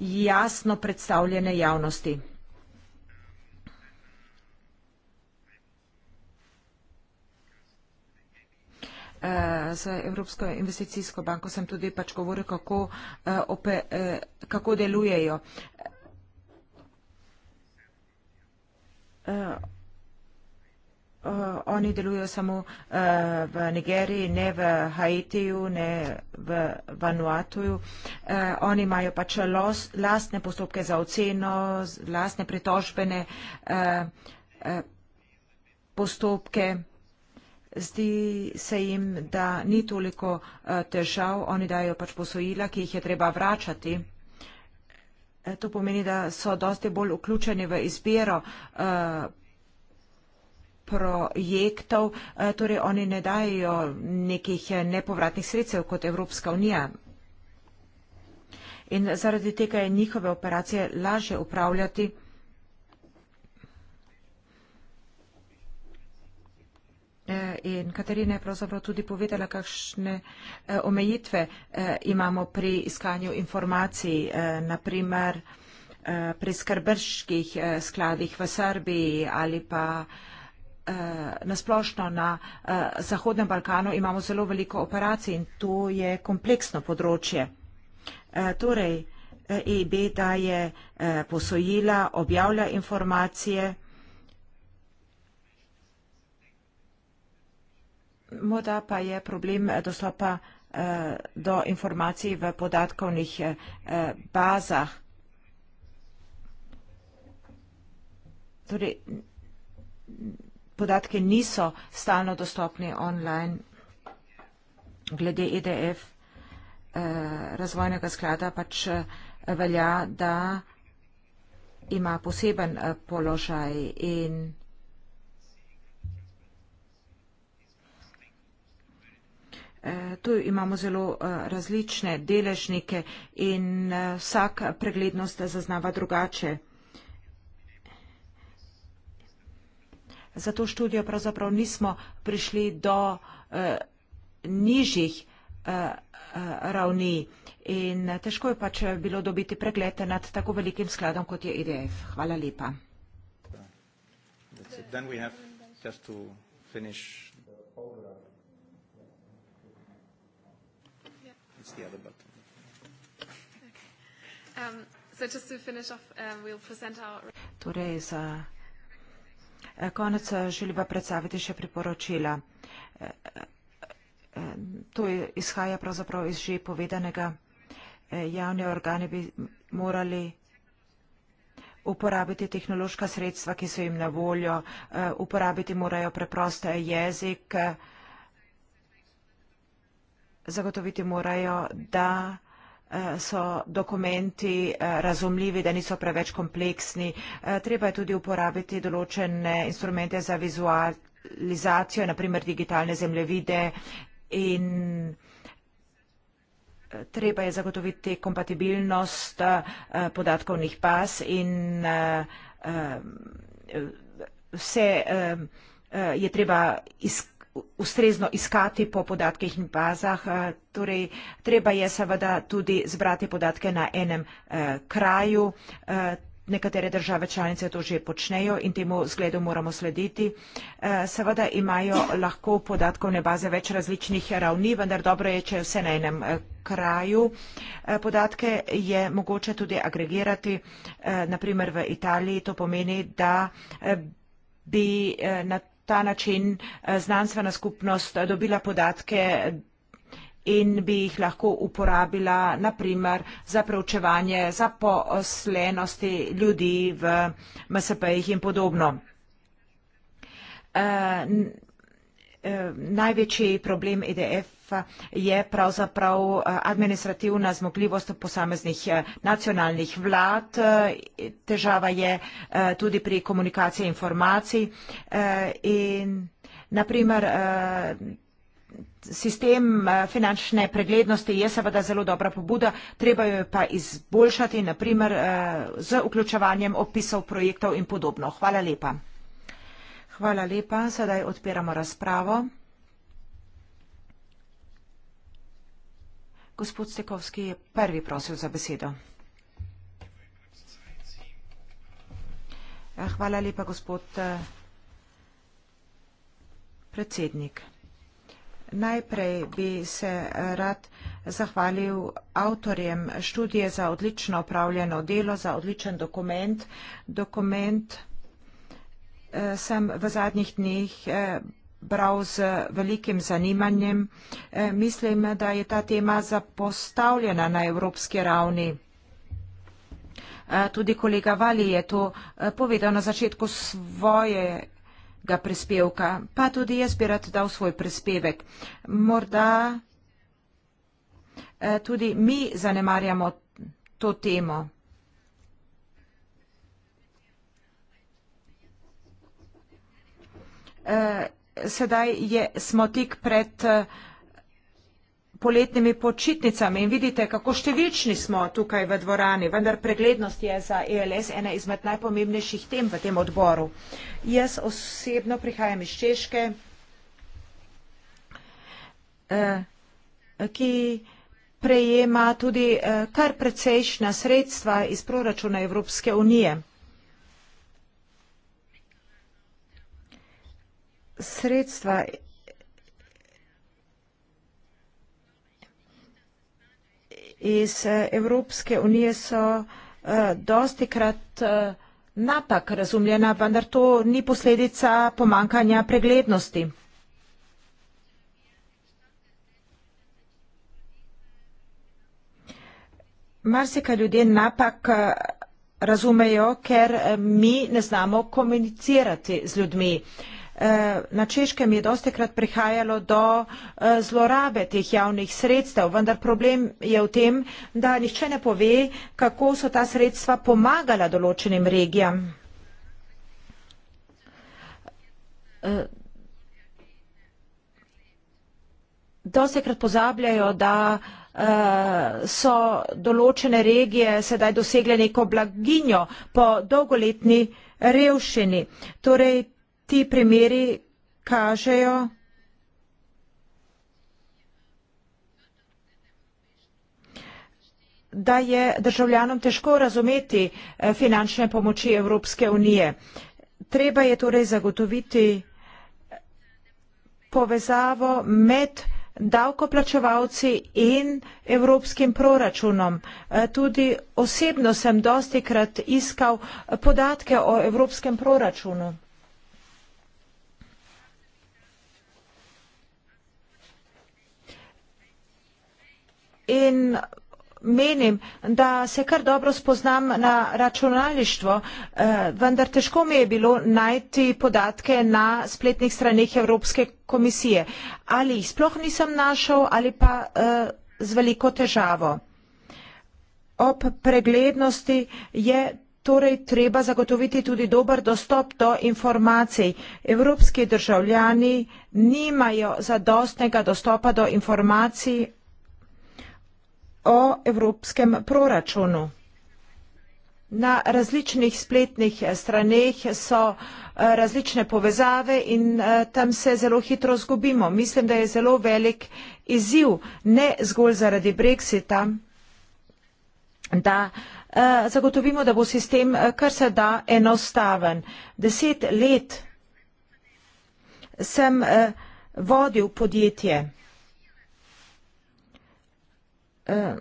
jasno predstavljene javnosti. Eh, z Evropsko investicijsko banko sem tudi pač govoril, kako, eh, ope, eh, kako delujejo. Oni delujejo samo v Nigeriji, ne v Haitiju, ne v Vanuatuju. Oni imajo pač los, lastne postopke za oceno, lastne pritožbene postopke zdi se jim, da ni toliko eh, težav, oni dajo pač posojila, ki jih je treba vračati. Eh, to pomeni, da so dosti bolj vključeni v izbiro eh, projektov, torej oni ne dajo nekih nepovratnih sredstev kot Evropska unija. In zaradi tega je njihove operacije lažje upravljati. E, in Katarina je pravzaprav tudi povedala, kakšne e, omejitve e, imamo pri iskanju informacij, naprimer pri skrbrških skladih v Srbiji ali pa nasplošno na Zahodnem Balkanu imamo zelo veliko operacij in to je kompleksno področje. Torej, EIB daje posojila, objavlja informacije, morda pa je problem eh, dostopa eh, do informacij v podatkovnih eh, bazah. Torej, podatke niso stalno dostopni online. Glede EDF razvojnega sklada pač velja, da ima poseben položaj in vsega. Eh, tu imamo zelo eh, različne deležnike in eh, vsak preglednost zaznava drugače. Za to študijo pravzaprav nismo prišli do nižjih ravni in težko je pač bilo dobiti pregled nad tako velikim skladom, kot je IDF. E Hvala lepa. Then we have just to finish. it's the other button. Um, um, torej, za eh, konec eh, želiva predstaviti še priporočila. Eh, to izhaja pravzaprav iz že povedanega. Javni organi bi morali uporabiti tehnološka sredstva, ki so jim na voljo, uporabiti morajo preproste jezik, zagotoviti morajo, da eh, so dokumenti eh, razumljivi, da niso preveč kompleksni. Eh, treba je tudi uporabiti določene instrumente za vizualizacijo, naprimer digitalne zemljevide in treba je zagotoviti kompatibilnost podatkovnih baz in vse je treba iskati ustrezno iskati po podatkih in bazah, eh, torej treba je seveda tudi zbrati podatke na enem eh, kraju. Eh, Nekatere države članice to že počnejo in temu zgledu moramo slediti. Eh, seveda imajo lahko podatkovne baze več različnih ravni, vendar dobro je, če vse na enem eh, kraju. Podatke je mogoče tudi agregirati, naprimer v Italiji to pomeni, da bi na ta način eh, znanstvena skupnost eh, dobila podatke in bi jih lahko uporabila naprimer za preučevanje zaposlenosti ljudi v MSP-jih in podobno. Eh, Eh, največji problem EDF je pravzaprav eh, administrativna zmogljivost posameznih eh, nacionalnih vlad. Težava je tudi pri komunikaciji informacij in naprimer sistem finančne preglednosti je seveda zelo dobra pobuda, treba jo pa izboljšati, naprimer z vključevanjem opisov projektov in podobno. Hvala lepa. Hvala lepa. Sedaj odpiramo razpravo. Gospod Stekovski je prvi prosil za besedo. Ja, hvala lepa, gospod eh, predsednik. Najprej bi se eh, rad zahvalil avtorjem študije za odlično upravljeno delo, za odličen dokument. Dokument sem v zadnjih dneh eh, bral z velikim zanimanjem. Eh, mislim, da je ta tema zapostavljena na evropski ravni. Eh, tudi kolega Vali je to povedal na začetku svojega prispevka, pa tudi jaz bi rad dal svoj prispevek. Morda tudi mi zanemarjamo to temo. Eh, sedaj je, smo tik pred eh, poletnimi počitnicami in vidite, kako številčni smo tukaj v dvorani, vendar preglednost je za ELS ena izmed najpomembnejših tem v tem odboru. Jaz osebno prihajam iz Češke, eh, ki prejema tudi kar precejšna sredstva iz proračuna Evropske unije. sredstva iz eh, Evropske unije so eh, dosti krat eh, napak razumljena, vendar to ni posledica pomankanja preglednosti. Marsika ljudje napak razumejo, ker mi ne znamo komunicirati z ljudmi. Eh, na Češkem je dostekrat prihajalo do eh, zlorabe teh javnih sredstev, vendar problem je v tem, da nihče ne pove, kako so ta sredstva pomagala določenim regijam. Eh, dostekrat pozabljajo, da so določene regije sedaj dosegle neko blaginjo po dolgoletni revšini. Torej, ti primeri kažejo, da je državljanom težko razumeti eh, finančne pomoči Evropske unije. Treba je torej zagotoviti eh, povezavo med davkoplačevalci in evropskim proračunom. Eh, tudi osebno sem dosti krat iskal podatke o evropskem proračunu. in menim, da se kar dobro spoznam na računalništvo, eh, vendar težko mi je bilo najti podatke na spletnih straneh Evropske komisije. Ali jih sploh nisem našel ali pa eh, z veliko težavo. Ob preglednosti je torej treba zagotoviti tudi dober dostop do informacij. Evropski državljani nimajo zadostnega dostopa do informacij o evropskem proračunu. Na različnih spletnih straneh so eh, različne povezave in eh, tam se zelo hitro zgubimo. Mislim, da je zelo velik izziv, ne zgolj zaradi brexita, da eh, zagotovimo, da bo sistem kar se da enostaven. Deset let sem vodil podjetje. Eh,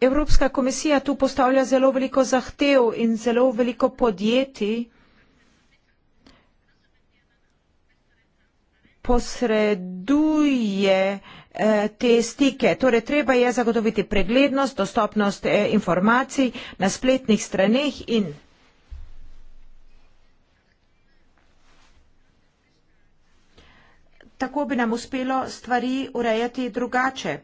Evropska komisija tu postavlja zelo veliko zahtev in zelo veliko podjetij posreduje eh, te stike. Torej, treba je zagotoviti preglednost, dostopnost eh, informacij na spletnih straneh in Tako bi nam uspelo stvari urejati drugače.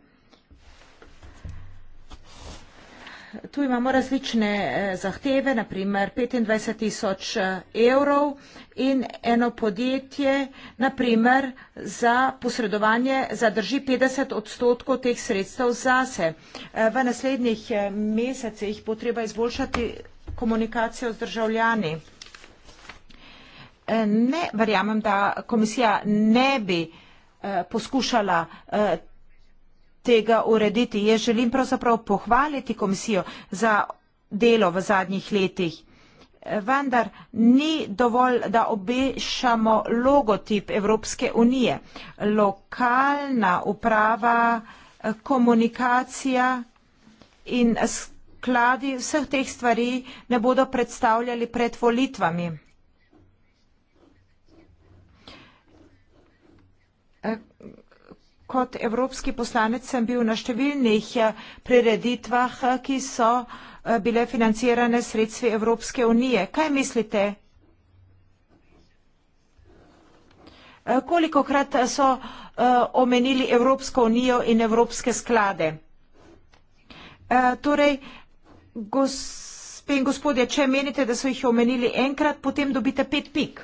tu imamo različne eh, zahteve, naprimer 25 tisoč eh, evrov in eno podjetje, naprimer za posredovanje, zadrži 50 odstotkov teh sredstev zase. Eh, v naslednjih mesecih bo treba izboljšati komunikacijo z državljani. Ne, verjamem, da komisija ne bi poskušala tega urediti. Jaz želim pravzaprav pohvaliti komisijo za delo v zadnjih letih. Eh, vendar ni dovolj, da obešamo logotip Evropske unije. Lokalna uprava, eh, komunikacija in skladi vseh teh stvari ne bodo predstavljali pred volitvami. E, kot evropski poslanec sem bil na številnih eh, prireditvah, eh, ki so eh, bile financirane sredstvi Evropske unije. Kaj mislite? Kolikokrat so omenili Evropsko unijo in Evropske sklade? Torej, gospe in gospodje, če menite, da so jih omenili enkrat, potem dobite pet pik.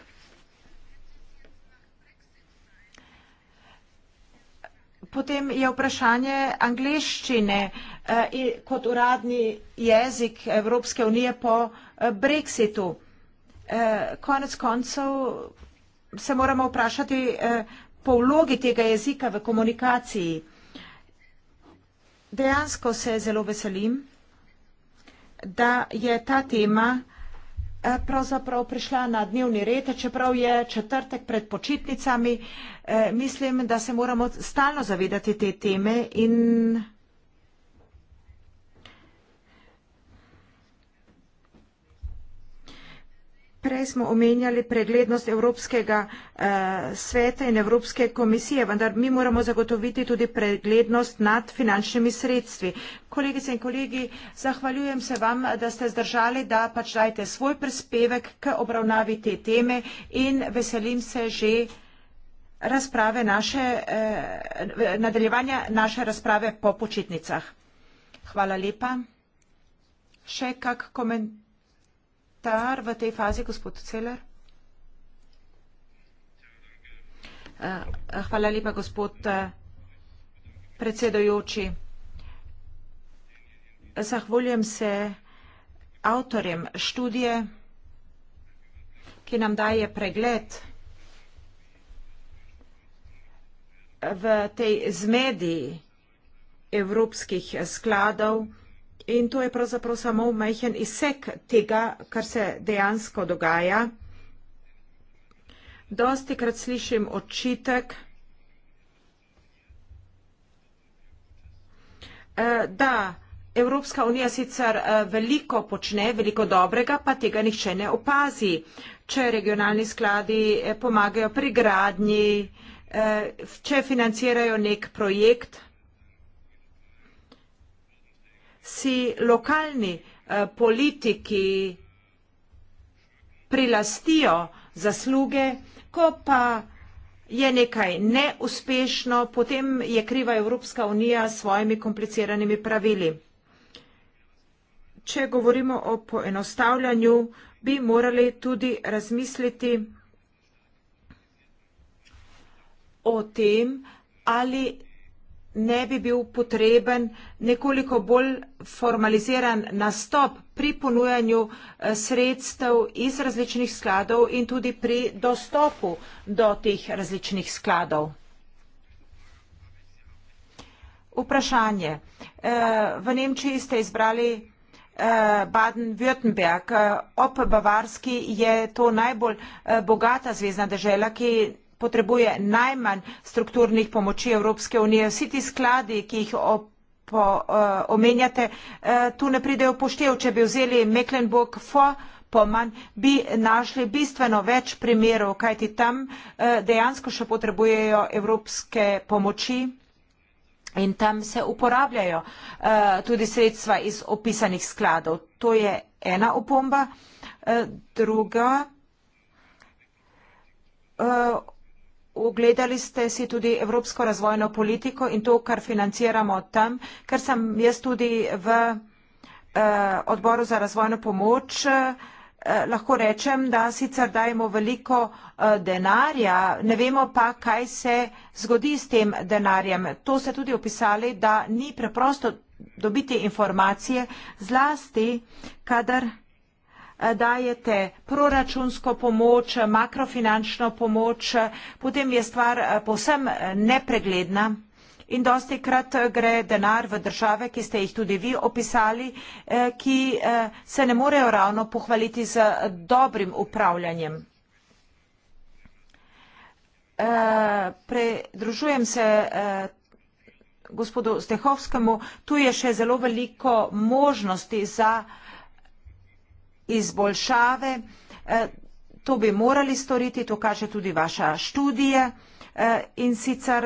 Potem je vprašanje angleščine eh, kot uradni jezik Evropske unije po eh, Brexitu. Eh, konec koncev se moramo vprašati po vlogi tega jezika v komunikaciji. Dejansko se zelo veselim, da je ta tema Eh, pravzaprav prišla na dnevni red, čeprav je četrtek pred počitnicami. Eh, mislim, da se moramo stalno zavedati te teme in Prej smo omenjali preglednost Evropskega eh, sveta in Evropske komisije, vendar mi moramo zagotoviti tudi preglednost nad finančnimi sredstvi kolegice in kolegi, zahvaljujem se vam, da ste zdržali, da pač dajte svoj prispevek k obravnavi te teme in veselim se že razprave naše, eh, nadaljevanja naše razprave po počitnicah. Hvala lepa. Še kak komentar v tej fazi, gospod Celer? Eh, eh, hvala lepa, gospod eh, predsedojoči zahvaljujem se avtorjem študije, ki nam daje pregled v tej zmedi evropskih skladov in to je pravzaprav samo majhen izsek tega, kar se dejansko dogaja. Dosti krat slišim očitek, eh, da je, Evropska unija sicer eh, veliko počne, veliko dobrega, pa tega nihče ne opazi, če regionalni skladi eh, pomagajo pri gradnji, eh, če financirajo nek projekt. Si lokalni politiki prilastijo zasluge, ko pa je nekaj neuspešno, potem je kriva Evropska unija s svojimi kompliciranimi pravili če govorimo o poenostavljanju, bi morali tudi razmisliti o tem, ali ne bi bil potreben nekoliko bolj formaliziran nastop pri ponujanju eh, sredstev iz različnih skladov in tudi pri dostopu do teh različnih skladov. Vprašanje. Eh, v Nemčiji ste izbrali Eh, Baden-Württemberg. Eh, ob Bavarski je to najbolj eh, bogata zvezdna država, ki potrebuje najmanj strukturnih pomoči Evropske unije. Vsi ti skladi, ki jih op po uh, omenjate, uh, tu ne pridejo poštev. Če bi vzeli Mecklenburg fo pomanj, bi našli bistveno več primerov, kajti tam uh, dejansko še potrebujejo evropske pomoči in tam se uporabljajo uh, tudi sredstva iz opisanih skladov. To je ena opomba. Uh, druga. Uh, Ogledali ste si tudi evropsko razvojno politiko in to, kar financiramo tam, ker sem jaz tudi v eh, odboru za razvojno pomoč eh, Eh, lahko rečem, da sicer dajemo veliko eh, denarja, ne vemo pa, kaj se zgodi s tem denarjem. To ste tudi opisali, da ni preprosto dobiti informacije, zlasti, kadar eh, dajete proračunsko pomoč, makrofinančno pomoč, potem je stvar povsem nepregledna in dostikrat eh, gre denar v države, ki ste jih tudi vi opisali, eh, ki eh, se ne morejo ravno pohvaliti z dobrim upravljanjem. Predružujem se gospodu Stehovskemu, tu je še zelo veliko možnosti za izboljšave. To bi morali storiti, to kaže tudi vaša študija in sicer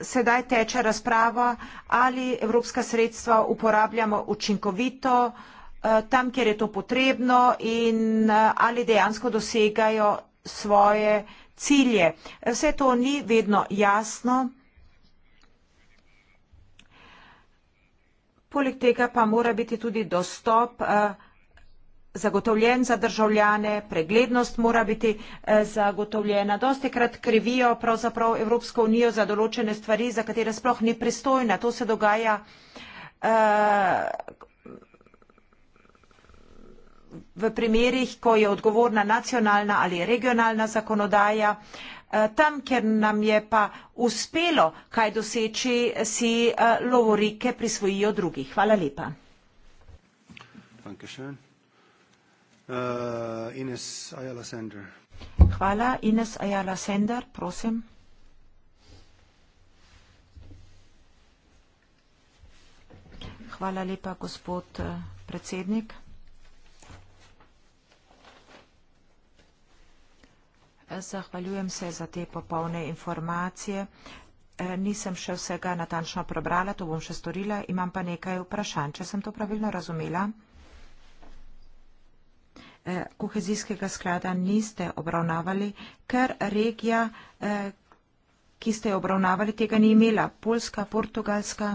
sedaj teče razprava, ali evropska sredstva uporabljamo učinkovito eh, tam, kjer je to potrebno in eh, ali dejansko dosegajo svoje cilje. Eh, vse to ni vedno jasno. Poleg tega pa mora biti tudi dostop uh, zagotovljen za državljane, preglednost mora biti eh, zagotovljena. Dosti krat krivijo pravzaprav Evropsko unijo za določene stvari, za katere sploh ni pristojna. To se dogaja eh, v primerjih, ko je odgovorna nacionalna ali regionalna zakonodaja. Eh, tam, ker nam je pa uspelo kaj doseči, si lovorike prisvojijo drugi. Hvala lepa. Dankeschön. Uh, Ines Ayala Sender. Hvala. Ines Ayala Sender, prosim. Hvala lepa, gospod eh, predsednik. Zahvaljujem se za te popolne informacije. Eh, nisem še vsega natančno prebrala, to bom še storila, imam pa nekaj vprašanj, če sem to pravilno razumela. Eh, kohezijskega sklada niste obravnavali, ker regija, eh, ki ste jo obravnavali, tega ni imela. Poljska, Portugalska.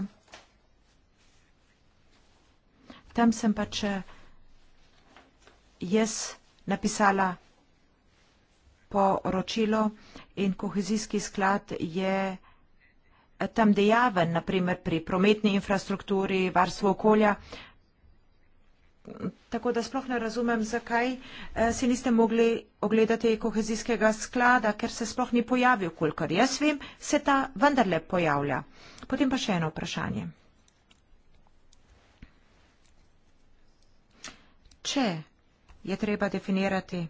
Tam sem pač eh, jaz napisala poročilo in kohezijski sklad je tam dejaven, naprimer pri prometni infrastrukturi, varstvu okolja. Tako da sploh ne razumem, zakaj eh, si niste mogli ogledati kohezijskega sklada, ker se sploh ni pojavil, kolikor jaz vem, se ta vendarle pojavlja. Potem pa še eno vprašanje. Če je treba definirati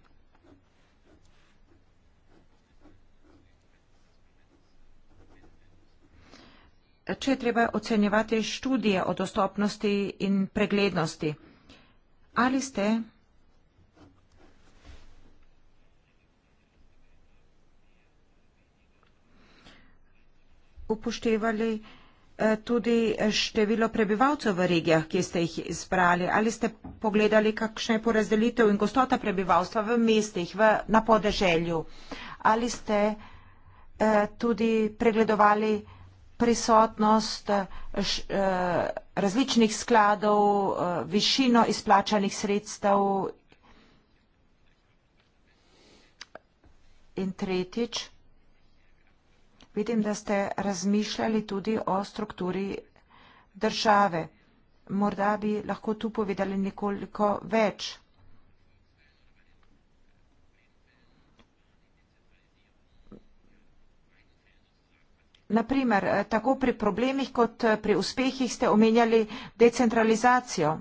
Če je treba ocenjevati študije o dostopnosti in preglednosti, Ali ste? upoštevali eh, tudi število prebivalcev v regijah, ki ste jih izbrali. Ali ste pogledali, kakšna je porazdelitev in gostota prebivalstva v mestih, v, na podeželju? Ali ste eh, tudi pregledovali prisotnost eh, š, eh, različnih skladov, eh, višino izplačanih sredstev in tretjič. Vidim, da ste razmišljali tudi o strukturi države. Morda bi lahko tu povedali nekoliko več. Naprimer, eh, tako pri problemih kot eh, pri uspehih ste omenjali decentralizacijo.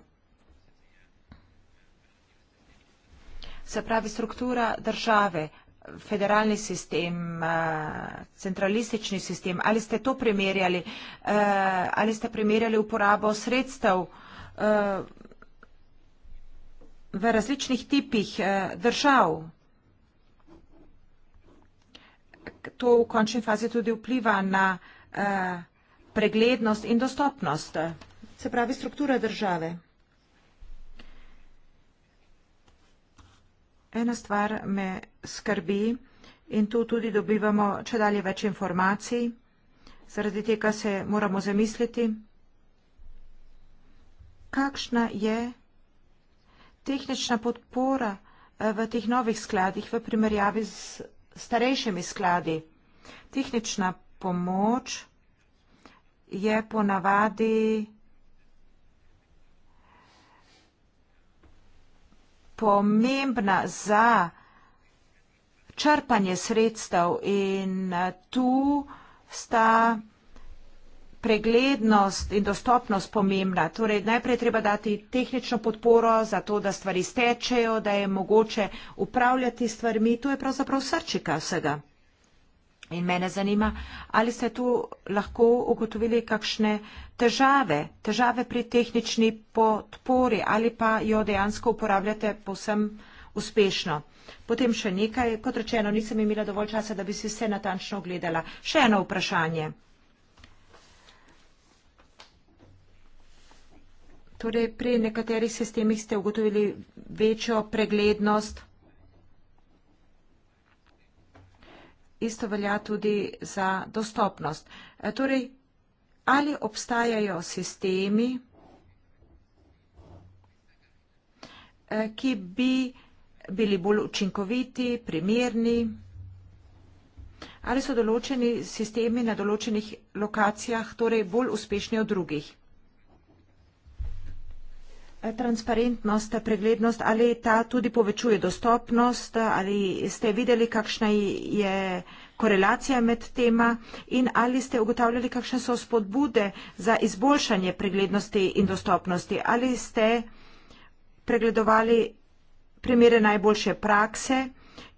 Se pravi, struktura države, federalni sistem, eh, centralistični sistem, ali ste to primerjali, ali ste primerjali uporabo sredstev v različnih tipih držav? to v končni fazi tudi vpliva na eh, preglednost in dostopnost, se pravi struktura države. Ena stvar me skrbi in tu tudi dobivamo če dalje več informacij, zaradi tega se moramo zamisliti, kakšna je tehnična podpora eh, v teh novih skladih v primerjavi z starejšimi skladi. Tehnična pomoč je ponavadi pomembna za črpanje sredstev in tu sta preglednost in dostopnost pomembna. Torej, najprej treba dati tehnično podporo za to, da stvari stečejo, da je mogoče upravljati stvarmi. To je pravzaprav srčika vsega. In mene zanima, ali ste tu lahko ugotovili kakšne težave, težave pri tehnični podpori ali pa jo dejansko uporabljate povsem uspešno. Potem še nekaj, kot rečeno, nisem imela dovolj časa, da bi si vse natančno ogledala. Še eno vprašanje. Torej, pri nekaterih sistemih ste ugotovili večjo preglednost. Isto velja tudi za dostopnost. E, torej, ali obstajajo sistemi, e, ki bi bili bolj učinkoviti, primerni? Ali so določeni sistemi na določenih lokacijah torej bolj uspešni od drugih? transparentnost, preglednost, ali ta tudi povečuje dostopnost, ali ste videli, kakšna je korelacija med tema in ali ste ugotavljali, kakšne so spodbude za izboljšanje preglednosti in dostopnosti, ali ste pregledovali primere najboljše prakse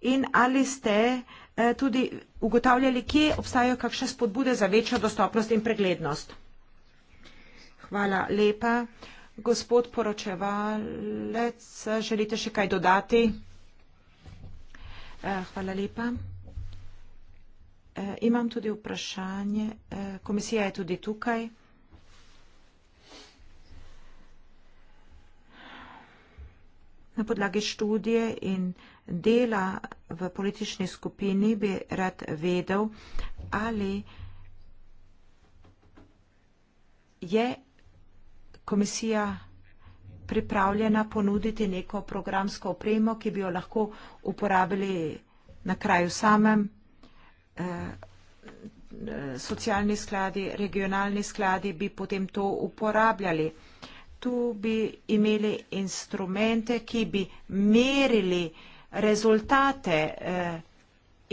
in ali ste eh, tudi ugotavljali, kje obstajajo kakšne spodbude za večjo dostopnost in preglednost. Hvala lepa. Gospod poročevalec, želite še kaj dodati? Eh, hvala lepa. Eh, imam tudi vprašanje. Eh, komisija je tudi tukaj. Na podlagi študije in dela v politični skupini bi rad vedel, ali je komisija pripravljena ponuditi neko programsko opremo, ki bi jo lahko uporabili na kraju samem, eh, socialni skladi, regionalni skladi bi potem to uporabljali. Tu bi imeli instrumente, ki bi merili rezultate eh,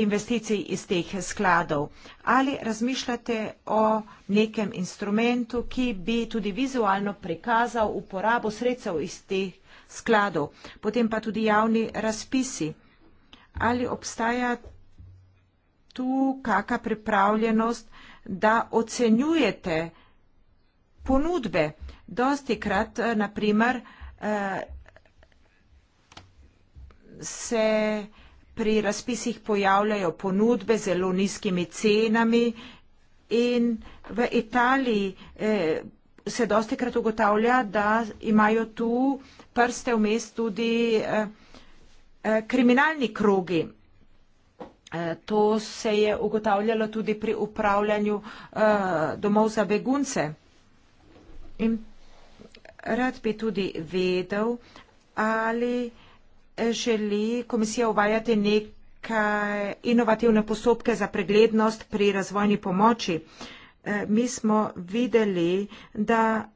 investicij iz teh skladov. Ali razmišljate o nekem instrumentu, ki bi tudi vizualno prikazal uporabo sredstev iz teh skladov, potem pa tudi javni razpisi? Ali obstaja tu kakšna pripravljenost, da ocenjujete ponudbe? Dosti krat, eh, naprimer, eh, se pri razpisih pojavljajo ponudbe z zelo nizkimi cenami in v Italiji eh, se dosti krat ugotavlja, da imajo tu prste vmes tudi eh, eh, kriminalni krogi. Eh, to se je ugotavljalo tudi pri upravljanju eh, domov za begunce. In rad bi tudi vedel, ali eh, želi komisija uvajati nekaj inovativne postopke za preglednost pri razvojni pomoči. Eh, mi smo videli, da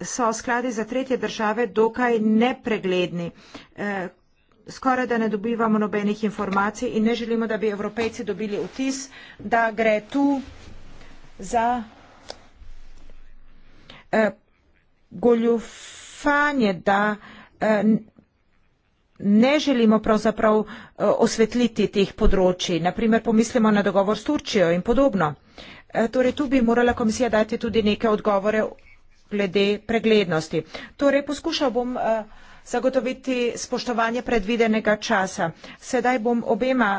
so skladi za tretje države dokaj nepregledni. Eh, skoraj da ne dobivamo nobenih informacij in ne želimo, da bi evropejci dobili vtis, da gre tu za eh, goljufanje, da eh, Eh, ne želimo pravzaprav eh, osvetliti teh področji. Naprimer, pomislimo na dogovor s Turčijo in podobno. Eh, torej, tu bi morala komisija dati tudi neke odgovore glede preglednosti. Torej, poskušal bom zagotoviti spoštovanje predvidenega časa. Sedaj bom obema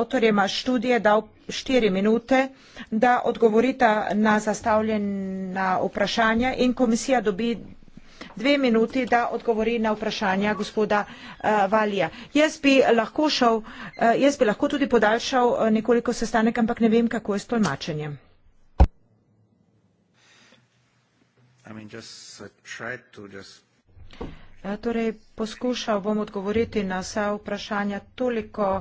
avtorjema študije dal štiri minute, da odgovorita na zastavljena vprašanja in komisija dobi dve minuti, da odgovori na vprašanja gospoda uh, Valija. Jaz bi, šel, uh, jaz bi lahko tudi podaljšal uh, nekoliko sestanek, ampak ne vem, kako je s tolmačenjem. I mean, just, uh, just... Ja, torej, poskušal bom odgovoriti na vsa vprašanja. Toliko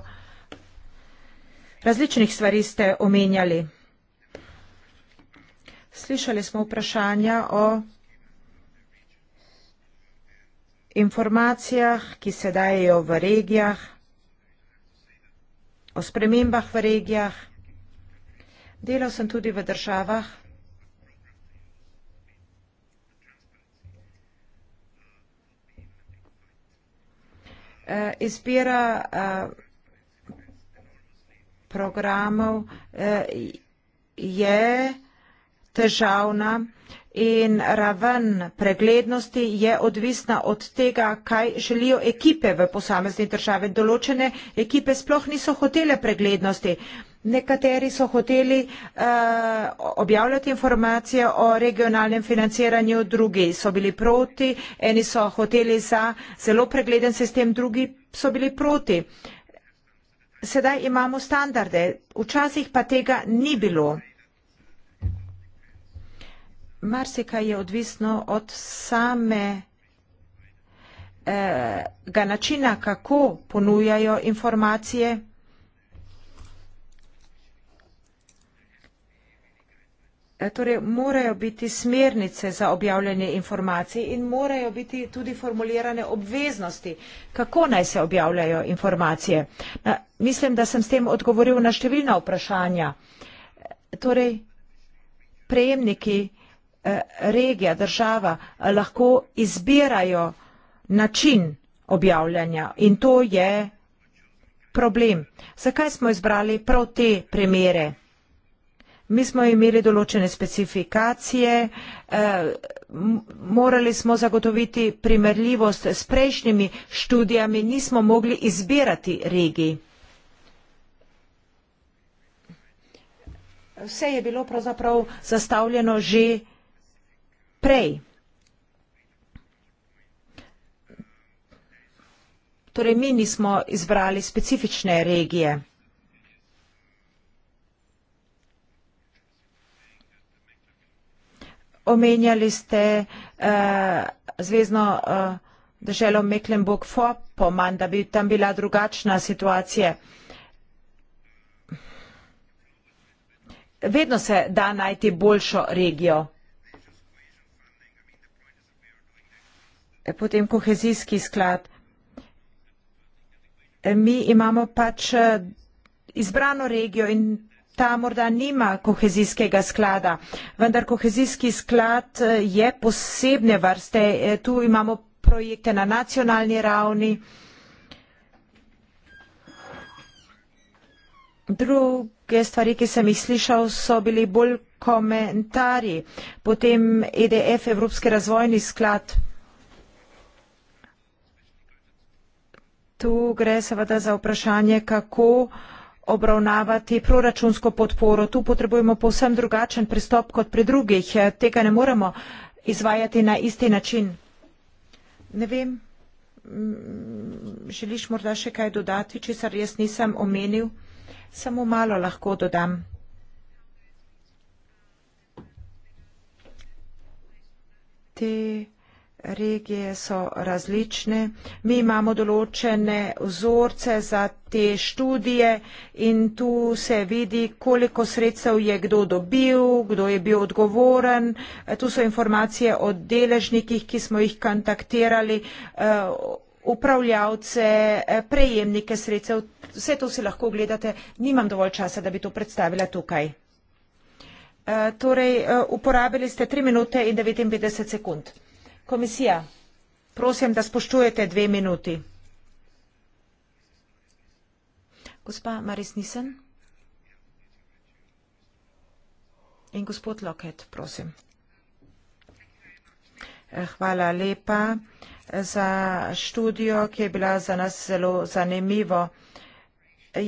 različnih stvari ste omenjali. Slišali smo vprašanja o informacijah, ki se dajejo v regijah, o spremembah v regijah. Delal sem tudi v državah, eh, Izbira eh, programov eh, je težavna in raven preglednosti je odvisna od tega, kaj želijo ekipe v posamezni državi. Določene ekipe sploh niso hotele preglednosti. Nekateri so hoteli uh, objavljati informacije o regionalnem financiranju, drugi so bili proti, eni so hoteli za zelo pregleden sistem, drugi so bili proti. Sedaj imamo standarde, včasih pa tega ni bilo marsikaj je odvisno od same eh, ga načina, kako ponujajo informacije. Eh, torej, morajo biti smernice za objavljanje informacij in morajo biti tudi formulirane obveznosti, kako naj se objavljajo informacije. Na, mislim, da sem s tem odgovoril na številna vprašanja. Eh, torej, prejemniki Eh, regija, država eh, lahko izbirajo način objavljanja in to je problem. Zakaj smo izbrali prav te primere? Mi smo imeli določene specifikacije, eh, morali smo zagotoviti primerljivost s prejšnjimi študijami, nismo mogli izbirati regij. Vse je bilo pravzaprav zastavljeno že prej. Torej, mi nismo izbrali specifične regije. Omenjali ste eh, zvezdno eh, državo Mecklenburg-Vorpommern, da bi tam bila drugačna situacija. Vedno se da najti boljšo regijo. Eh, potem kohezijski sklad. Eh, mi imamo pač eh, izbrano regijo in ta morda nima kohezijskega sklada, vendar kohezijski sklad je posebne vrste. Tu imamo projekte na nacionalni ravni. Druge stvari, ki sem jih slišal, so bili bolj komentarji. Potem EDF, Evropski razvojni sklad. Tu gre seveda za vprašanje, kako obravnavati proračunsko podporo. Tu potrebujemo povsem drugačen pristop kot pri drugih. Tega ne moremo izvajati na isti način. Ne vem, mm, želiš morda še kaj dodati, česar jaz nisem omenil. Samo malo lahko dodam. Te regije so različne. Mi imamo določene vzorce za te študije in tu se vidi, koliko sredstev je kdo dobil, kdo je bil odgovoren. Tu so informacije o deležnikih, ki smo jih kontaktirali, eh, upravljavce, eh, prejemnike sredstev. Vse to si lahko gledate. Nimam dovolj časa, da bi to predstavila tukaj. Eh, torej, uporabili ste 3 minute in 59 sekund. Komisija. Prosim, da spoštujete dve minuti. Gospa Maris Nisen. In gospod Loket, prosim. Eh, hvala lepa za študijo, ki je bila za nas zelo zanimivo.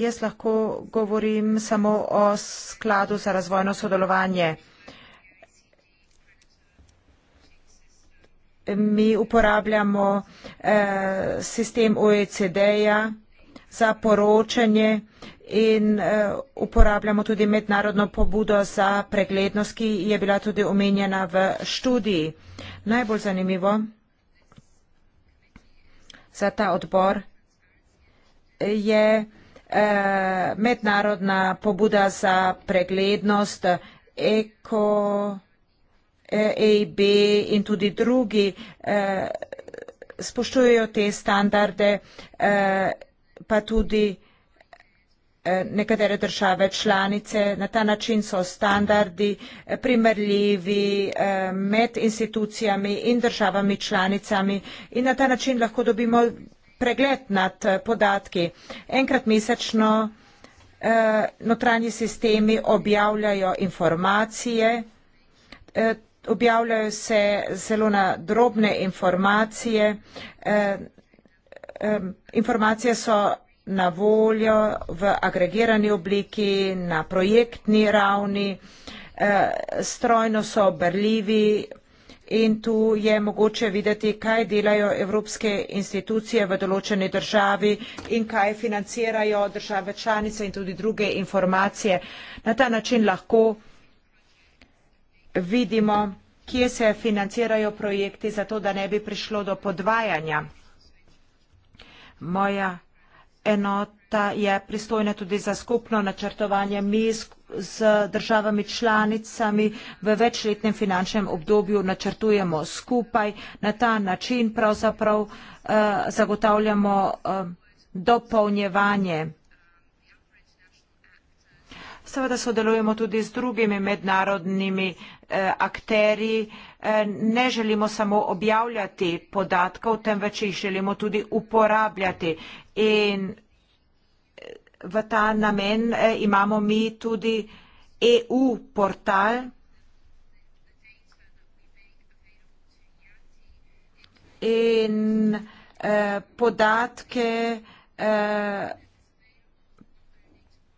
Jaz lahko govorim samo o skladu za razvojno sodelovanje. mi uporabljamo eh, sistem OECD-ja za poročanje in eh, uporabljamo tudi mednarodno pobudo za preglednost, ki je bila tudi omenjena v študiji. Najbolj zanimivo za ta odbor je eh, mednarodna pobuda za preglednost, eko. Eh, EIB in tudi drugi eh, spoštujejo te standarde, eh, pa tudi eh, nekatere države članice. Na ta način so standardi primerljivi med institucijami in državami članicami in na ta način lahko dobimo pregled nad podatki. Enkrat mesečno notranji sistemi objavljajo informacije, objavljajo se zelo na drobne informacije. Eh, eh, informacije so na voljo v agregirani obliki, na projektni ravni, eh, strojno so berljivi in tu je mogoče videti, kaj delajo evropske institucije v določeni državi in kaj financirajo države članice in tudi druge informacije. Na ta način lahko vidimo, kje se financirajo projekti za to, da ne bi prišlo do podvajanja. Moja enota je pristojna tudi za skupno načrtovanje mi z državami članicami v večletnem finančnem obdobju načrtujemo skupaj. Na ta način pravzaprav eh, zagotavljamo eh, dopolnjevanje. Seveda sodelujemo tudi z drugimi mednarodnimi Eh, akteri eh, ne želimo samo objavljati podatkov, temveč jih želimo tudi uporabljati. In eh, v ta namen imamo mi tudi EU portal. In eh, podatke eh,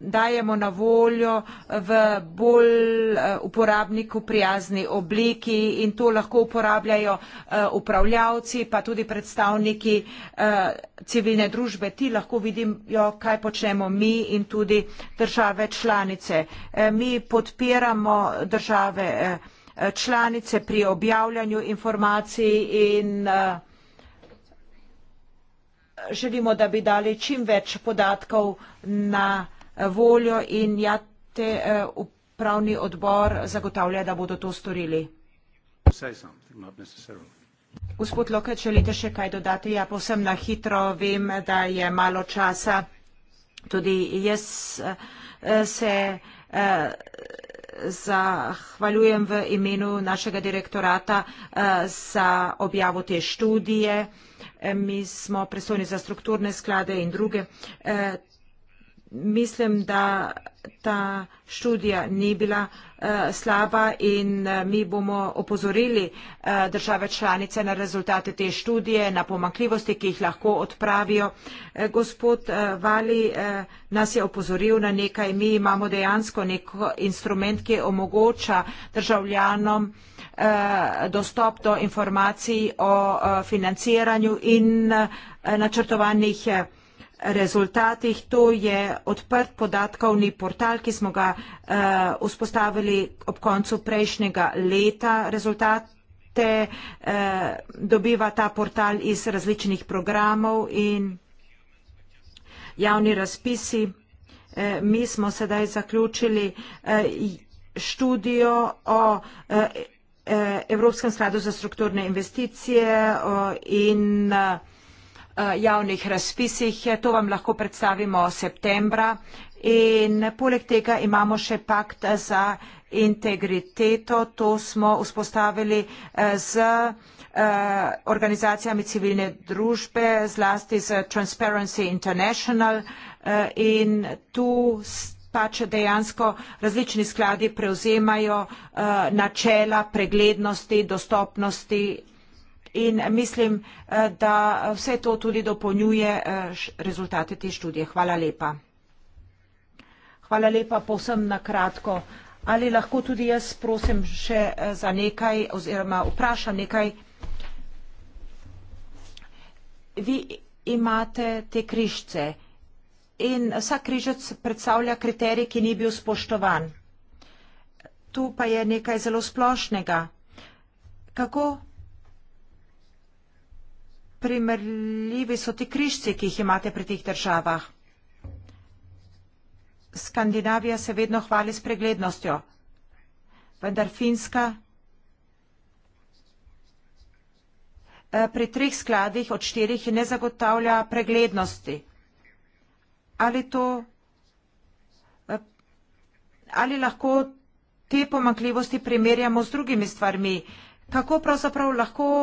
dajemo na voljo eh, v bolj eh, uporabniku prijazni obliki in to lahko uporabljajo eh, upravljavci, pa tudi predstavniki civilne družbe. Ti lahko vidijo, kaj počnemo mi in tudi države članice. Mi podpiramo države članice pri objavljanju informacij in želimo, da bi dali čim več podatkov na članice voljo in ja, te eh, upravni odbor zagotavlja, da bodo to storili. Gospod Lokaj, želite še kaj dodati? Ja, povsem na hitro vem, da je malo časa. Tudi jaz eh, se eh, zahvaljujem v imenu našega direktorata za objavo te študije. Mi smo predstavni za strukturne sklade in druge mislim, da ta študija ni bila uh, slaba in uh, mi bomo opozorili uh, države članice na rezultate te študije, na pomankljivosti, ki jih lahko odpravijo. Uh, gospod uh, Vali uh, nas je opozoril na nekaj. Mi imamo dejansko nek instrument, ki omogoča državljanom uh, dostop do informacij o uh, financiranju in uh, načrtovanih uh, rezultatih. To je odprt podatkovni portal, ki smo ga uh, vzpostavili ob koncu prejšnjega leta. Rezultate uh, dobiva ta portal iz različnih programov in javni razpisi. Uh, mi smo sedaj zaključili uh, študijo o. Uh, Evropskem skladu za strukturne investicije in Eh, javnih razpisih. To vam lahko predstavimo septembra. In poleg tega imamo še pakt za integriteto. To smo vzpostavili eh, z eh, organizacijami civilne družbe, zlasti z Transparency International in tu pač dejansko različni skladi prevzemajo načela preglednosti, dostopnosti in mislim, eh, da vse to tudi dopolnjuje eh, rezultate te študije. Hvala lepa. Hvala lepa povsem na kratko. Ali lahko tudi jaz prosim še eh, za nekaj oziroma vprašam nekaj? Vi imate te križce in vsak križec predstavlja kriterij, ki ni bil spoštovan. Tu pa je nekaj zelo splošnega. Kako primerljivi so ti križci, ki jih imate pri teh državah? Skandinavija se vedno hvali s preglednostjo, vendar Finska eh, pri treh skladih od štirih ne zagotavlja preglednosti. Ali, to, eh, ali lahko te pomankljivosti primerjamo z drugimi stvarmi? Kako pravzaprav lahko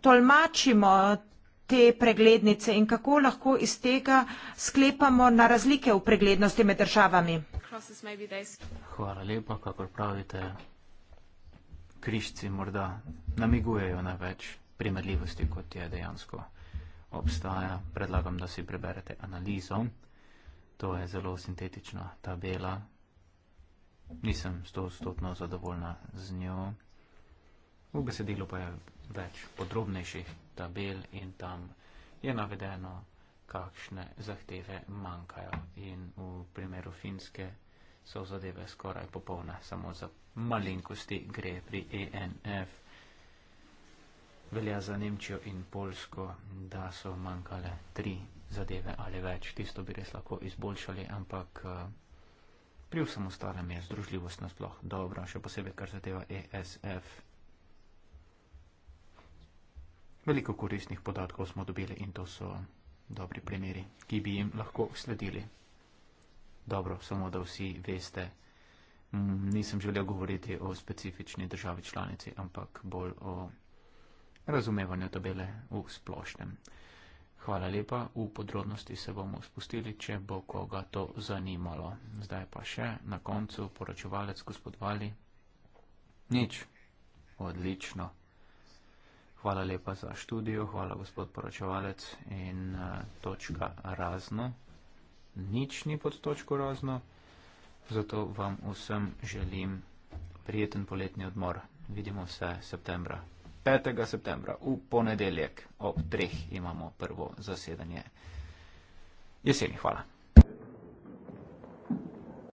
tolmačimo te preglednice in kako lahko iz tega sklepamo na razlike v preglednosti med državami? Hvala lepa, kakor pravite, križci morda namigujejo na več primerljivosti, kot je dejansko obstaja. Predlagam, da si preberete analizo. To je zelo sintetična tabela. Nisem stotno zadovoljna z njo. V besedilu pa je več podrobnejših tabel in tam je navedeno, kakšne zahteve manjkajo. In v primeru finske so zadeve skoraj popolne, samo za malinkosti gre pri ENF. Velja za Nemčijo in Polsko, da so manjkale tri zadeve ali več. Tisto bi res lahko izboljšali, ampak pri vsem ostalem je združljivost nasploh dobra, še posebej kar zadeva ESF. Veliko koristnih podatkov smo dobili in to so dobri primeri, ki bi jim lahko sledili. Dobro, samo da vsi veste, nisem želel govoriti o specifični državi članici, ampak bolj o razumevanju tabele v splošnem. Hvala lepa, v podrobnosti se bomo spustili, če bo koga to zanimalo. Zdaj pa še na koncu poročevalec gospod Vali. Nič. Odlično. Hvala lepa za študijo, hvala gospod poročevalec in uh, točka razno. Nič ni pod točko razno, zato vam vsem želim prijeten poletni odmor. Vidimo se septembra. 5. septembra v ponedeljek ob 3 imamo prvo zasedanje jeseni. Hvala.